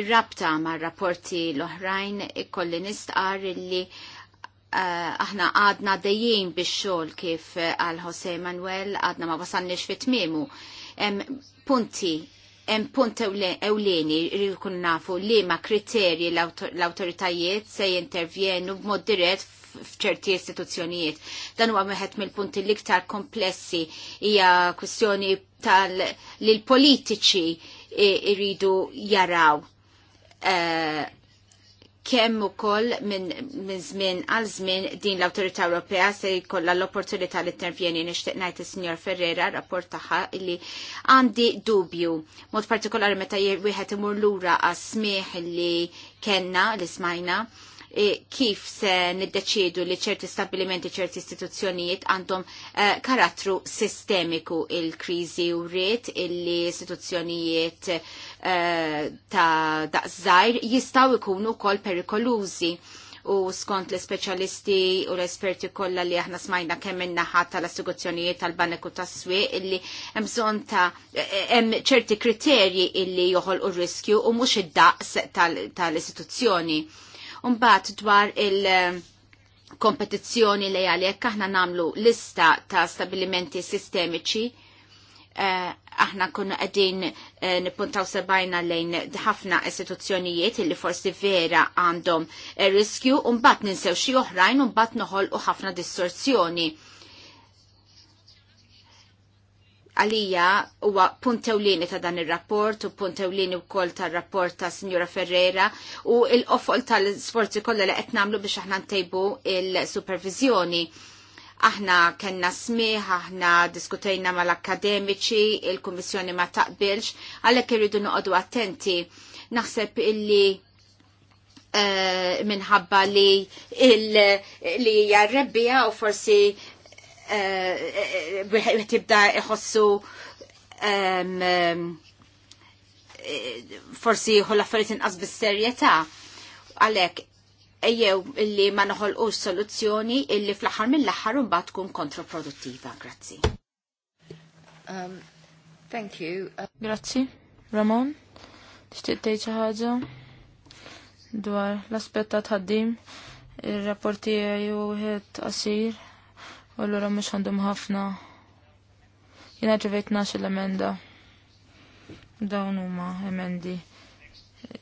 Ir-rabta mar rapporti l-oħrajn ikolli nistqar illi eh, aħna għadna dejjien biex xogħol kif għal Jose Manuel għadna ma wasalniex fit-tmiemu punti hemm punt ewleni li kun nafu li ma kriterji l-awtoritajiet se jintervjenu b'mod dirett f'ċerti istituzzjonijiet. Dan huwa meħed mill-punti l-iktar komplessi hija kwestjoni tal li l-politiċi iridu jaraw. Uh, kemm ukoll minn żmien għal żmien din l-Awtorità Ewropea se jkollha l-opportunità li tervjeni nixtieq ngħid is-Sinjor Ferrera rapport tagħha li għandi dubju. Mod partikolari meta wieħed imur lura għas smieħ li kenna li smajna E, kif se niddeċidu li ċerti stabilimenti ċerti istituzzjonijiet għandhom e, karattru sistemiku il-krizi u rrit illi istituzzjonijiet e, ta' daqżajr jistaw ikunu kol perikolużi u skont l-specialisti u l-esperti kollha li aħna smajna kemm in-naħa tal istituzzjonijiet tal-banek u tas-swieq illi hemm bżonn ta' hemm ċerti kriterji illi joħolqu r riskju u mhux id-daqs tal-istituzzjoni. Tal Umbat dwar il- eh, kompetizzjoni li għalek, aħna namlu lista ta' stabilimenti sistemiċi, eh, aħna kunu għedin eh, nipuntaw sebajna lejn ħafna istituzzjonijiet illi forsi vera għandhom riskju, un bat ninsew xie oħrajn, un bat noħol u ħafna distorsjoni għalija huwa punt ewlieni ta' dan ir-rapport u punt ewlieni wkoll tar-rapport ta' Sinjura Ferrera u l qofol tal-sforzi kollha li qed nagħmlu biex aħna ntejbu il-supervizjoni. Aħna kenna smieħ, aħna diskutejna mal-akademiċi, il-Kummissjoni ma taqbilx, għalhekk irridu noqogħdu attenti. Naħseb illi eh, minħabba li li jarrebbija u forsi tibda iħossu forsi hu l-affarijiet inqas bis-serjetà għalhekk ejjew illi ma noħolqux soluzzjoni illi fl-aħħar mill-aħħar imbagħad tkun kontraproduttiva. Grazzi. Um, thank you. Grazzi. Ramon, tixtieq tgħid xi ħaġa dwar l-aspett ta' tħaddim ir-rapporti jew qasir U allura mhux għandhom ħafna. Jiena ġivejt nax l-emenda. Dawn huma emendi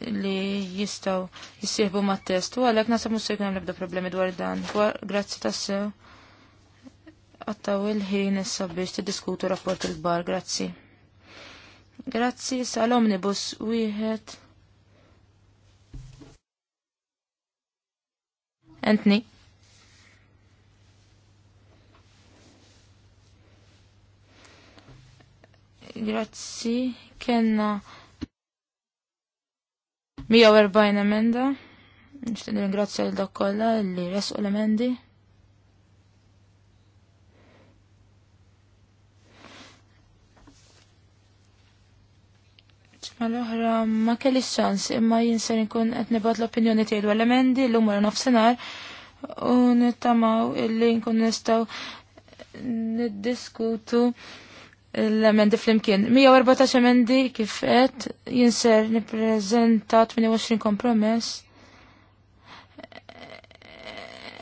li jistaw jissieħbu ma' test. U għalek nasa mus jkun għamlebda problemi dwar dan. Grazzi tassew. Għattaw il-ħin issa biex t-diskutu rapport il-bar. Grazzi. Grazzi, sal-omnibus wieħed. Entni. Grazzi, kena 140 emenda. Nishtin ringrazzja l dak li resqu l-emendi. Mela ma l-oħra ma kelli s-sans imma jinser nkun qed nibgħat l-opinjoni tiegħi dwar l-emendi l-lum nofsinhar u nittamaw illi nkun nistgħu niddiskutu l-emendi fl-imkien. 114 emendi kif qed jinser niprezenta 28 kompromess.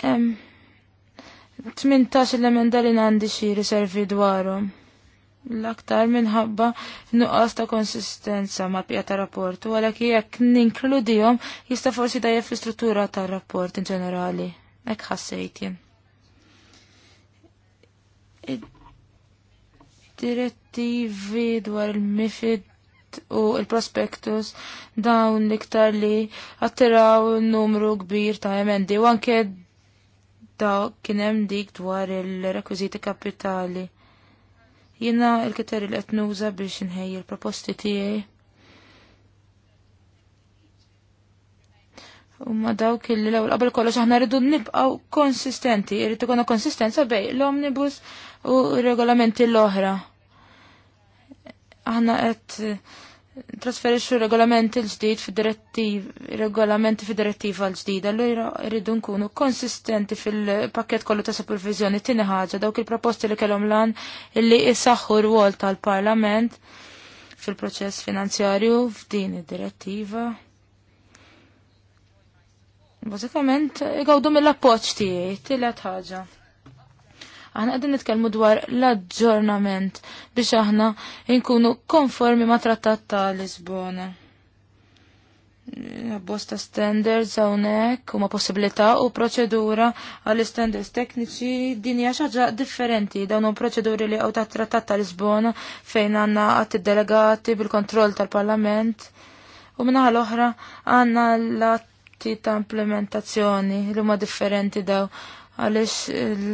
18 l-emenda li għandi xi riservi dwarhom. L-aktar minħabba nuqqas ta' konsistenza ma' pija ta' rapport, u għalhekk jekk ninkludihom jista' forsi dajja l istruttura tar rapport in ġenerali. Hekk ħassejt jien direttivi dwar il-mifid u il-prospektus dawn liktar li attiraw numru kbir ta' emendi u anke da kienem dik dwar il-rekwiziti kapitali. Jina il-kiter il-etnuza biex nħej il-proposti tijaj. Umma dawk kelli l ewwel qabel kollox aħna rridu nibqgħu konsistenti, irrid ikunu konsistenza bej l-omnibus u regolamenti l-oħra aħna qed eh, trasferixxu regolamenti l-ġdid fid-direttiv, regolamenti fid-direttiva l-ġdida, għallu rridu nkunu konsistenti fil-pakket kollu ta' supervizjoni tini ħaġa dawk il-proposti li kellhom lan illi isaħħu r-wol tal-Parlament fil-proċess finanzjarju f'din id-direttiva. Bażikament igawdu mill-appoġġ tiegħi, tielet ħaġa. Aħna qegħdin nitkellmu dwar l-aġġornament biex aħna nkunu konformi ma' trattat ta' Lisbona. Bosta standards hawnhekk huma possibilità u proċedura għall standards tekniċi din hija xaġa differenti dawn huma proċeduri li għaw ta' trattat ta' Lisbona fejn għandna għat delegati bil-kontroll tal-Parlament u minnaħa l-oħra għandna l-att ta' implementazzjoni li huma differenti daw għaliex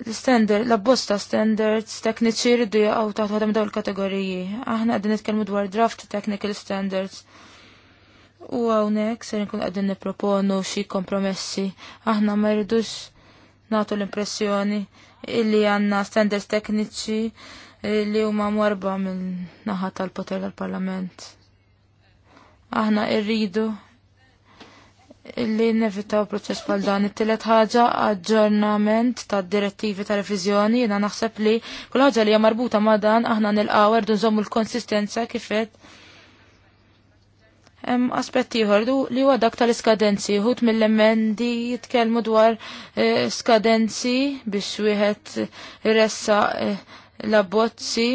l-standard, la bosta standards tekniċi rridu jgħaw ta' waħda dawn il-kategoriji. Aħna qegħdin nitkellmu dwar draft technical standards. U hawnhekk se nkun qegħdin nipproponu xi kompromessi. Aħna ma rridux nagħtu l-impressjoni illi għandna standards tekniċi li huma morba minn naħa tal-poter tal-Parlament. Aħna rridu li nevitaw proċess bħal dan. It-tielet ħaġa aġġornament ta' direttivi ta' revizjoni jiena naħseb li kull ħaġa li hija marbuta ma' dan aħna nilqgħu erdu nżommu l-konsistenza kifet. Hemm aspett ieħor li huwa dak tal-iskadenzi, wħud mill-emendi jitkellmu dwar eh, skadenzi biex wieħed iressa eh, l-abbozzi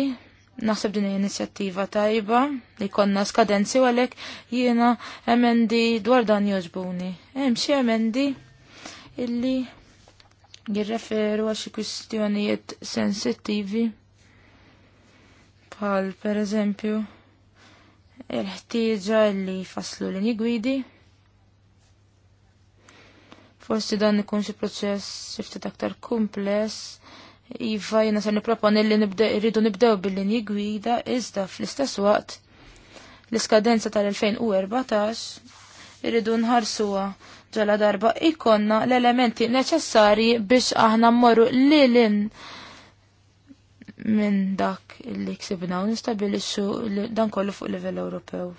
Naħseb din inizjattiva tajba li konna skadenzi għalek jiena emendi dwar dan joġbuni. Hemm xi emendi illi jirreferu għal xi kwistjonijiet sensittivi bħal pereżempju il-ħtieġa illi faslu l gwidi. Forsi dan ikun xi proċess ftit aktar kumpless Iva, jena sa' niproponi li rridu nibdew bil-linji gwida, iżda fl-istess waqt l-iskadenza tal-2014 irridu nħarsuha ġala darba ikonna l-elementi neċessari biex aħna mmorru lilin minn dak li ksibna u nistabilixxu dan kollu fuq livell Ewropew.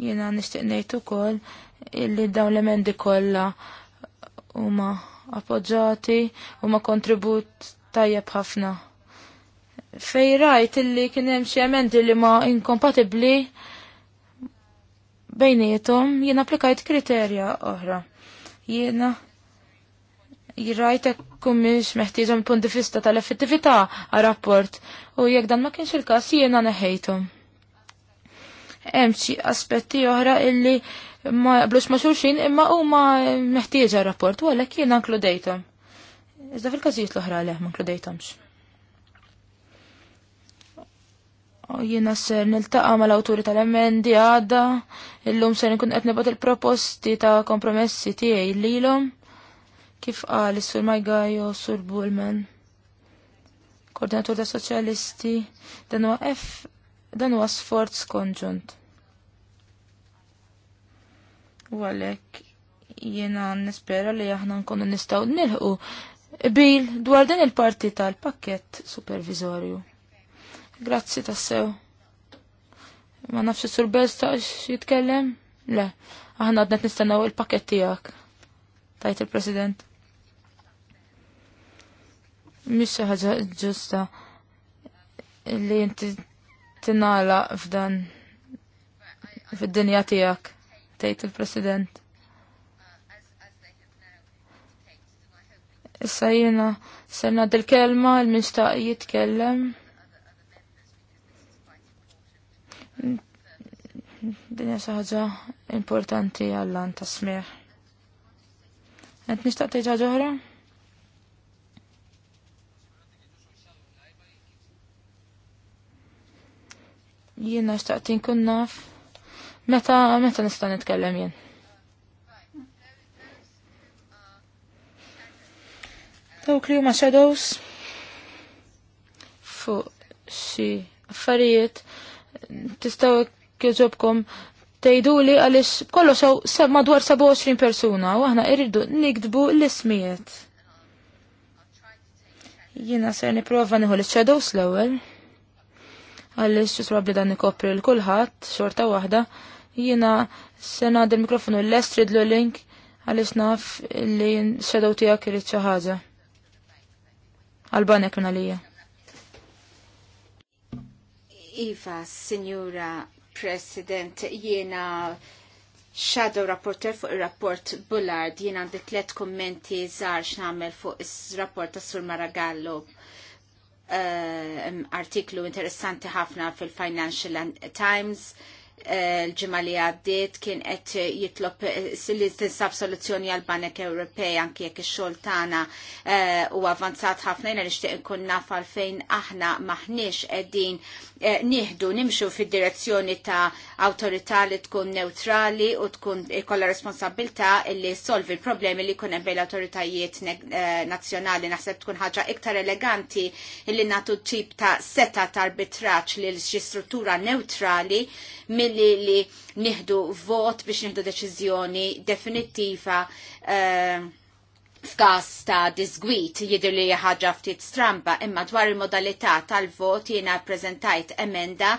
Jiena nixtieq ngħid ukoll illi dawn l-emendi kollha huma appoġġati u ma kontribut tajjeb ħafna. Fej rajt illi kien hemm xi emendi li ma inkompatibbli bejnietom jien applikajt kriterja oħra. Jiena jirajt hekk kummiex meħtieġhom punt di vista tal-effettività għar-rapport u jekk dan ma kienx il-każ jiena neħejthom. Hemm xi aspetti oħra illi ma jaqblux ma xulxin imma huma meħtieġa rapport u għalhekk jena nkludejthom. Iżda fil-każijiet l-oħra għalih ma U jena ser niltaqa' mal-awturi tal-emendi għadda, illum ser nkun qed nibgħat il-proposti ta' kompromessi tiegħi lilhom kif qal is-sur Majgajo sur Bullman. Koordinatur ta' Soċjalisti dan u dan huwa sforz konġunt U għalek jena nispera li aħna nkunu nistaw nilħu bil dwar din il-parti tal-pakket supervizorju. Grazzi tassew. Ma nafx sur Belsta jitkellem? Le, aħna għadnet nistennaw il-pakket tijak. Tajt il-president. Missa ħaġa ġusta li jinti tinala f'dan fid-dinja tijak tgħid il-President. Issa jiena ser nagħdi kelma il minxtaq jitkellem. Dinja saħġa importanti għallan lan ta' smieħ. Qed nixtaq tgħid ħaġa oħra? jiena xtaqt naf Meta, meta nista' nitkellem jien? Dawk li huma shadows fuq xi affarijiet tistgħu jogħġobkom tgħiduli għaliex kollox hawn madwar 27 persuna u aħna irridu nikdbu l-ismijiet. Jiena ser nipprova nieħu l-shadows l-ewwel għaliex probabbli dan ikopri l kulħadd xorta waħda Jiena se għad il mikrofonu l-Estrid link, għaliex naf li s shadow tijak irid xi ħaġa. Albanek minn Iva, Signora President, jiena Shadow Rapporter fuq il-rapport Bullard jien għandi tlet kommenti żgħar x'nagħmel fuq is-rapport ta' Sur Maragallo. Uh, artiklu interessanti ħafna fil-Financial Times l-ġimma li għaddiet kien qed jitlob eh, li tinsab soluzzjoni għal banek Ewropej anke jekk ix-xogħol tagħna eh, u avvanzat ħafna jiena nixtieq inkun naf għalfejn aħna maħniex qegħdin eh, nieħdu nimxu fid-direzzjoni ta' awtorità li tkun neutrali u tkun ikolla responsabilità li solvi l-problemi li jkun hemm bejn l-awtoritajiet nazzjonali naħseb tkun ħaġa iktar eleganti li nagħtu tip ta' seta tal-bitraċ li lil xi struttura neutrali milli li nieħdu vot biex nihdu deċiżjoni definittiva f'kas eh, f'każ ta' disgwit jidhir li ħaġa ftit stramba imma dwar il-modalità tal-vot jiena ppreżentajt emenda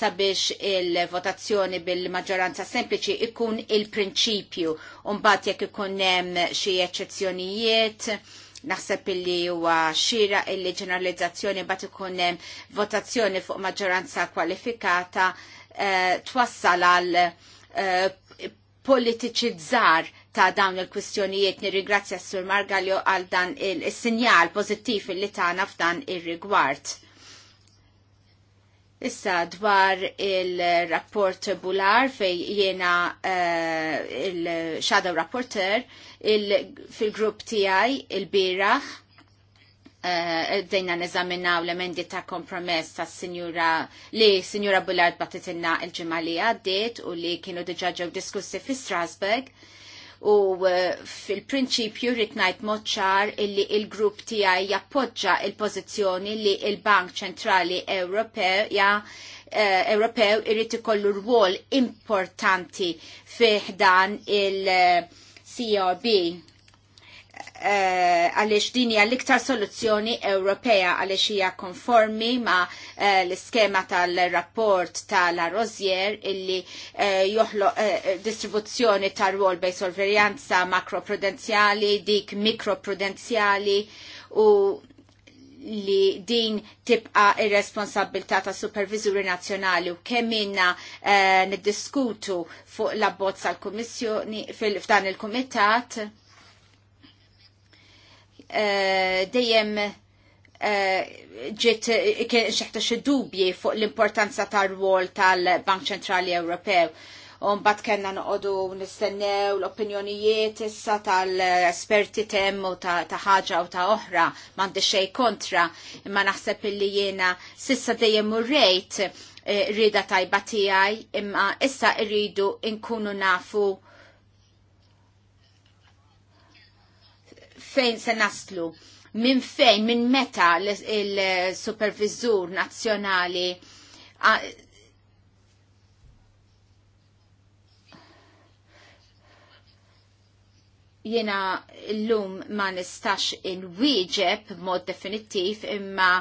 sabiex il-votazzjoni bil-maġġoranza sempliċi ikun il-prinċipju u mbagħad jekk ikun hemm xi eċċezzjonijiet naħseb illi huwa xira illi ġeneralizzazzjoni mbagħad ikun hemm votazzjoni fuq maġġoranza kwalifikata Eh, twassal għal eh, politiċizzar ta' dawn il-kwistjonijiet nirringrazzja s-Sur Margalio għal dan il-sinjal pozittiv li tagħna f'dan ir-rigward. Issa dwar il-rapport Bular fej jiena uh, il-Shadow Rapporteur il fil-grupp TI il-biraħ bdejna eh, neżaminaw l-emendi ta' kompromess ta' sinjura li sinjura Bullard batitinna il-ġimma li għaddit u li kienu diġaġew diskussi fi Strasbourg u eh, fil-prinċipju ritnajt moċċar illi il-grupp tijaj jappoġġa il-pozizjoni li il-Bank Ċentrali eh, Ewropew ja Ewropew irrit ikollu rwol importanti fiħdan il-CRB Eh, għaliex dini għall-iktar soluzzjoni Ewropea għaliex hija konformi ma eh, l-iskema tal-rapport tal-Rozier illi eh, joħloq distribuzzjoni tar rwol bej sorveljanza makroprudenzjali, dik mikroprudenzjali u li din tibqa ir-responsabilità ta' supervizuri nazzjonali u kemm inna niddiskutu fuq l-abbozz tal-Kummissjoni f'dan il-Kumitat Eh, dejjem eh, ġiet eh, xeħta dubji fuq l-importanza tar-rwol tal-Bank Ċentrali Ewropew. bat kena noqodu nistennew l-opinjonijiet issa tal-esperti temmu u ta' ħaġa u ta' oħra mandi xej kontra imma naħseb illi jiena sissa dejjem urrejt rida tajba tiegħi imma issa irridu nkunu nafu fejn se naslu, minn fejn, minn meta il-supervizur nazzjonali jena l-lum ma nistax il wieġeb mod definitiv imma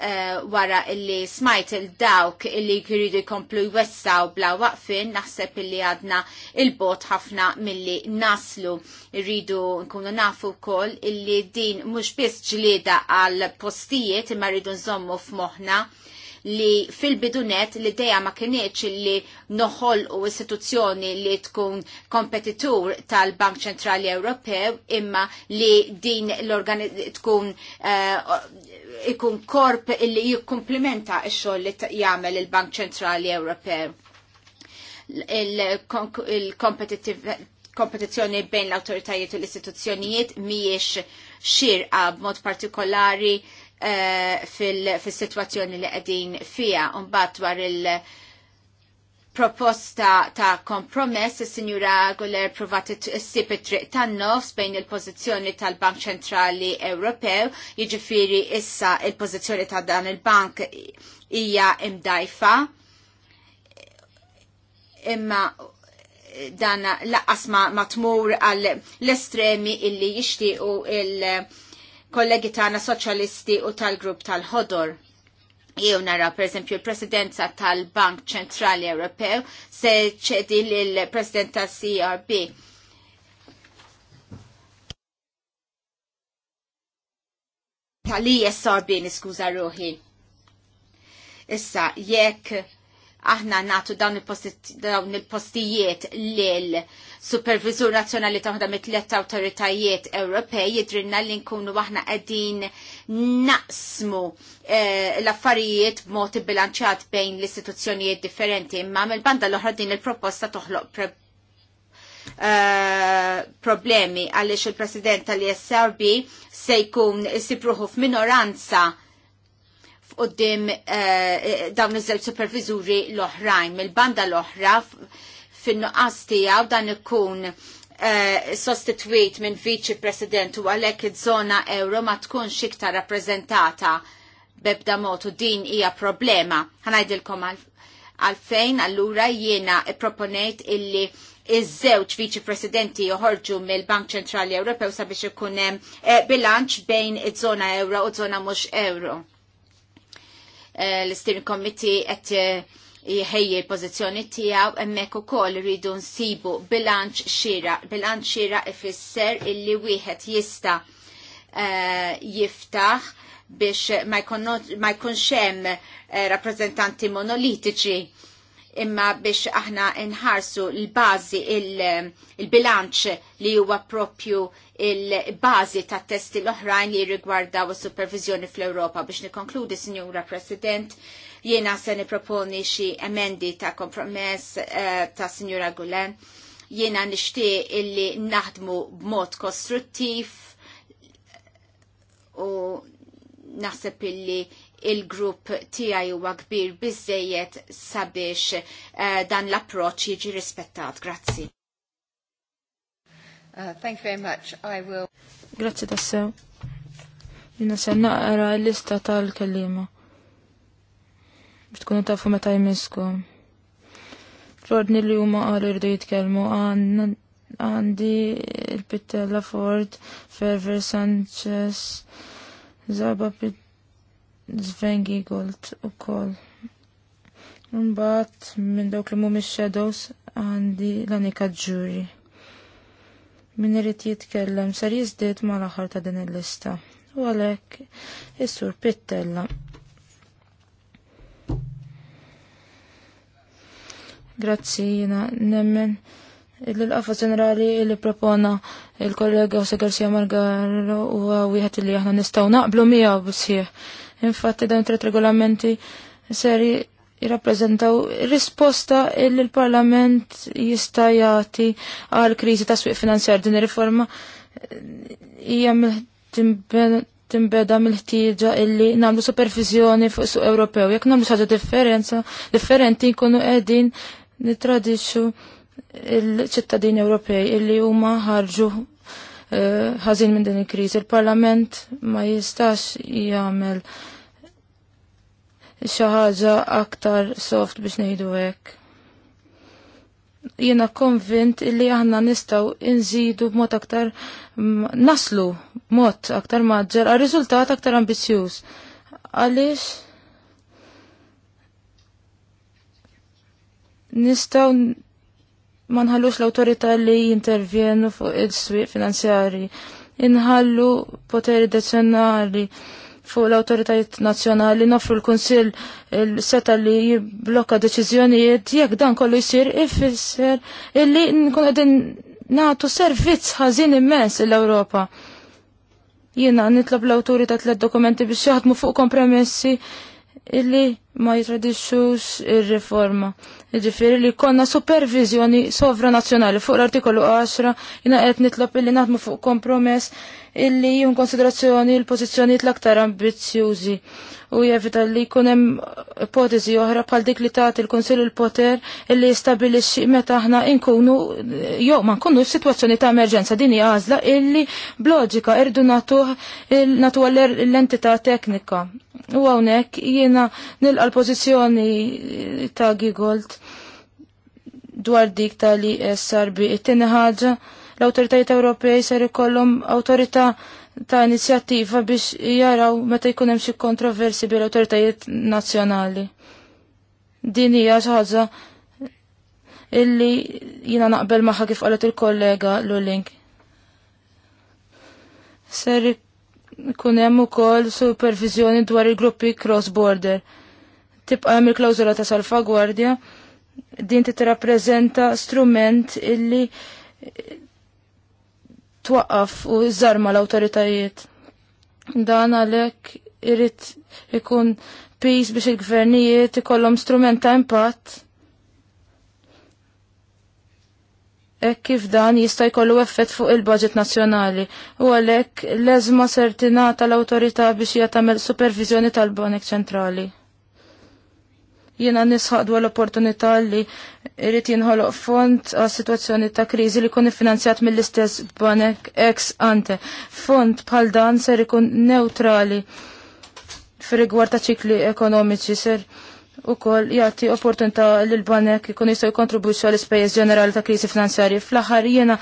uh, wara illi smajt il-dawk illi jridu jkomplu jwessaw bla waqfin naħseb illi għadna il-bot ħafna milli naslu rridu nkunu nafu kol illi din mhux biss ġlieda għal postijiet imma rridu nżommu f'moħħna li fil-bidunet li deja ma kienieċ li noħol u istituzzjoni li tkun kompetitur tal-Bank Ċentrali Ewropew imma li din l tkun uh, ikun korp li jikkumplimenta x-xogħol li jagħmel il-Bank Ċentrali Ewropew il-kompetizzjoni bejn l-autoritajiet u l-istituzzjonijiet miex xirqa b'mod partikolari Eh, fil-situazzjoni li qegħdin fija mbagħad dwar il- proposta ta' kompromess, il-Sinjura Guller provat issib it-triq tan-nofs bejn il-pożizzjoni tal-Bank Ċentrali Ewropew, jiġifieri issa il-pożizzjoni ta' dan il-bank hija imdajfa. Imma dan laqqas ma' matmur għall estremi illi jixtiequ il- kollegi tagħna soċjalisti u tal-grupp tal-ħodor. Jew nara pereżempju l-Presidenza tal-Bank Ċentrali Ewropew se ċedi lill-President tal-CRB. Tal-ISRB niskuza ruħi. Issa, jekk aħna natu dawn il-postijiet lil supervisur nazjonali ta' waħda mit-tlet awtoritajiet Ewropej jidrinna li nkunu aħna qegħdin naqsmu eh, l-affarijiet b'mod bilanċat bejn l-istituzzjonijiet differenti imma mill-banda l-oħra din il-proposta toħloq eh, problemi għaliex il-president tal-ISRB se jkun sipruħu f'minoranza minoranza f'qoddim eh, dawn iż-żewġ supervizuri l-oħrajn, mill-banda l-oħra fin-nuqqas tiegħu dan ikun eh, sostitwit minn viċi president u għalhekk iż-żona euro ma tkunx iktar rappreżentata bebda motu din hija problema. Ħanajdilkom għalfejn allura jiena proponejt illi iż-żewġ viċi presidenti joħorġu mill-Bank Ċentrali Ewropew sabiex ikun hemm eh, bilanċ bejn iż-żona euro u żona mhux euro. Eh, l-Steering Committee qed eh, jħejje l-pozizjoni tijaw emmek u koll rridu nsibu bilanċ xira. Bilanċ xira ifisser illi wieħed jista eh, jiftaħ biex ma jkunx hemm rappreżentanti monolitiċi imma biex aħna nħarsu l-bazi il-bilanċ li huwa propju il-bazi ta' testi l-oħrajn li u supervizjoni fl-Europa. Biex nikonkludi, Signora President, jiena se niproponi xi emendi ta' kompromess eh, ta' Signora Gulen. Jiena nixtieq illi naħdmu b'mod kostruttiv u naħseb illi il-grupp tiegħi huwa kbir biżejjed sabiex uh, dan l-approċċ jiġi rispettat. Grazzi. Uh, thank you very much. I will. Grazzi tassew. Jina se naqra l-lista tal-kellima. Biex ta' fu meta jmisku. Flordni li juma għalli jridu jitkelmu għandi il-Pittella Ford, Ferver Sanchez, Zaba Pitt Zvengi Gold u kol. Unbat minn dawk li mumi shadows għandi l-anika ġuri. Min irrit jitkellem ser jizdiet ma l-aħħar ta' din il-lista. U għalek, is-sur Pittella. Grazzi, jina nemmen l-qafa ġenerali li propona il-kollega Jose Garcia Margaro u għu li aħna nistaw naqblu mija u Infatti dawn tret regolamenti seri jirrappreżentaw risposta li l-Parlament jista' jagħti għal kriżi ta' swieq finanzjar din ir-riforma eh, hija timbeda mill-ħtieġa illi nagħmlu supervizjoni fuq suq Ewropew. Jekk nagħmlu ħaġa differenza, differenti jkunu qegħdin nitradixxu il-ċittadini Ewropej illi huma ħarġu ħazin minn din il-kriżi. Il-Parlament ma jistax jagħmel xi ħaġa aktar soft biex ngħidu hekk. Jiena konvint illi aħna nistgħu inżidu b'mod aktar naslu b'mod aktar maġġar, għal riżultat aktar ambizzjuż. Għaliex nistgħu ma nħallux l-autorità li jintervjenu fuq il-swieq finanzjari. Inħallu poteri decennali fuq l-autoritajiet nazzjonali nofru l-Kunsill il-seta li jibblokka deċiżjonijiet jekk dan kollu jsir ifisser illi nkun qegħdin nagħtu servizz ħażin immens l-Ewropa. Jiena nitlob l-awtorità tliet dokumenti biex jaħdmu fuq kompromessi illi ma jitradixxux ir-riforma. Jiġifieri li konna supervizjoni sovranazzjonali fuq l-artikolu 10 jina qed nitlob illi naħdmu fuq kompromess illi jum konsiderazzjoni l-pożizzjonijiet l-aktar ambizjużi. u jevita li jkun hemm ipotezi oħra bħal dik li tagħti l-Kunsill il-poter illi jistabilixxi meta aħna nkunu jew ma nkunux f'sitwazzjoni ta' emerġenza din hija għażla illi bloġika irdu nagħtuh nagħtuha l-entità teknika U għawnek jiena nil l-pozizjoni ta' Gigolt dwar dik ta' li SRB. It-tieni ħaġa l-autoritajiet Ewropej ser ikollhom awtorità ta' inizjattiva biex jaraw meta jkun hemm xi kontroversi bil awtoritajiet nazzjonali. Din hija xi ħaġa illi jiena naqbel magħha kif qalet il-kollega Lulink. Ser kun hemm ukoll superviżjoni dwar il-gruppi cross-border. Tibqa' hemm il-klawżola ta' salvagwardja din titrappreżenta strument illi twaqqaf u żarma l-awtoritajiet. Dan għalhekk irid ikun pis biex il-gvernijiet ikollhom strument ta' impatt Ek kif dan jista' jkollu effett fuq il-budget nazzjonali u għalhekk l-eżma tal l-awtorità biex hija tagħmel supervizjoni tal-Banek Ċentrali. Jiena nisħaq dwar l-opportunità li irid jinħoloq fond għas sitwazzjoni ta' kriżi li jkun iffinanzjat mill-istess banek ex ante. Fond bħal dan ser ikun neutrali fir-rigward ta' ċikli ekonomiċi ser u kol jati opportunità li l-banek jikun jistaj jikontribuċu għal ispejjeż ġenerali ta' krizi finanzjarji. Fl-aħħar jiena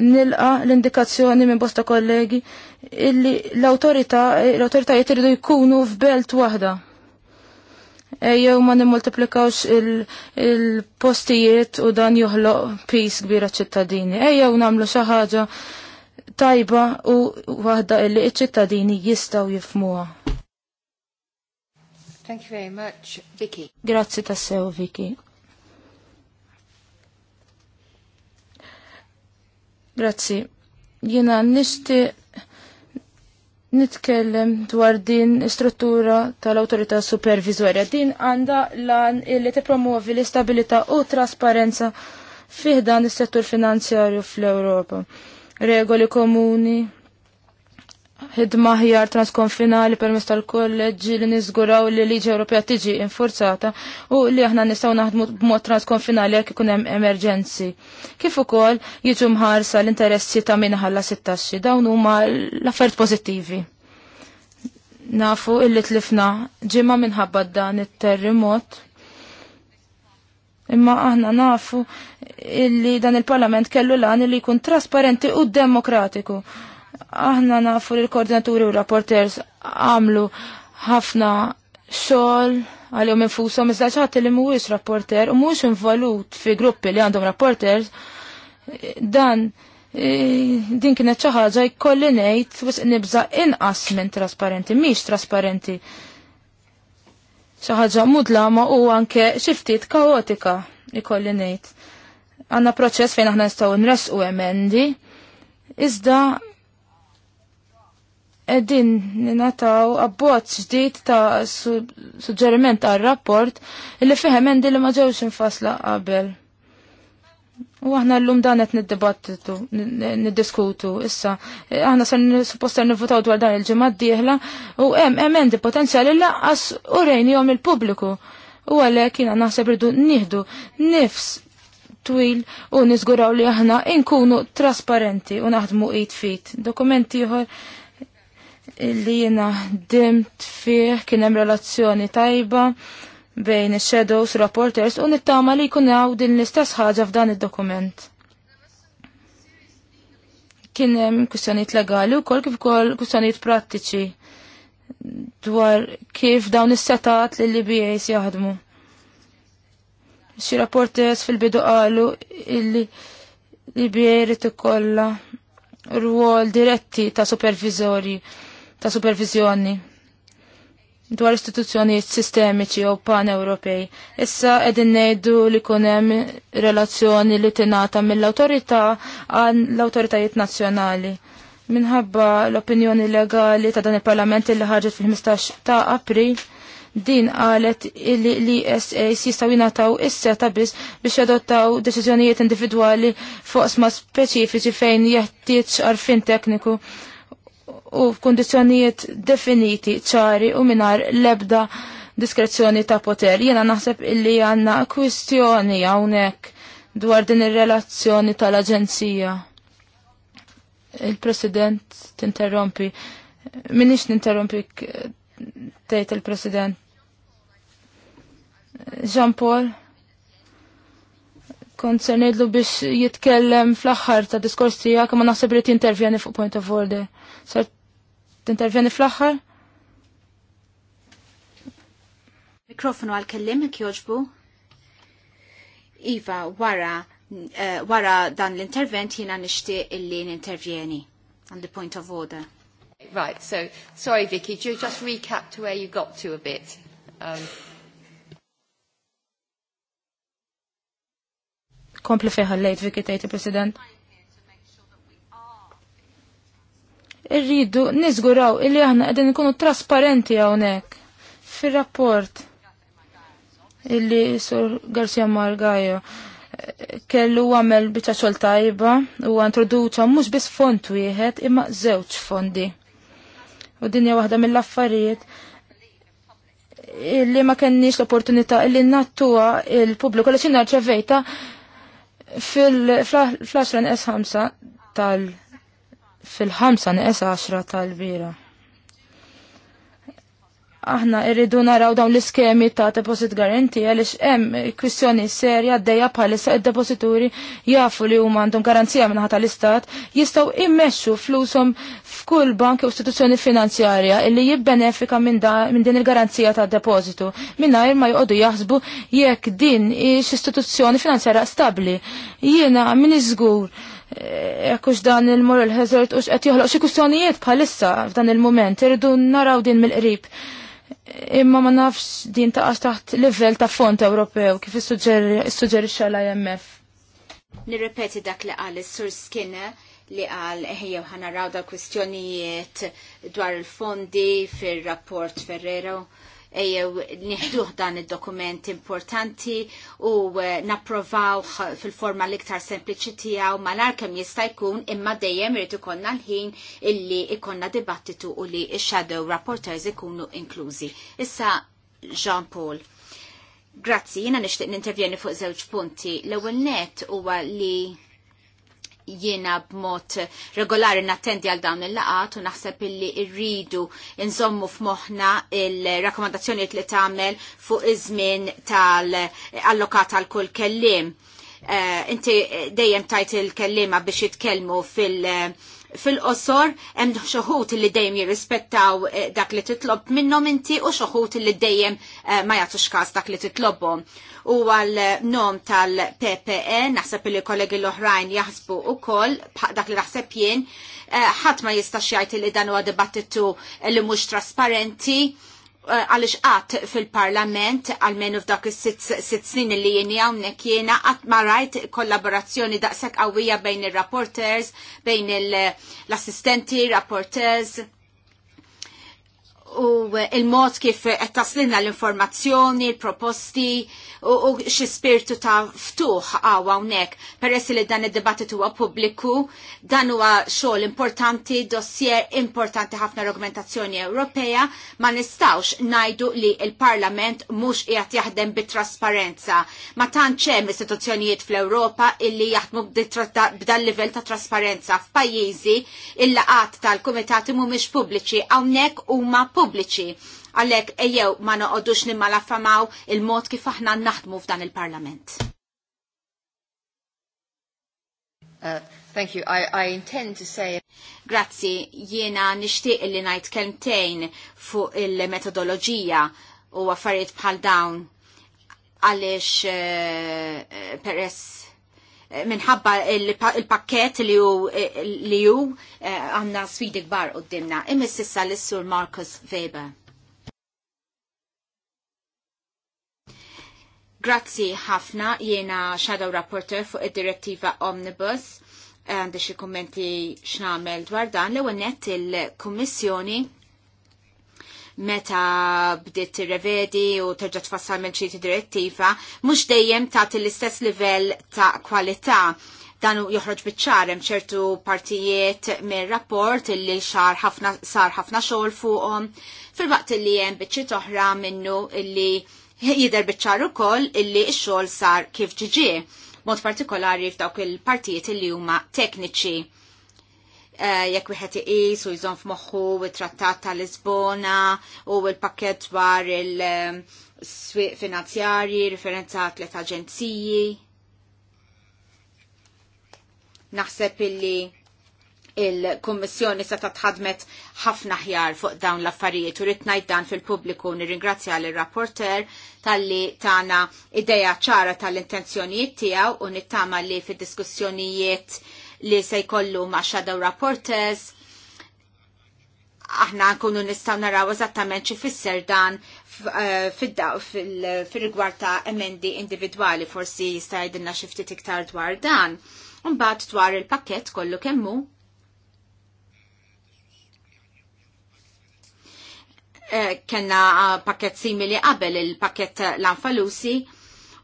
nilqa l-indikazzjoni minn bosta kollegi illi l-autorità l-autoritajiet iridu jkunu f'belt waħda. Ejjew ma nimmultiplikawx il-postijiet u dan joħloq pis kbira ċittadini. Ejjew namlu xi ħaġa tajba u waħda illi ċ-ċittadini jistgħu jifmuha. Thank you very much, Vicky. Grazzi tassew, Vicky. Grazzi. Jena nisti nitkellem dwar din struttura tal-autorità supervizorja. Din għanda lan illi tipromuovi l-istabilità u trasparenza fiħdan is-settur finanzjarju fl-Ewropa. Regoli komuni ħidma ħjar transkonfinali permess tal kolleġi li niżguraw li liġi Ewropea tiġi infurzata u li aħna nistgħu naħdmu b'mod transkonfinali jekk ikun hemm emerġenzi. Kif ukoll jiġu mħarsa l-interessi ta' min ħalla sittaxxi dawn huma l-affert pożittivi. Nafu illi tlifna ġimma minħabba dan it-terremot Imma aħna nafu illi dan il-parlament kellu lan li jkun trasparenti u demokratiku. Aħna nafu li l-koordinaturi u rapporters għamlu ħafna xogħol għalihom infushom iżda ċati li mhuwiex rapporter u mhuwiex involut fi gruppi li għandhom rapporters dan e, din kienet xi ħaġa jkolli ngħid wisq nibża inqas minn trasparenti, mhix trasparenti. Xi ħaġa mudlama u anke xi ftit kaotika ikolli ngħid. Għandna proċess fejn aħna nistgħu nresqu emendi, iżda Eddin, ninataw abbozz ġdid ta' suġġeriment għal rapport illi fih emendi li ma ġewx infasla qabel. U aħna l-lum dan qed niddibattitu, niddiskutu issa. E, aħna sen supposta nivvutaw dwar dan il-ġimgħa d-dieħla u hemm emendi potenzjali laqqas u jom il-pubbliku. U għalhekk jiena naħseb rridu nihdu nifs twil u nizguraw li aħna inkunu trasparenti u naħdmu id fit. Dokumenti ieħor li jena dimt fih kien hemm relazzjoni tajba bejn ix-shadows reporters u nittama li jkun hawn din l-istess ħaġa f'dan id-dokument. Kien hemm kwistjonijiet legali wkoll kif ukoll kwistjonijiet prattiċi dwar kif dawn is-setat li l-BAs jaħdmu. Xi rapporters fil-bidu qalu illi li bjerit ikolla rwol diretti ta' supervizori ta' supervizjoni dwar istituzzjonijiet sistemiċi u pan-Ewropej. Issa edin nejdu li kunem relazzjoni li tinata mill autorita għan l-autoritajiet nazzjonali. Minħabba l-opinjoni legali ta' dan il-parlament li ħarġet fil-15 ta' april, din qalet li li SAS jistaw jinataw is ta' biss biex jadottaw deċiżjonijiet individwali fuq sma speċifiċi fejn jeħtieġ għarfin tekniku u f'kundizzjonijiet definiti ċari u minar lebda diskrezzjoni ta' poter. Jena naħseb illi għanna kwistjoni għawnek dwar din ir-relazzjoni tal-Aġenzija. Il-President tinterrompi. Minix ninterrompi tgħid il-President. Jean Paul kont ngħidlu biex jitkellem fl-aħħar ta' diskors tiegħek ma naħseb li t-intervjeni fuq point of order. Sart Tintervjeni fl axħar Mikrofonu għal-kellim, kjoġbu. Iva, wara, uh, wara dan l-intervent jina nishti illi n-intervjeni. On the point of order. Right, so, sorry Vicky, do you just recap to where you got to a bit? Um... Kompli lejt, Vicky, tajti, President. irridu niżguraw illi aħna qegħdin ikunu trasparenti hawnhekk fir-rapport illi Sur Garcia Margajo eh, kellu għamel biċċa xol tajba u introduċa mux bis font wieħed imma żewġ fondi. U dinja waħda mill-affarijiet illi ma kenniex l-opportunità illi nattuha il-pubbliku li xinna ċevejta fil-flash s 5 tal- fil-5 neqsa 10 tal-bira. Aħna irridu naraw dawn l-iskemi ta' deposit garanti għaliex hemm kwistjoni serja għaddejja bħalissa id-deposituri jafu li huma għandhom garanzija minn tal-istat jistgħu immexxu flushom f'kull bank u istituzzjoni finanzjarja illi jibbenefika minn min din il-garanzija ta' depositu mingħajr ma joqogħdu jaħsbu jekk din hix istituzzjoni finanzjarja stabbli. Jiena min iżgur Eh, jekkux dan il-moral hazard u xqed joħloq xi kustjonijiet bħalissa f'dan il-mument, irridu naraw din mill-qrib. Imma ma nafx din taqax taħt livell ta' fond Ewropew kif issuġġerixxa l-IMF. Nirrepeti dak li qal is-Sur Skinner li qal ejjew eh, raw dal kwistjonijiet dwar il-fondi fir-rapport Ferrero ejjew nieħduh dan id-dokument importanti u eh, napprovawh fil-forma l-iktar sempliċi tiegħu malar kemm jista' jkun imma dejjem irid ikollna l-ħin illi ikonna dibattitu u li x-shadow rapporters ikunu inklużi. Issa Jean Paul. Grazzi, jiena nixtieq nintervjeni fuq żewġ punti. L-ewwel net huwa li jiena b'mod regolari nattendi għal dawn il-laqat u naħseb illi irridu nżommu f'moħħna il-rakkomandazzjoni li tagħmel fuq iż-żmien tal-allokat għal kull kellim. Eh, inti dejjem tajt il-kellima biex jitkellmu fil- uh, fil-qosor hemm xoħut li dejjem jirrispettaw eh, dak li titlob minnhom inti u xoħut li dejjem eh, ma jagħtux każ dak li titlobhom. U għal eh, nom tal-PPE naħseb li kollegi l-oħrajn jaħsbu ukoll dak li naħseb jien ħadd ma jistax jgħid li dan huwa dibattitu li mhux trasparenti Eh, għalix għat fil-parlament, għalmenu f'dak is-sitt snin li jeni għawnek jena, għat marajt kollaborazzjoni daqsek għawija bejn il-rapporters, bejn l-assistenti, rapporters u il-mod kif qed taslinna l-informazzjoni, l-proposti u, xi spirtu ta' ftuħ għaw hawnhekk. Peress li dan id-dibattit huwa pubbliku, dan huwa xogħol importanti, dossier importanti ħafna l-argumentazzjoni Ewropea, ma nistgħux ngħidu li il-Parlament mhux qiegħed jaħdem bit-trasparenza. Ma tantx hemm istituzzjonijiet fl-Ewropa illi jaħdmu b'dan livell ta' trasparenza f'pajjiżi il-laqat tal-kumitati mhumiex pubbliċi hawnhekk huma pubbliċi pubbliċi. Għalhekk ejjew ma noqogħdux nimma laffamaw il-mod kif aħna naħdmu f'dan il-Parlament. Uh, thank you. I, I intend to say... Grazzi, jiena nishtiq li najt kelmtejn fuq il-metodologija u għaffariet bħal dawn għalix uh, uh, peress minħabba il-pakket li ju li ju eh, għanna sfidi kbar qoddimna. Imis sissa l-sur Marcus Weber. Grazzi ħafna jiena Shadow Rapporteur fuq id-direttiva Omnibus għandi xi kummenti x'namel dwar dan li ewwel il-Kummissjoni meta bdiet tirrevedi u terġa' tfassal minn xi direttiva, mhux dejjem tagħti l-istess livell ta' kwalità dan joħroġ biċċar hemm ċertu partijiet mir rapport illi xar ħafna sar ħafna xogħol fuqhom fil-waqt illi hemm biċċi toħra minnu illi jidher biċ-ċar ukoll illi x-xogħol sar kif ġiġi. mod partikolari f'dawk il-partijiet illi huma tekniċi Eh, jekk wieħed iqis u jżomm f'moħħu it-Trattat ta' Lisbona u l-pakket dwar il-swieq ehm, finanzjarji, referenza tliet aġenziji. Naħseb illi il se seta tħadmet ħafna ħjar fuq dawn l-affarijiet u ritnajt dan fil-pubbliku nirringrazzja l rapporter tal-li tana ideja ċara tal-intenzjonijiet tiegħu u nittama li fid-diskussjonijiet li se jkollu ma' Shadow Rapporters. Aħna nkunu nistaw naraw eżattament xi fisser dan eh, fil-rigward ta' emendi individwali forsi jista' jgħidilna xi ftit iktar dwar dan. Mbagħad dwar il-pakkett kollu kemmu eh, kenna pakket simili qabel il-pakket l-anfalusi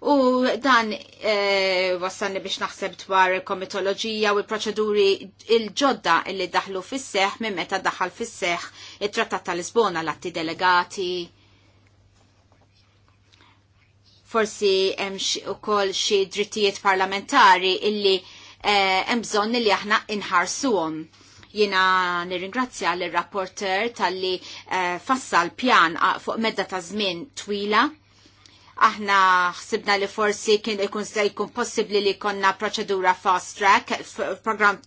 U dan e, biex naħseb dwar komitoloġija u l-proċeduri il-ġodda illi daħlu fis-seħ minn meta daħal fis-seħ it-Trattat tal-Lisbona l-atti delegati. Forsi hemm ukoll xi drittijiet parlamentari illi e, hemm bżonn illi aħna inħarsuhom jina nirringrazzja l rapporter tal-li uh, fassal pjan fuq medda ta' żmien twila Aħna ħsibna li forsi kien ikun se jkun possibbli li konna proċedura fast track program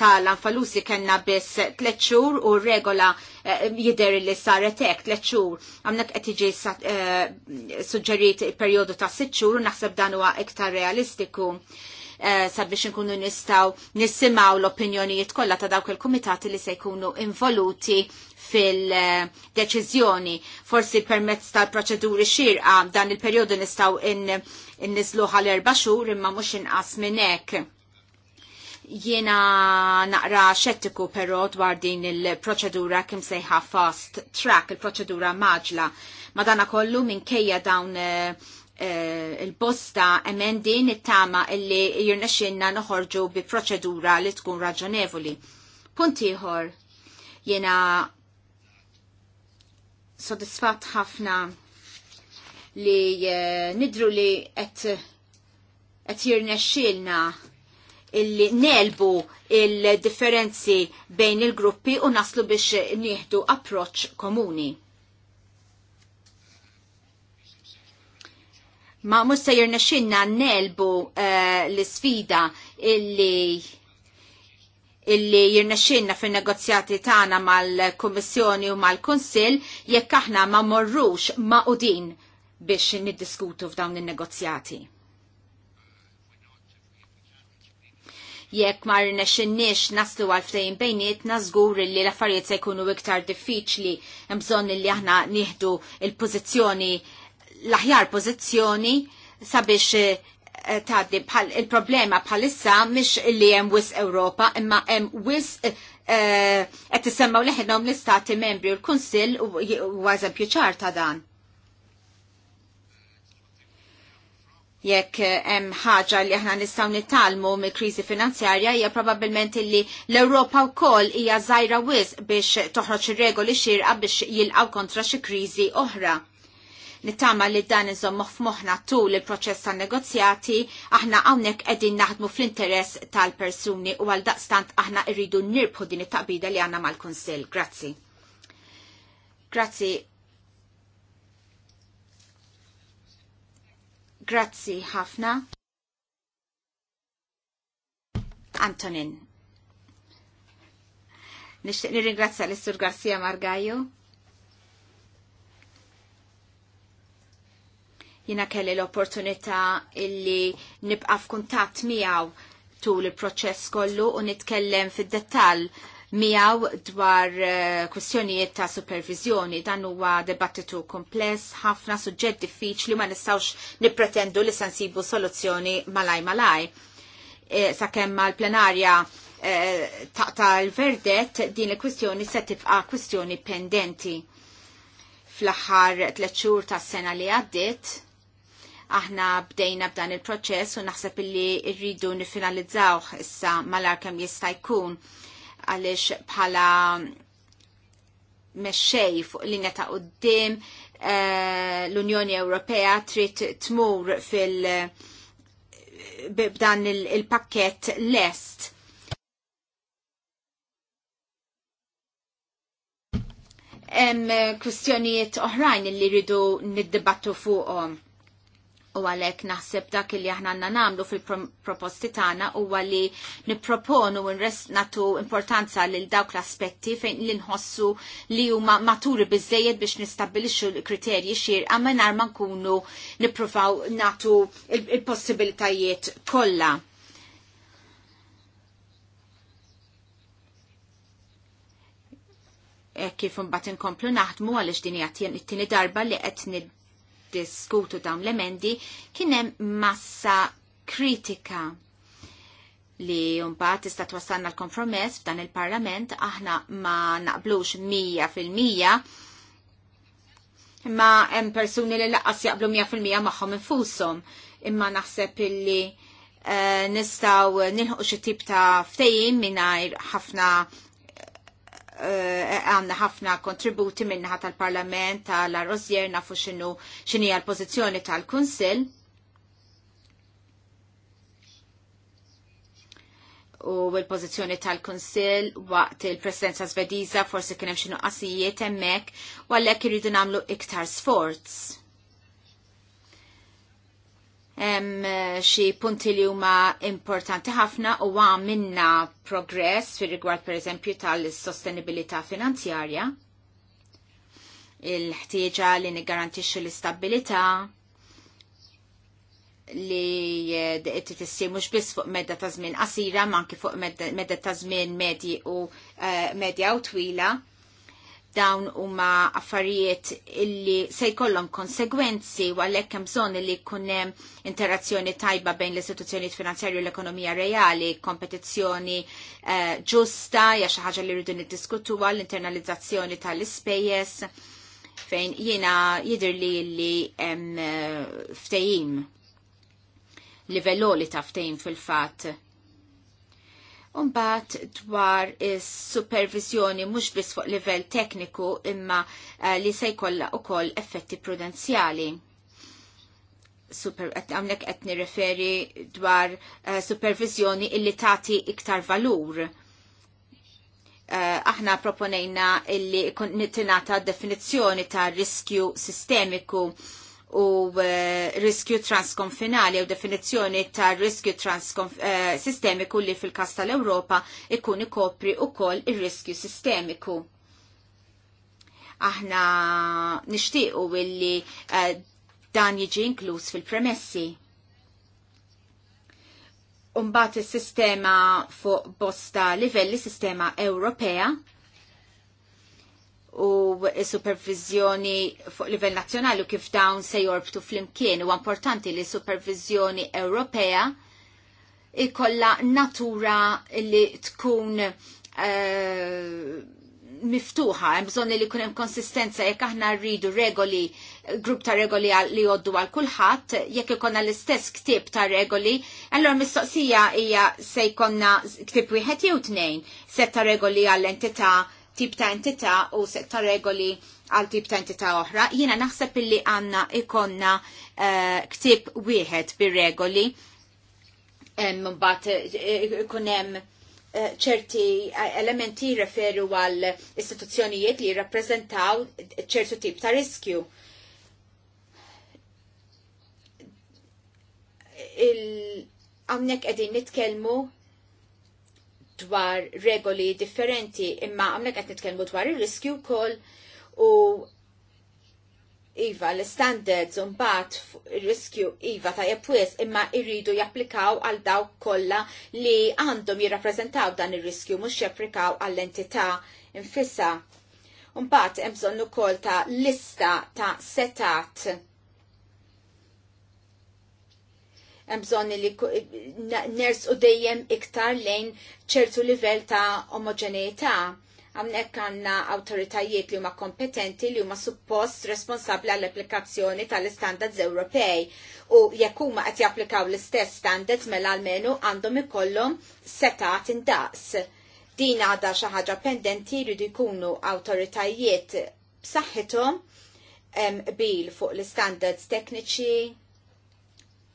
tal-anfalusi kena biss tlet xhur u regola eh, jidher li saret hekk tliet xhur. Għamnek qed jiġi eh, suġġerit il-perjodu ta' sitt xhur u naħseb dan huwa iktar realistiku eh, sabiex nkunu nistaw nissimaw l-opinjonijiet kollha ta' dawk il-kumitati li se jkunu involuti fil-deċizjoni. Forsi permezz tal-proċeduri xirqa dan il-periodu nistaw in nizlu in erba xhur imma mhux inqas minn hekk. Jiena naqra xettiku però dwar din il-proċedura kim sejħa fast track, il-proċedura maġla. Madana kollu minn kejja dawn eh, eh, il-bosta emendi nittama illi jirnexxinna noħorġu bi proċedura li tkun raġonevoli. Punt ieħor, jena sodisfatt ħafna li eh, nidru li qed qed jirnexxielna illi nelbu il-differenzi bejn il-gruppi u naslu biex nieħdu approċ komuni. Ma musta jirnexxinna nelbu uh, l-sfida illi illi jirnexxinna fin negozjati tagħna mal-Kummissjoni u mal-Kunsill jekk aħna ma morrux ma' udin biex niddiskutu f'dawn in-negozjati. jekk ma rnexxinniex naslu għal ftehim bejnietna żgur li l-affarijiet se jkunu iktar diffiċli hemm bżonn illi aħna nieħdu il-pożizzjoni l-aħjar pożizzjoni sabiex eh, pal, eh, il-problema bħalissa mhix li hemm wis Ewropa imma hemm wis eh, qed tissemmaw leħinhom l-istati membri u l-Kunsill huwa għazem ċar ta' dan. jekk eh, hemm ħaġa li aħna nistgħu nitalmu mill-kriżi finanzjarja hija probabbilment li l-Ewropa wkoll hija żgħira wisq biex toħroġ ir-regoli xirqa biex jilqgħu kontra xi kriżi oħra. Nittama li dan nżom f'moħna tul il-proċess tan negozjati, aħna hawnhekk qegħdin naħdmu fl-interess tal-persuni u għal daqstant aħna rridu nirbħu din it-taqbida li għandna mal-Kunsill. Grazzi. Grazzi. Grazzi ħafna. Antonin. Nixtieq nirringrazzja l-Istur Garcia Margajo. Jina kelli l-opportunità illi nibqa' f'kuntatt miegħu tul il-proċess kollu u nitkellem fid-dettall miegħu dwar eh, kwistjonijiet ta' supervizjoni. Dan huwa debattitu kompless, ħafna suġġett diffiċli ma nistgħux nippretendu li se nsibu soluzzjoni malaj malaj. E, Sakemm mal-plenarja e, eh, ta', ta l-verdet din il-kwistjoni se tibqa' kwistjoni pendenti fl aħħar tliet xhur tas-sena li għaddiet Aħna bdejna b'dan il-proċess u naħseb illi rridu nifinalizzawh issa malar kemm jista' jkun għaliex bħala mexxej fuq linja ta' qoddim eh, l-Unjoni Ewropea trid tmur fil- b'dan il-pakket lest. Hemm kwistjonijiet oħrajn li rridu niddibattu fuqhom u għalek naħseb dak li aħna għanna namlu fil-proposti tagħna huwa li nipproponu natu importanza lil dawk l-aspetti fejn li nħossu li huma maturi bizzejed biex nistabilixu l-kriterji xierqa mingħajr ma nkunu nippruvaw natu il-possibilitajiet kolla. kollha. E kif mbagħad naħdmu għalix din hija it-tini darba li qed diskutu dawn l-emendi kien hemm massa kritika li jumbat tista' twassalna l-kompromess f'dan il-Parlament aħna ma naqblux 100% imma hemm persuni li laqas jaqblu 100% magħhom infushom imma naħseb illi uh, eh, nistaw nilħuq xi tip ta' ftehim mingħajr ħafna Eh, għanna ħafna kontributi minnaħat tal-Parlament, tal-Arrozjer, nafu xinu xini għal-pozizjoni tal-Kunsil. U l-pozizjoni tal-Kunsil waqt il-Presidenza Svediza forsi kienem xinu qasijiet emmek, għallek irridu namlu iktar sforz hemm eh, xi punti li huma importanti ħafna u għamilna progress fir rigward pereżempju tal-sostenibilità finanzjarja, il-ħtieġa li niggarantixxu l-istabilità li eh, tissir mhux biss fuq medda ta' żmien qasira, ma anke fuq medda ta' żmien medji u eh, medja u twila dawn huma affarijiet illi se jkollhom konsegwenzi u għalhekk hemm bżonn li jkun hemm interazzjoni tajba bejn l-istituzzjonijiet finanzjarji u l-ekonomija reali, kompetizzjoni eh, ġusta, ja xi ħaġa li rridu niddiskutuha l-internalizzazzjoni tal-ispejjeż fejn jiena jidher li li hemm eh, ftehim livelloli ta' ftehim fil-fatt Umbat dwar is-supervizjoni mhux biss fuq livell tekniku imma uh, li se jkollha wkoll effetti prudenzjali. Super, għamlek qed nirreferi dwar uh, supervizjoni illi tati iktar valur. Uh, aħna proponejna illi tinata definizzjoni ta' riskju sistemiku u eh, riskju transkonfinali u definizzjoni ta' riskju eh, sistemiku li fil-kas tal-Europa ikun ikopri u koll il-riskju sistemiku. Aħna nishtiqu illi eh, dan jiġi inkluż fil-premessi. Umbat il-sistema fuq bosta livelli, sistema Ewropea, u supervizjoni fuq livell nazzjonali u kif dawn se jorbtu flimkien u importanti li supervizjoni Ewropea ikolla natura li tkun uh, miftuħa, hemm bżonn li jkun hemm konsistenza jekk aħna rridu regoli grupp ta' regoli li joddu għal kulħadd, jekk ikonna l-istess ktib ta' regoli, allora mistoqsija hija se jkonna ktib wieħed jew tnejn, set ta' regoli għall entità tip ta' entità u ta' regoli għal tip ta' entità oħra. Jiena naħseb illi għanna ikonna uh, ktib wieħed bir-regoli mbagħad eh, hemm eh, ċerti elementi referu għal istituzzjonijiet li jirrappreżentaw ċertu tip ta' riskju. Għamnek għedin nitkelmu dwar regoli differenti imma għamna qed nitkellmu dwar ir-riskju wkoll u Iva, l-standards bat riskju Iva ta' jepwis imma irridu japplikaw għal daw kolla li għandhom jirrapprezentaw dan ir-riskju mux japplikaw għall-entità infissa. bat emżon ukoll ta' lista ta' setat hemm bżonn li ners u dejjem iktar lejn ċertu livell ta' omogeneità għamnek għanna autoritajiet li huma kompetenti li huma suppost responsabli għall-applikazzjoni tal-standards Ewropej u jekk huma qed japplikaw l-istess standards mela almenu għandhom ikollhom setat indaqs. Din għadha xi ħaġa pendenti jridu jkunu awtoritajiet b'saħħithom bil fuq l-standards tekniċi,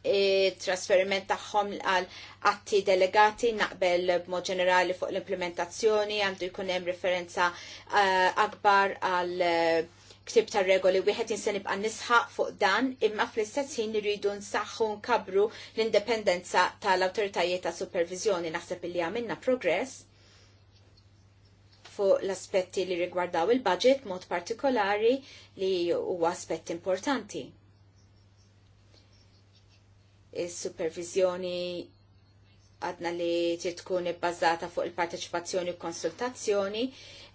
trasferiment tagħhom għal atti delegati naqbel b'mod ġenerali fuq l-implementazzjoni għandu jkun hemm referenza uh, akbar għal uh, ktib ta' regoli wieħed jinsen nibqa' nisħaq fuq dan imma fl-istess ħin iridu nsaħħu nkabru l-indipendenza tal-awtoritajiet ta' supervizjoni naħseb li għamilna progress fuq l-aspetti li rigwardaw il-budget mod partikolari li huwa aspett importanti Is-supervizjoni għadna li trid tkun ibbażata fuq il-parteċipazzjoni u konsultazzjoni,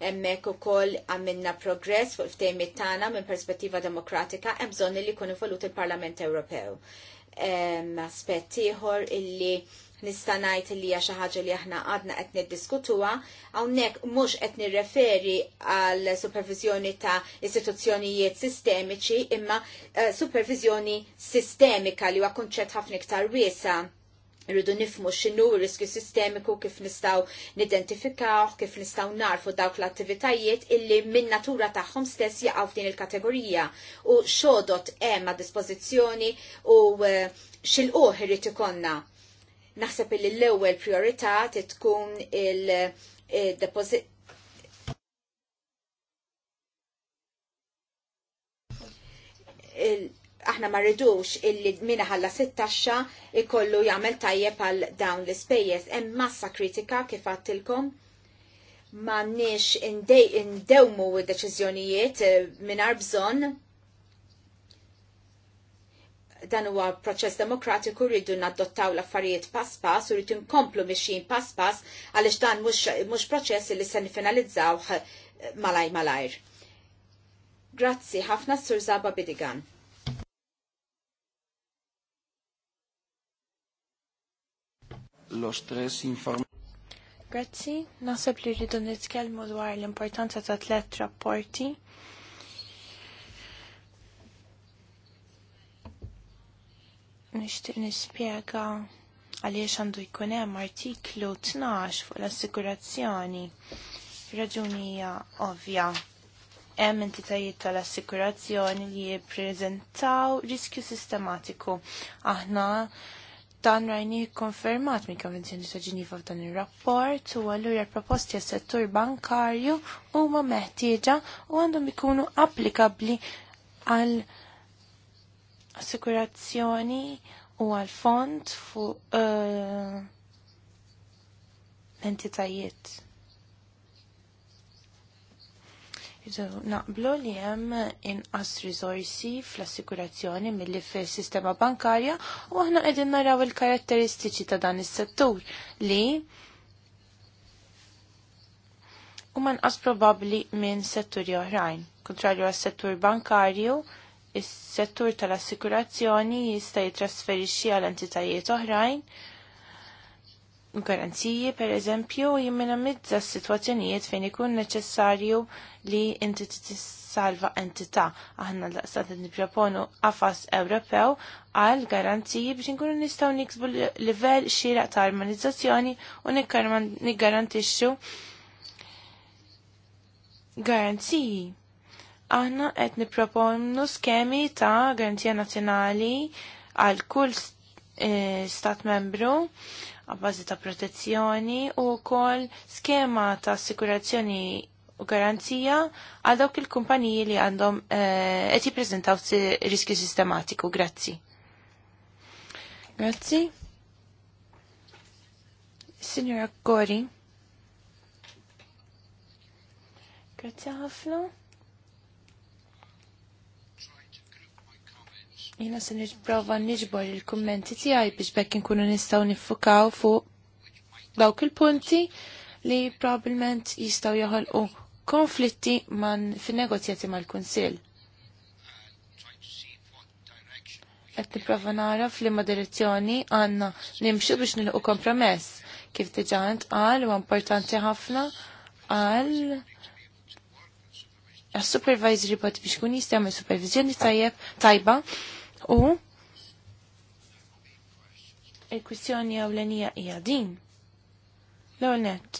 hemmhekk ukoll għamilna progress fuq il-ftejmiet tagħna minn perspettiva demokratika hemm bżonn li jkun involut il-Parlament Ewropew. Aspett ieħor illi nista' ngħid li hija xi ħaġa li aħna għadna qed niddiskutuha, hawnhekk mhux qed referi għal supervizjoni ta' istituzzjonijiet sistemiċi imma uh, supervizjoni sistemika li huwa kunċett ħafna iktar wiesa rridu nifmu x'inhu riskju sistemiku kif nistgħu nidentifikaw, kif nistgħu narfu dawk l-attivitajiet illi minn natura tagħhom stess jaqgħu f'din il-kategorija u xodot hemm a dispożizzjoni u eh, xil-uħ irrid Naħseb li l-ewwel priorità tkun il-deposit eh, aħna ma rridux illi minna ħalla sittaxxa ikollu jagħmel tajjeb għal dawn l-ispejjeż. Hemm massa kritika kif għattilkom m'għandniex indewmu d-deċiżjonijiet eh, mingħajr bżonn dan huwa proċess demokratiku rridu nadottaw l-affarijiet pass pass u rridu nkomplu mixin pass pass għaliex dan mhux proċess li se nifinalizzaw eh, malaj malajr. Grazzi ħafna Sur Zaba Bidigan. Grazzi, naħseb li rridu nitkellmu dwar l-importanza ta' tlet rapporti nixtieq nispjega għaliex għandu jkun hemm artiklu 12 fuq l-assikurazzjoni. Raġunija ovvja. Hemm entitajiet tal-assikurazzjoni li jippreżentaw riskju sistematiku. Aħna dan rajni konfermat mi konvenzjoni ta' Ġiniva f'dan ir-rapport u allura proposti għas settur bankarju huma meħtieġa u għandhom ikunu applikabbli għal assicurazzjoni u għal-fond fu uh, entitajiet. Iżu, naqblu li hemm inqas risorsi fl-assikurazzjoni milli fis-sistema bankarja u aħna qegħdin naraw il-karatteristiċi ta' dan is-settur li huma as probabbli minn setturi oħrajn. Kontrarju għas-settur bankarju, Is-settur tal-assikurazzjoni jista' jitrasferixxi għal entitajiet oħrajn garanziji per eżempju jimminamizza s-situazzjonijiet fejn ikun neċessarju li inti salva entità. Aħna l-daqsat niproponu qafas Ewropew għal garanziji biex nkunu nistgħu niksbu livell xieraq ta' armonizzazzjoni u niggarantixxu garanziji aħna qed nipproponnu skemi ta' garanzija nazzjonali għal kull eh, stat membru għabbażi ta' protezzjoni u wkoll skema ta' assikurazzjoni u garanzija għal dawk il-kumpaniji li għandhom eh, qed jippreżentaw riskju sistematiku. Grazzi. Grazzi. Signora Gori. Grazzi ħafna. Jina se nipprova niġbor il-kummenti tiegħi biex bekk nkunu nistgħu niffukaw fuq dawk il-punti li probabbilment jistgħu joħolqu konflitti man fin-negozjati mal-Kunsill. Qed nipprova nara f'liema direzzjoni għandna nimxu biex nilqu kompromess. Kif diġà għal huwa importanti ħafna għal għas-supervisory body biex kun jistgħu supervizjoni tajjeb tajba U il-kwistjoni għawlenija hija din. L-għonet.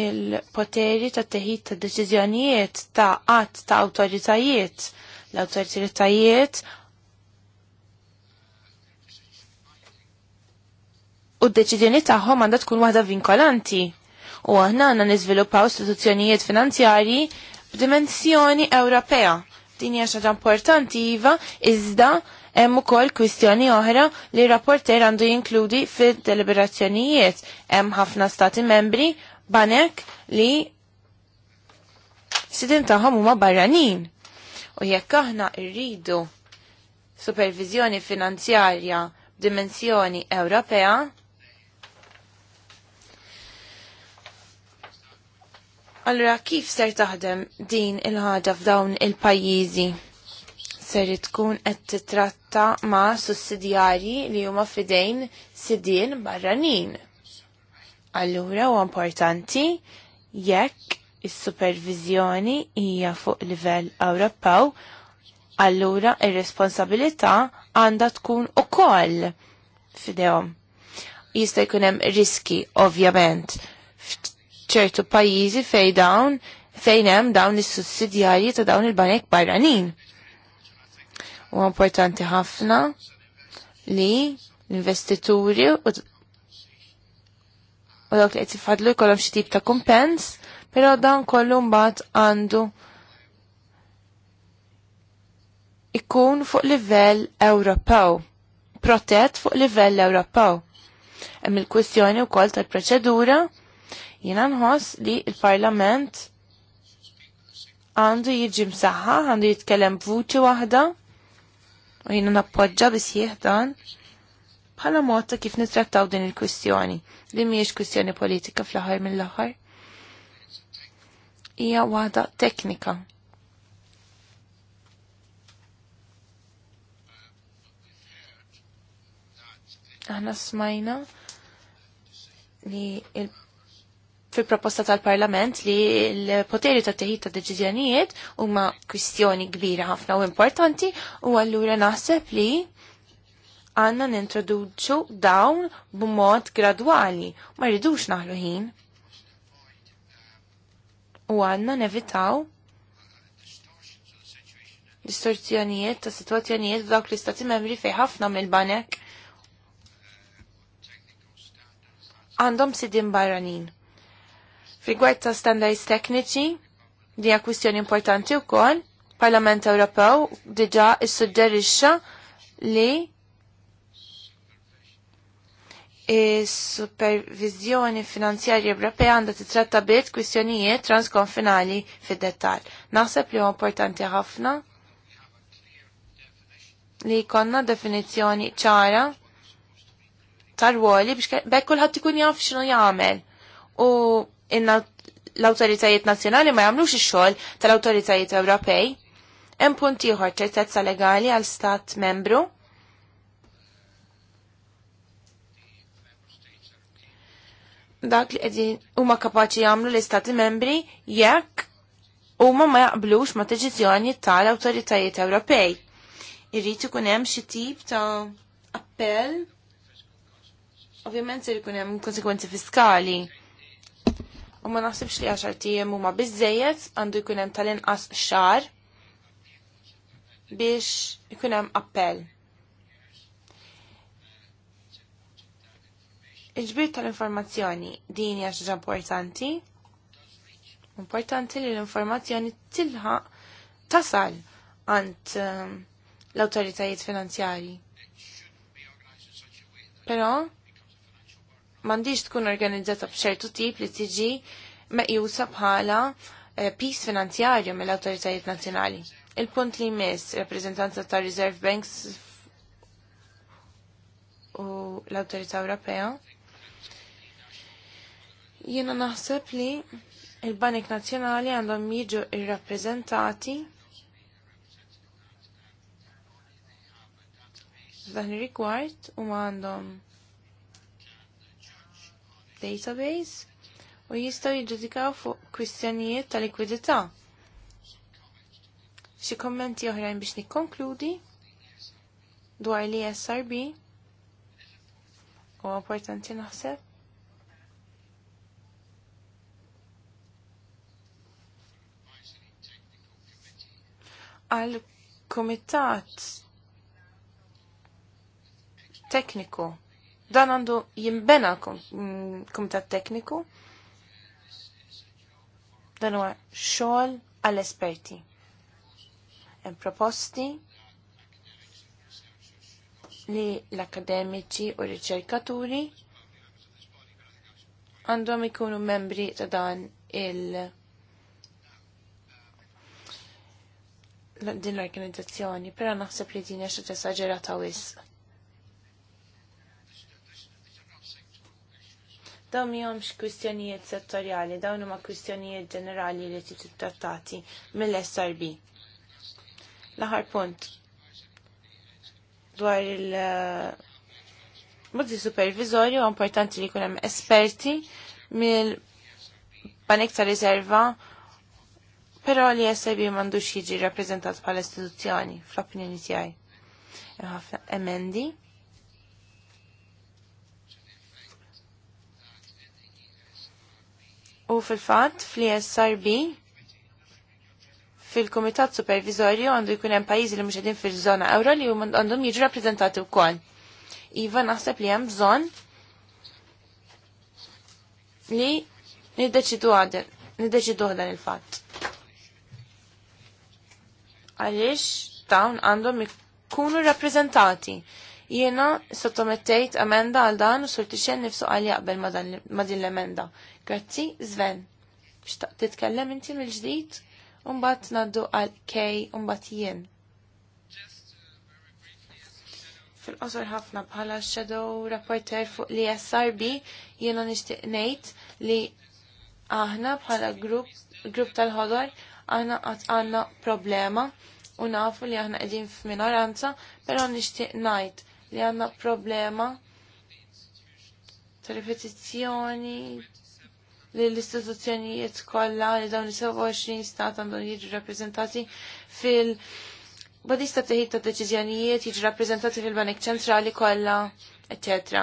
il-poteri ta' teħid ta' deċiżjonijiet ta' qatt ta' awtoritajiet. L-awtoritajiet u d-deċiżjoni tagħhom għandha tkun waħda vinkolanti. U aħna għandna niżviluppaw istituzzjonijiet finanzjarji Dimensjoni Ewropea. Din hija xaġa importanti iva iżda hemm ukoll kwistjoni oħra li rapporter għandu jinkludi fid-deliberazzjonijiet. Hemm ħafna stati membri banek li sidin tagħhom huma barranin. U jekk aħna rridu supervizjoni finanzjarja dimensjoni Ewropea, Allora, kif ser taħdem din il-ħada f'dawn il-pajjiżi? Ser tkun qed titratta ma' sussidjarji li huma fidejn sidien barranin. Allura huwa importanti jekk is-supervizjoni hija fuq livell Ewropew, allura ir-responsabilità għandha tkun ukoll f'idejhom. Jista' jkun hemm riski ovvjament ċertu pajjiżi fej dawn fejn hemm dawn is-sussidjarji ta' dawn il-banek barranin. U importanti ħafna li l-investituri u dawk li qed ifadlu jkollhom xi tip ta' kumpens, però dan kollu mbagħad għandu ikun fuq livell Ewropew, protett fuq livell Ewropew. Hemm il-kwistjoni wkoll tal-proċedura Jina nħoss li il-Parlament għandu jiġi msaħħa, għandu jitkellem b'vuċi waħda, u jina nappoġġa bis dan bħala motta kif nitrattaw din il-kwistjoni, li mhijiex kwistjoni politika fl-aħħar mill-aħħar. Hija waħda teknika. Aħna smajna li il- fil-proposta tal-Parlament li l-poteri ta' teħid ta' deċiżjonijiet huma kwistjoni kbira ħafna u importanti u allura naħseb li għanna nintroduċu dawn b'mod gradwali, ma rridux naħlu ħin. U għanna nevitaw distorzjonijiet ta' situazzjonijiet dawk l-istati membri fej ħafna mill-banek għandhom sidin barranin Rigward ta' standards tekniċi, li hija kwistjoni importanti wkoll, Parlament Ewropew diġà issuġġerixxa li supervizjoni finanzjarja Ewropea għandha titratta bit kwistjonijiet transkonfinali fid dettal Naħseb li huwa importanti ħafna li jkollna definizzjoni ċara tar-ruoli biex bekk kulħadd ikun jaf x'inhu jagħmel. U l-autoritajiet nazjonali ma jamlux ix-xogħol tal-autoritajiet Ewropej. Hemm punt ieħor ċertezza legali għal stat membru. Dak li qegħdin huma kapaċi jagħmlu l-istati membri jekk huma ma jaqblux ma' deċiżjoni tal-awtoritajiet Ewropej. Irrid ikun hemm xi tip ta' appell Ovvjament se jkun hemm konsekwenzi fiskali u ma naħsibx li għaxar tijem u ma bizzejiet għandu jkunem tal-inqas xar biex jkunem appell. Iġbir tal-informazzjoni din hija xi importanti. Importanti li l-informazzjoni tilħaq tasal għand ehm, l-awtoritajiet finanzjari. Però mandiġ tkun organizzata bċertu tip li tiġi meqjusa bħala eh, pis finanzjarju mill-autoritajiet nazjonali. Il-punt li jmiss rappresentanza ta' Reserve Banks u l-Autorità Ewropea. Jiena naħseb li il-Banik Nazzjonali għandhom jiġu irrappreżentati f'dan ir-rigward u ma għandhom database u jistaw jiġġudikaw fuq kwistjonijiet ta' likwidità. Xi kommenti oħrajn biex nikkonkludi dwar li SRB u importanti naħseb. għal komitat tekniku Dan għandu jimbena mm, komitat tekniku. Dan huwa xogħol għall-esperti. Hemm proposti li l-akademiċi u riċerkaturi għandhom ikunu membri ta' dan il- din l-organizzazzjoni, pero naħseb li din jaxa tesaġera ta' wisq. Dawn għomx kwistjonijiet settorjali, dawn huma kwistjonijiet ġenerali li ti trattati mill-SRB. l punt dwar il- eh, Modi supervizorju importanti li kunem esperti mill panekta rezerva, riserva, pero li srb mandu jiġi rappresentat pal istituzzjoni fl-opinjoni tijaj. Hemm emendi U fil-fatt fl-ISRB fil-Kumitat Supervizorju għandu jkun hemm pajjiżi li mhux qegħdin fiż-żona ewro li għandhom jiġu rappreżentati wkoll. Iva naħseb li hemm bżonn li niddeċidu għaden, niddeċidu il-fatt. Għaliex dawn għandhom ikunu rappreżentati Jiena sottomettejt emenda għal dan u surti xen nifsu għal jaqbel ma din l-emenda. Grazzi, Sven. Xtaq titkellem inti mill-ġdid? Umbat naddu għal K, umbat jien. Fil-qosor ħafna bħala shadow rapporter fuq li SRB jiena nishtiq nejt li aħna bħala grupp tal-ħodor aħna għat għanna problema u nafu li aħna għedin f'minoranza, pero nishtiq najt li għanna problema ta' ripetizzjoni li l-istituzzjonijiet kollha li dawn is-27 stat għandhom jiġu rappresentati fil- Badista teħid ta' deċiżjonijiet jiġi rappreżentati fil-Banek Ċentrali kollha, etc.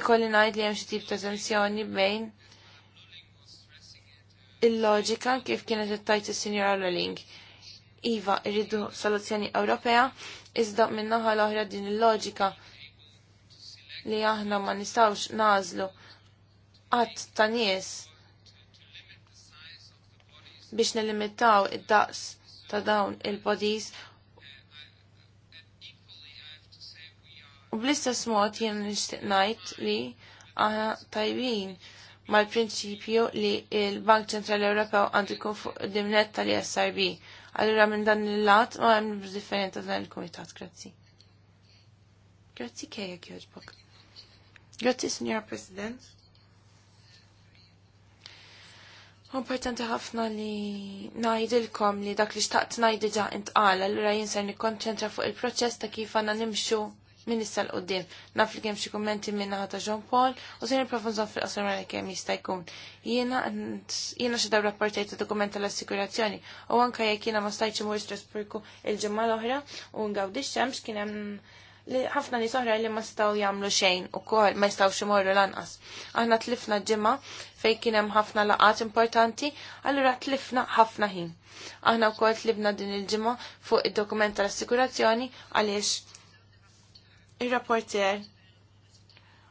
Ikolli ngħid li hemm xi tip ta' tensjoni bejn il-loġika kif kienet it-tajt is-Sinjora Rolling. Iva, irridu soluzzjoni Ewropea Iżda minnaħa l-oħra din il-loġika li aħna ma nistawx nażlu għat ta' nies biex nelimitaw id-daqs ta' dawn il-bodies u bl-istess mod jien nixtieq ngħid li aħna tajbin mal-prinċipju li il-Bank Ċentrali Ewropew għandu jkun fuq dimnet tal-ESRB Allura minn dan il-lat ma hemm differenti dan il-kumitat, grazzi. Grazzi kejjek jogħġbok. Grazzi, signora President. Importanti ħafna li najdilkom li dak li xtaqt najdi ġa intqal, allura jinser nikkonċentra fuq il-proċess ta' kif għanna nimxu minn issa l-qoddim. Naf li kemm xi minna minn ta' John Paul u se nipprova profonżon fil-qasar mara mela kemm jista' jkun. Jiena jiena xi rapportajt ta' dokument tal-assikurazzjoni u anke jekk jiena ma stajtx imur purku il-ġimgħa l-oħra u ngawdi xemx kien hemm li ħafna nies oħra li ma staw jagħmlu xejn ukoll ma jistgħux imorru lanqas. Aħna tlifna ġimgħa fejn kien hemm ħafna laqat importanti, allura tlifna ħafna ħin. Aħna wkoll tlibna din il-ġimgħa fuq id-dokument tal-assikurazzjoni għaliex Il-rapporter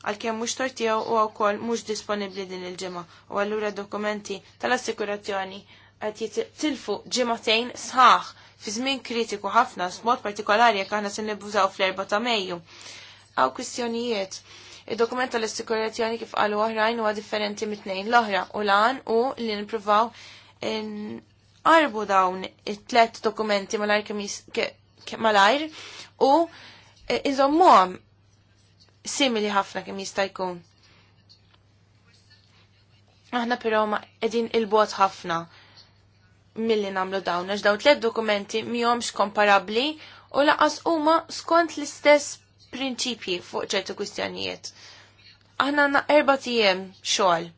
għal-kem mux tortijaw u għawkol mux disponibli din il ġema u għallura dokumenti tal-assikurazzjoni għat jitilfu ġematejn sħaħ fi żmien kritiku ħafna smot partikolari jekk aħna se nibbużaw fl-erba ta' Mejju. Għaw kwistjonijiet. Id-dokument tal-assikurazzjoni kif qalu oħrajn huwa differenti mit-tnejn l-oħra u lan u li nippruvaw arbu dawn it-tlet dokumenti malajr malajr u iżommuhom simili ħafna kemm jista' jkun. Aħna però ma qegħdin il-bot ħafna milli nagħmlu dawn għax dawn tliet dokumenti mihomx komparabbli u laqas huma skont l-istess prinċipji fuq ċertu kwistjonijiet. Aħna għandna erba' tijem xogħol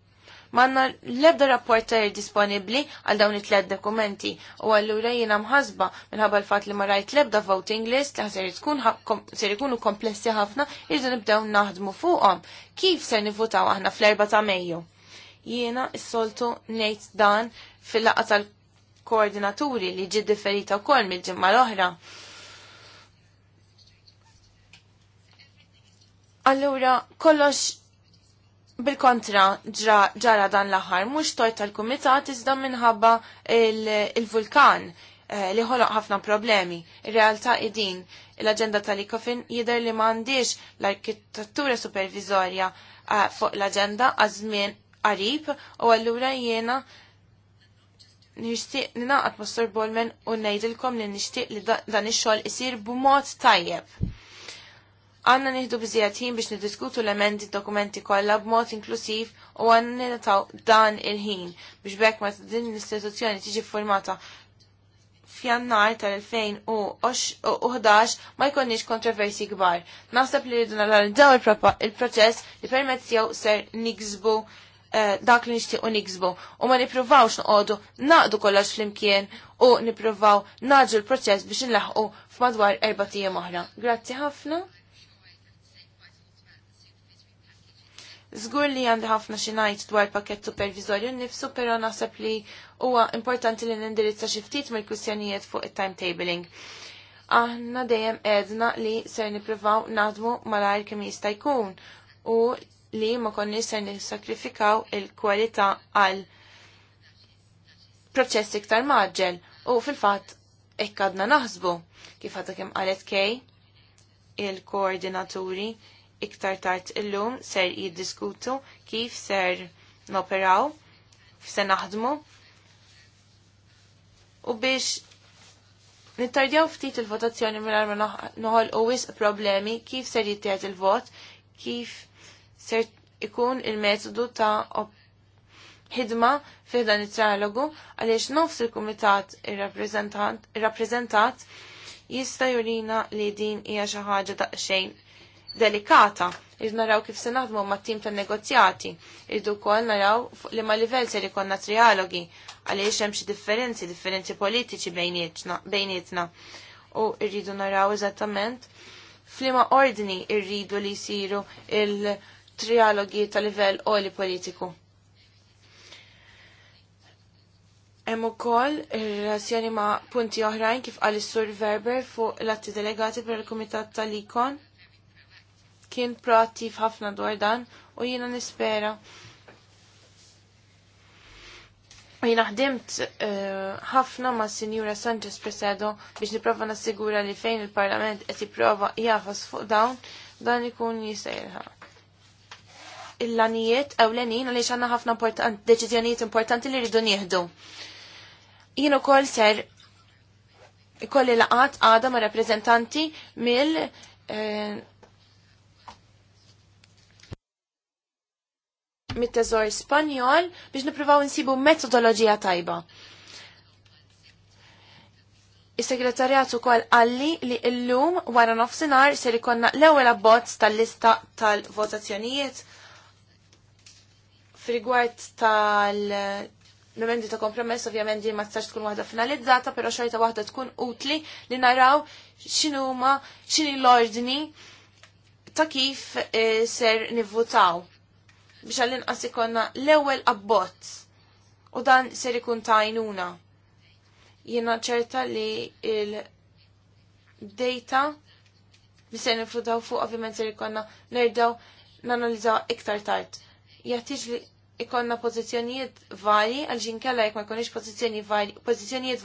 Manna l-ebda rapporter disponibli għal dawn it-tlet dokumenti u għallura jina mħasba minħabba l-fat li marajt l-ebda voting list li ser ikunu komplessi ħafna irridu nibdew naħdmu fuqhom. Kif ser nivutaw aħna fl-erba ta' Mejju? Jiena s-soltu ngħid dan fil-laqgħa tal-koordinaturi li ġid differita wkoll mill-ġimgħa l-oħra. Allura kollox Bil-kontra ġara dan l-aħħar mhux tort tal-kumitat iżda minħabba il-vulkan eh, li ħoloq ħafna problemi. Ir-realtà id-din, l-aġenda tal-ikofin jidher li m'għandix l-arkitettura supervizorja eh, fuq l-aġenda għażmien qarib u allura jiena nixtieq ninaqat Mr. Bolman u ngħidilkom li nixtieq li dan ix-xogħol isir b'mod tajjeb Għanna nieħdu bżijat ħin biex niddiskutu l-emendi dokumenti kollha b'mod inklusiv u għanna nilataw dan il-ħin biex bekk ma din l-istituzzjoni tiġi formata f'jannar tal-2011 ma jkonniex kontroversi kbar. Naħseb li rridu nagħlal daw il-proċess li permezz jew ser niksbu eh, dak li nixtiequ niksbu u ma nippruvawx noqogħdu naqdu kollox flimkien u nippruvaw naġu l-proċess biex nlaħqu f'madwar erba' tiegħi oħra. Grazzi ħafna. Zgur li għandi ħafna xinajt dwar pakket supervizorju nifsu, pero naħseb li huwa importanti li nindirizza xi ftit mill-kwistjonijiet fuq it-timetabling. Aħna dejjem edna li ser nippruvaw naħdmu malajr kemm jista' jkun u li ma konni ser nissakrifikaw il-kwalità għal proċess iktar maġġel u fil-fatt ekkadna naħsbu kif għadha kemm qalet kej il-koordinaturi iktar tard illum ser jiddiskutu kif ser noperaw, se naħdmu. U biex nittardjaw ftit il-votazzjoni mill ma noħol u wis problemi kif ser jittijat il-vot, kif ser ikun il-metodu ta' ħidma fi dan it-trialogu għaliex nofs il-kumitat il rappreżentat jista' jurina li din hija xi ħaġa daqsxejn delikata. Iż naraw kif se naħdmu ma' tim ta' negozjati. Irridu wkoll naraw li ma' livell se jkollna trialogi għaliex hemm xi differenzi, differenzi politiċi bejnietna. U rridu naraw eżattament flima ordni rridu li jsiru il-trialogi ta' livell oli politiku. Hemm ukoll ir-relazzjoni ma' punti oħrajn kif qal is-Sur Verber fuq l-atti delegati per il-Kumitat tal-Ikon kien proattiv ħafna dwar dan u jiena nispera. Jina ħdimt eh, ħafna uh, ma' Sinjura Sanchez Presedo biex niprofa nassigura li fejn il-Parlament qed jipprova jafas fuq dawn dan ikun jisejrħa il-lanijiet ewlenin għaliex għandna ħafna important, importanti li rridu nieħdu. Jien ukoll ser ikolli laqat għada ma' rappreżentanti mill eh, mit-teżor Spanjol biex nippruvaw insibu metodoloġija tajba. Is-segretarjat ukoll għalli li illum wara nofsinhar se ikonna l-ewwel abbozz tal-lista tal-votazzjonijiet f'rigward tal- Memendi ta' kompromess ovvjament ma tistax tkun waħda finalizzata, però xorta waħda tkun utli li naraw x'inhuma x'inhi l-ordni ta' kif eh, ser nivvutaw biex għall-inqas ikonna l-ewwel abbot u dan ser ikun tajnuna. Jiena ċerta li il-data li ser nifrudaw fuq ovvjament ser ikonna nerdaw nanalizaw iktar tard. Jattiġ li ikonna pozizjonijiet varji, għal xinkella jek ma jkunix pozizjonijiet varji, pozizjonijiet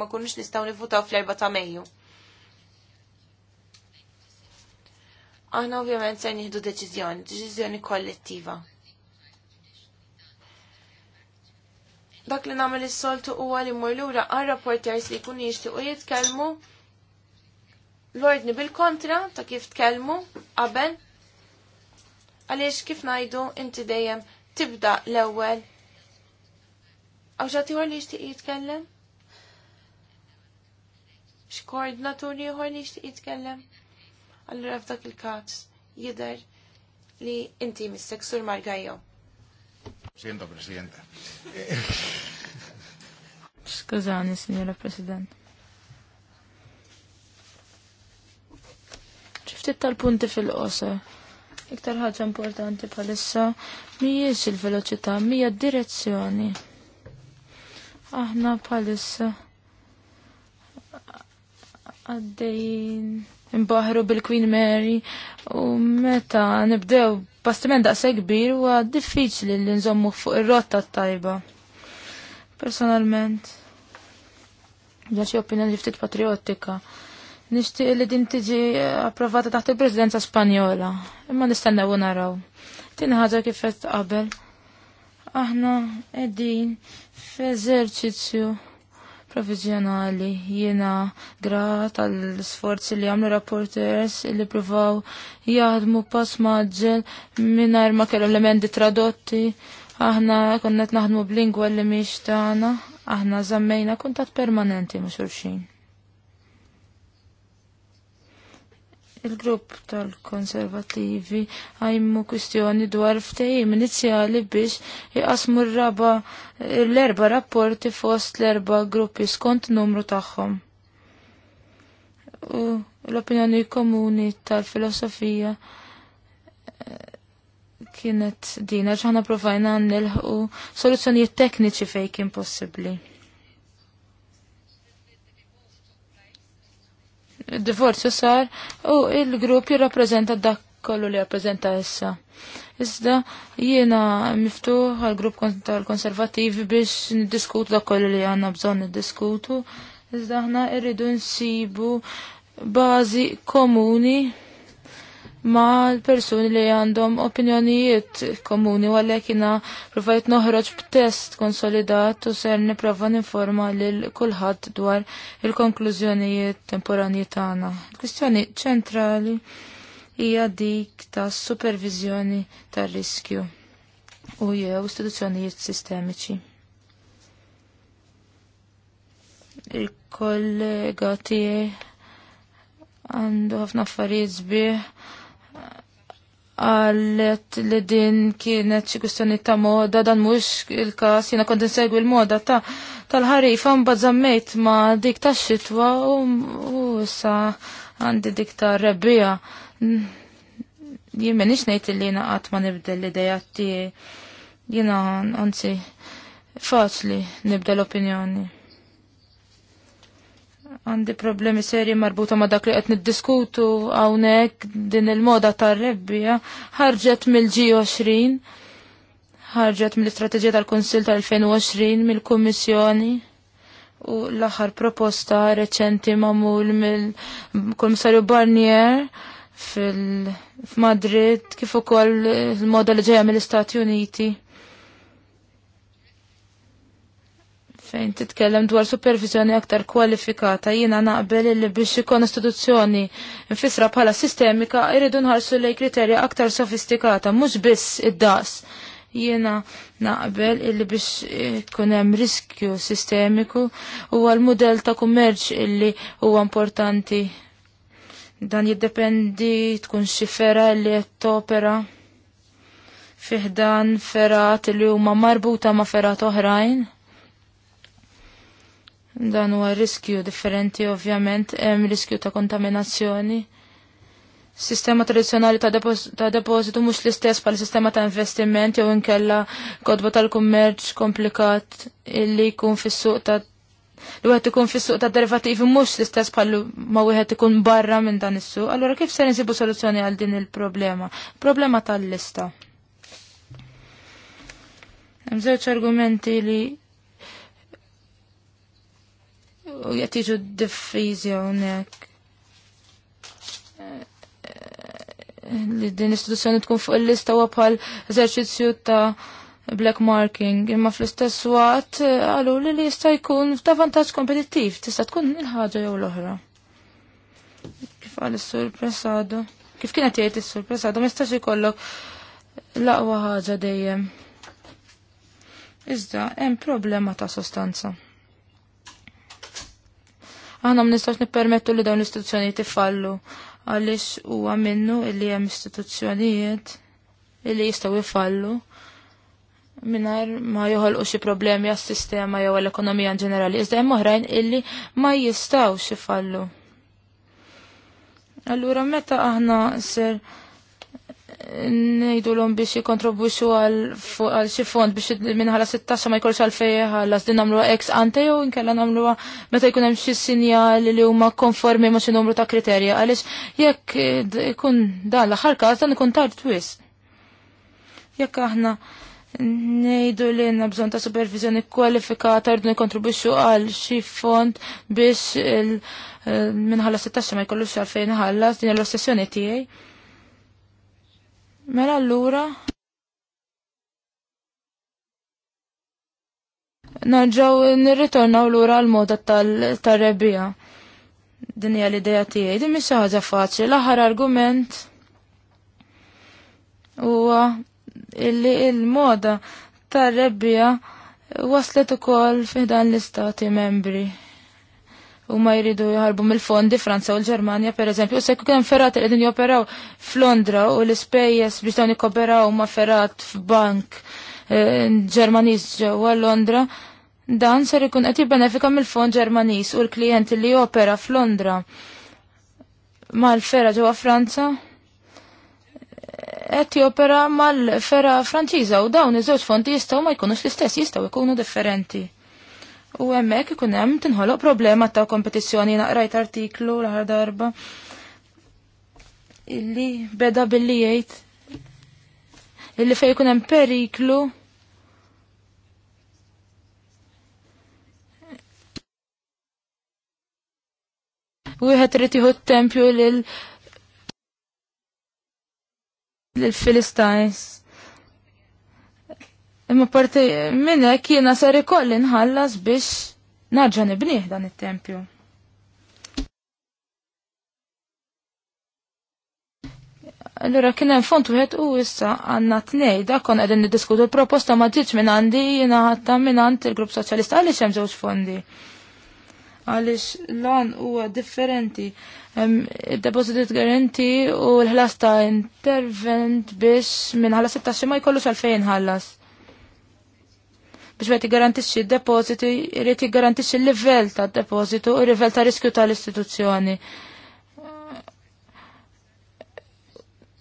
ma kunix nistaw nifrudaw fl-erba ta' meju. Aħna ovvjament se nieħdu deċiżjoni, deċiżjoni kollettiva. dak li namel is-soltu huwa li mmur lura għar-rapporters li jishtiq u jitkellmu l-ordni bil-kontra ta' kif tkellmu qabel għaliex kif ngħidu inti dejjem tibda l-ewwel għaw ġati li jishtiq jitkellem? X'koordinatur ieħor li jishtiq jitkellem? Allura f'dak il-każ jidher li inti mis sur Margajo. Siento, Presidente. Scusami, Signora President. Ċiftit tal-punti fil-qosor. Iktar ħaġa importanti bħalissa mhijiex il-veloċità, mija direzzjoni. Aħna palissa għaddejn imbaħru bil-Queen Mary u meta nibdew bastiment daqse kbir u diffiċli li nżommu fuq ir-rotta tajba. Personalment, ġaxi opinjoni ftit patriottika, nixtieq li din tiġi approvata taħt il-Presidenza Spanjola, imma nistennew naraw. Tin ħaġa qabel. Aħna qegħdin f'eżerċizzju provizjonali. Jiena grat għall sforzi li għamlu rapporters li provaw jaħdmu pass maġġel mingħajr ma kellu emendi tradotti. Aħna konna naħdmu b'lingwa li miex tagħna, aħna żammejna kuntat permanenti ma' xulxin. Il-grupp tal-konservativi għajmu kwistjoni dwar ftehim inizjali biex iqasmu r-raba l-erba rapporti fost l-erba gruppi skont numru tagħhom. U l-opinjoni komuni tal-filosofija eh, kienet dina ċaħna provajna nilħu soluzzjonijiet tekniċi fej kien possibli. divorzju sar u il-grupp jirrappreżenta dak kollu li rappresenta issa. Iżda jiena miftuħ għal grupp tal-konservativi biex niddiskutu dak kollu li għanna bżon niddiskutu. Iżda ħna irridu nsibu bażi komuni ma l-persuni li għandhom opinjonijiet komuni u għalek jina provajt noħroġ b'test konsolidat u ser niprofa ninforma lil kulħadd dwar il-konklużjonijiet temporani tagħna. Il-kwistjoni ċentrali hija dik ta' supervizjoni ta' riskju u jew istituzzjonijiet sistemiċi. Il-kollega tiegħi għandu ħafna affarijiet sbieħ għallet li din kienet xi kwistjoni ta' moda dan mhux il-każ jiena kont insegwi l-moda ta' tal-ħarifa mbagħad żammejt ma' dik tax-xitwa u sa għandi dik ta' rebija. Jien m'għandix ngħid li jina qatt ma nibdel l-idea tiegħi. Jiena anzi faċli nibdel opinjoni. Għandi problemi serji marbuta ma dak li qed niddiskutu hawnhekk din il-moda tar-rebbija ħarġet mill-G20, ħarġet mill-Istrateġija tal konsil tal-2020 mill-Kummissjoni u l-aħħar proposta reċenti mamul mill-Kummissarju Barnier fil-Madrid kif ukoll il-moda li ġejja mill-Istati Uniti fejn titkellem dwar supervizjoni aktar kwalifikata jiena naqbel li biex ikun istituzzjoni infisra bħala sistemika jridu nħarsu lej kriterja aktar sofistikata mhux biss id-daqs. Jiena naqbel illi biex ikun hemm riskju sistemiku huwa l-mudell ta' kummerċ illi huwa importanti. Dan jiddependi tkun xi fera li qed topera fiħdan ferat li huma marbuta ma' ferat oħrajn Dan huwa riskju differenti ovvjament, hemm riskju ta' kontaminazzjoni. Sistema tradizzjonali ta', depos ta depositu mhux l-istess bħal sistema ta' investiment jew inkella kodba tal-kummerċ komplikat illi jkun fis-suq ta' li wieħed ikun fis-suq ta' derivativi mhux l-istess bħal ma wieħed ikun barra minn dan is-suq. Allura kif se nsibu soluzzjoni għal din il-problema? Problema tal-lista. Hemm żewġ argumenti li u jattiġu diffizi għonek li din istituzzjoni tkun fuq il-lista u bħal eżerċizzju ta' black marking imma fl-istess waqt għalu li li jista' jkun ta' vantaġġ kompetittiv tista' tkun il-ħaġa jew l-oħra. Kif għal is surpresado Kif kienet jgħid is surpresado ma jistax ikollok l-aqwa ħaġa dejjem. Iżda hemm problema ta' sostanza. Aħna ma nistax nippermettu li dawn l-istituzzjonijiet ifallu għaliex huwa minnu illi hemm istituzzjonijiet illi jistgħu jifallu. minar ma joħolqu xi problemi għas-sistema jew l-ekonomija ġenerali, iżda hemm oħrajn illi ma jistaw xifallu. Allura meta aħna ser nejdu l-om biex jikontribuxu għal xi fond biex minħala 16 ma jkollx għal fejja ħallas din nagħmluha ex ante jew inkella nagħmluha meta jkun hemm xi sinjal li huma konformi ma' xi numru ta' kriterja għaliex jekk ikun dan l-aħħar każ dan ikun tard twis. Jekk aħna nejdu li għandna bżonn ta' supervizjoni kwalifikata rridu jkontribuxxu għal xi fond biex eh, minħalla 16 ma jkollux għal fejn ħallas din l-ossessjoni tiegħi Mela allura Narġaw nirritornaw lura għal moda tal-rebbija. Din hija l-idea tiegħi, din mhix ħaġa faċli. L-aħħar argument huwa illi l-moda tar-rebbija waslet ukoll fi dan l-istati membri u ma jridu jħarbu mill-fondi Franza u l-Ġermanja per eżempju, u sekk kien ferrat li din joperaw f'Londra u l-ispejjes biex dawn ikoperaw ma ferrat f'bank eh, Ġermaniż ġewwa Londra, dan ser ikun qed jibbenefika mill-fond Ġermaniż u l-klijent li opera f'Londra mal-fera ġewwa Franza eh, qed jopera mal-fera Franċiża u dawn iż-żewġ fondi jistgħu ma jkunux l-istess, jistgħu jkunu differenti. U hemmhekk ikun hemm tinħoloq problema ta' kompetizzjoni naqrajt artiklu l-aħħar darba illi beda billi jgħid illi fejn ikun hemm periklu wieħed irid jieħu t-tempju lil lil Filistines. Imma parti minne jiena sar ikolli nħallas biex narġa' nibnieh dan it-tempju. Allura kien hemm font wieħed u issa għandna tnejn. dak kon qegħdin niddiskutu l-proposta ma ġietx minn għandi jiena ħadta minn għand il-Grupp Soċjalista għaliex hemm żewġ fondi. Għaliex l-għan huwa differenti id-deposit garanti u l-ħlas ta' intervent biex minn ħallas it-taxxi ma jkollux għalfejn ħallas biex ma jgarantixxi d-depożitu jrid jiggarantixxi l-livell tad-depożitu u l-livell ta' riskju tal-istituzzjoni.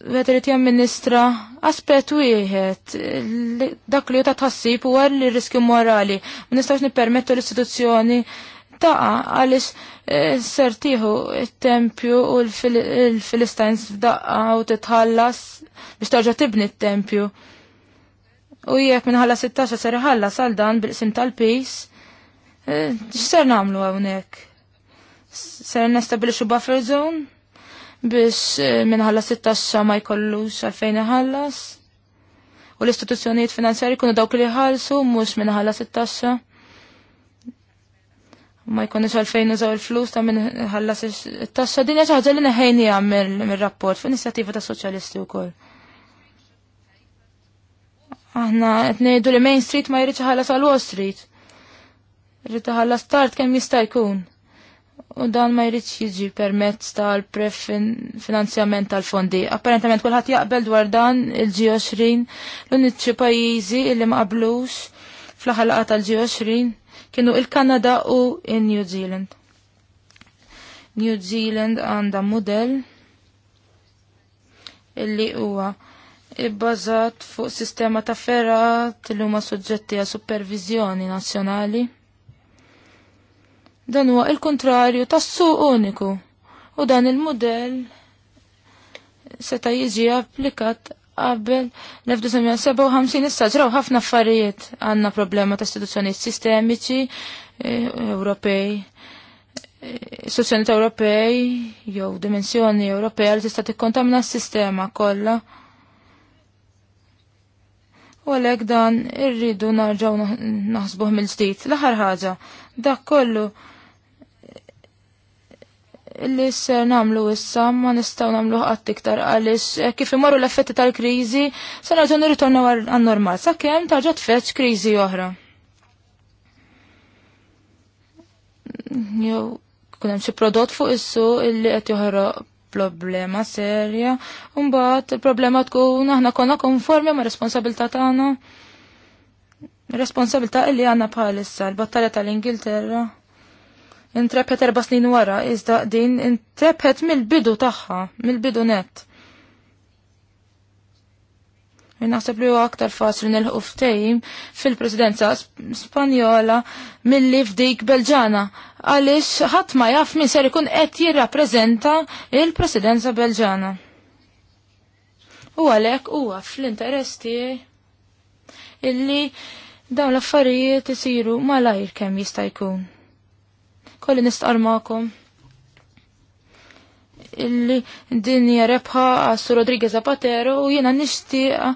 Wieħed jamministra aspett wieħed dak li ta' tħassib huwa l-riskju morali. Ma nistax nippermettu l-istituzzjoni taqa għalix eh, sertiħu il-tempju u l-Filistines f'daqqa u titħallas biex tarġa tibni il-tempju u jekk minħalla 16 ser ħalla saldan dan bil-qsim tal-pis, e, x'ser nagħmlu hawnhekk? Ser nestabilixu buffer zone biex e, minħalla 16 ma jkollux għalfejn iħallas u l-istituzzjonijiet finanzjari kunu dawk li ħalsu mhux minħalla 16 ma jkunux għalfejn użaw il-flus ta' minn ħallas it-taxxa dinja hija li neħejni għam mir-rapport fuq inizjativa ta' soċjalisti wkoll. Aħna qed ngħidu li Main Street ma jridx ħallas għal Wall Street. Rrid ħallas tard kemm jista' jkun. U dan ma jridx jiġi permezz tal pref finanzjament tal-fondi. Apparentament kulħadd jaqbel dwar dan il-G20 l unici pajjiżi li ma qablux fl-ħalaqa tal-G20 kienu il-Kanada u in-New Zealand. New Zealand għandha model illi huwa ibbażat fuq sistema ta' ferrat li huma suġġetti għal supervizjoni nazzjonali. Dan huwa il-kontrarju tas-suq uniku u dan il-modell seta' jiġi applikat qabel l-1957 issa ġraw ħafna affarijiet għandna problema ta' istituzzjonijiet sistemiċi eh, Ewropej. Eh, Istituzzjoni ta' Ewropej jew dimensjoni Ewropea li tista' tikkontamina s-sistema kollha u għalhekk dan irridu narġaw naħsbuh mill ġdijt L-aħħar ħaġa, dak kollu li s-ser namlu issa ma nistaw namlu għat iktar għalix eh, kif imorru l-effetti tal-krizi sa nerġu nirritornaw għal-normal sa kem tarġa tfeċ krizi oħra. Jow, kunem xie prodott fuq issu illi qed joħroq problema serja, mbagħad il-problema tkun aħna konna konformi ma' responsabilità tagħna. Responsabilità li għandna bħalissa l-battalja tal-Ingilterra. Intrepet erba' snin wara, iżda din intrepet mill-bidu tagħha, mill-bidu net. Naħseb li huwa aktar faċli nilħu ftehim fil-Presidenza Spanjola milli f'dik Belġana għaliex ħadd ma jaf min ser ikun qed jirrappreżenta il-Presidenza Belġana. U għalhekk huwa fl-interess tiegħi illi dawn l-affarijiet isiru malajr kemm jista' jkun. Kolli nistqar magħkom illi dinja rebħa għassu Rodriguez Zapatero u jiena nishtiqa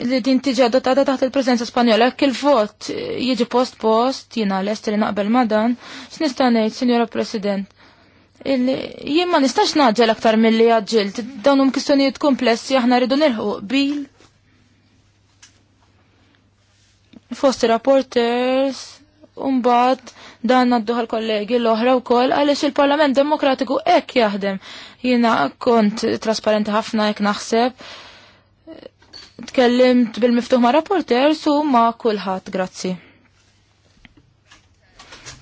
li din tiġi dotata taħt il prezenza Spanjola, jekk il-vot jiġi post post, jiena lest li naqbel ma dan, x'nista' ngħid, Sinjora President. Jien ma nistax naġġel aktar milli jaġġilt, dawn hum kistjonijiet komplessi aħna rridu nilħu bil. Fosti rapporters, Umbat dan għadduħ għal-kollegi l-oħra u koll għalix il-Parlament Demokratiku ek jaħdem. Jina kont trasparenti ħafna ek naħseb tkellimt bil-miftuħ ma' rapporter su ma' kulħadd, grazzi.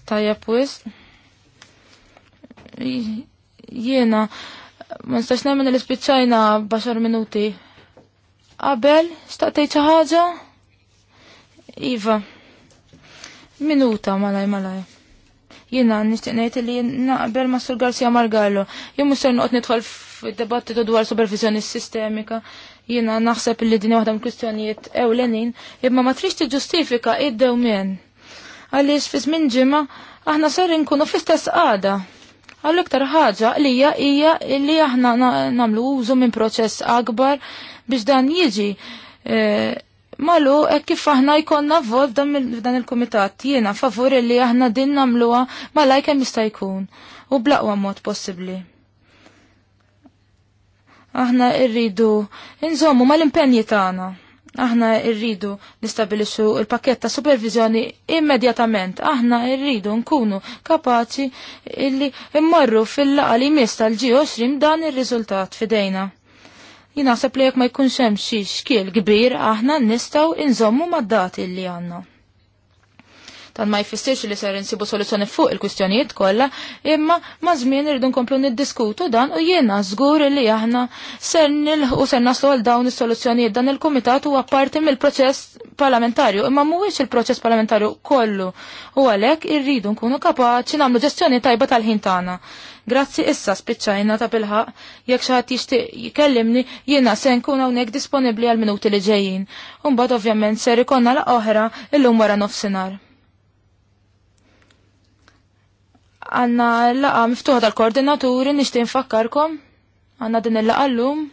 Tajja pwis. Jiena, ma nistax nemmen l spiċċajna baxar minuti. Abel, xtaqtej xi ħaġa? Iva. Minuta malaj malaj. Jiena nixtieq ngħid li naqbel ma' Sur Garcia Margallo. Jien mhux ser noqgħod nidħol fid-debattitu dwar supervizjoni sistemika. Jiena naħseb li din waħda mill ewlenin, imma ma trix tiġġustifika id minn. Għaliex fi żmien ġimma aħna ser nkunu fl-istess qagħda. Għal iktar ħaġa li hija hija li aħna nagħmlu użu minn proċess akbar biex dan jiġi e, malu hekk kif aħna jkollna vot f'dan il-kumitat jiena favur li aħna din nagħmluha malajk hemm jista' jkun u blaqwa mod possibbli. Aħna irridu nżommu mal-impenji tagħna. Aħna irridu nistabilixxu il pakketta ta' supervizjoni immedjatament. Aħna irridu nkunu kapaċi illi mmorru fil li mis tal g dan ir-riżultat fidejna. Jinaħseb li jekk ma jkunx hemm xi xkiel kbir aħna nistgħu inżommu mad-dati li għandna. Tan ma jfissirx li ser insibu soluzzjoni fuq il-kwistjonijiet kollha, imma ma' żmien irridu nkomplu niddiskutu dan u jiena żgur li aħna ser nilħu ser naslu għal dawn is-soluzzjonijiet dan il-kumitat huwa parti mill-proċess parlamentarju, imma mhuwiex il-proċess parlamentarju kollu. U għalhekk irridu nkunu kapaċi nagħmlu ġestjoni tajba tal-ħin tagħna. Grazzi issa spiċċajna ta' bilħaq, jekk xi ħadd jixtieq jikellimni jiena se nkun hawnhekk disponibbli għal minuti li ġejjin. Imbagħad ovvjament ser ikonna la oħra illum wara nofsinhar. għanna laqa miftuħa tal-koordinaturi nixtieq nfakkarkom għanna din il-laqa l-lum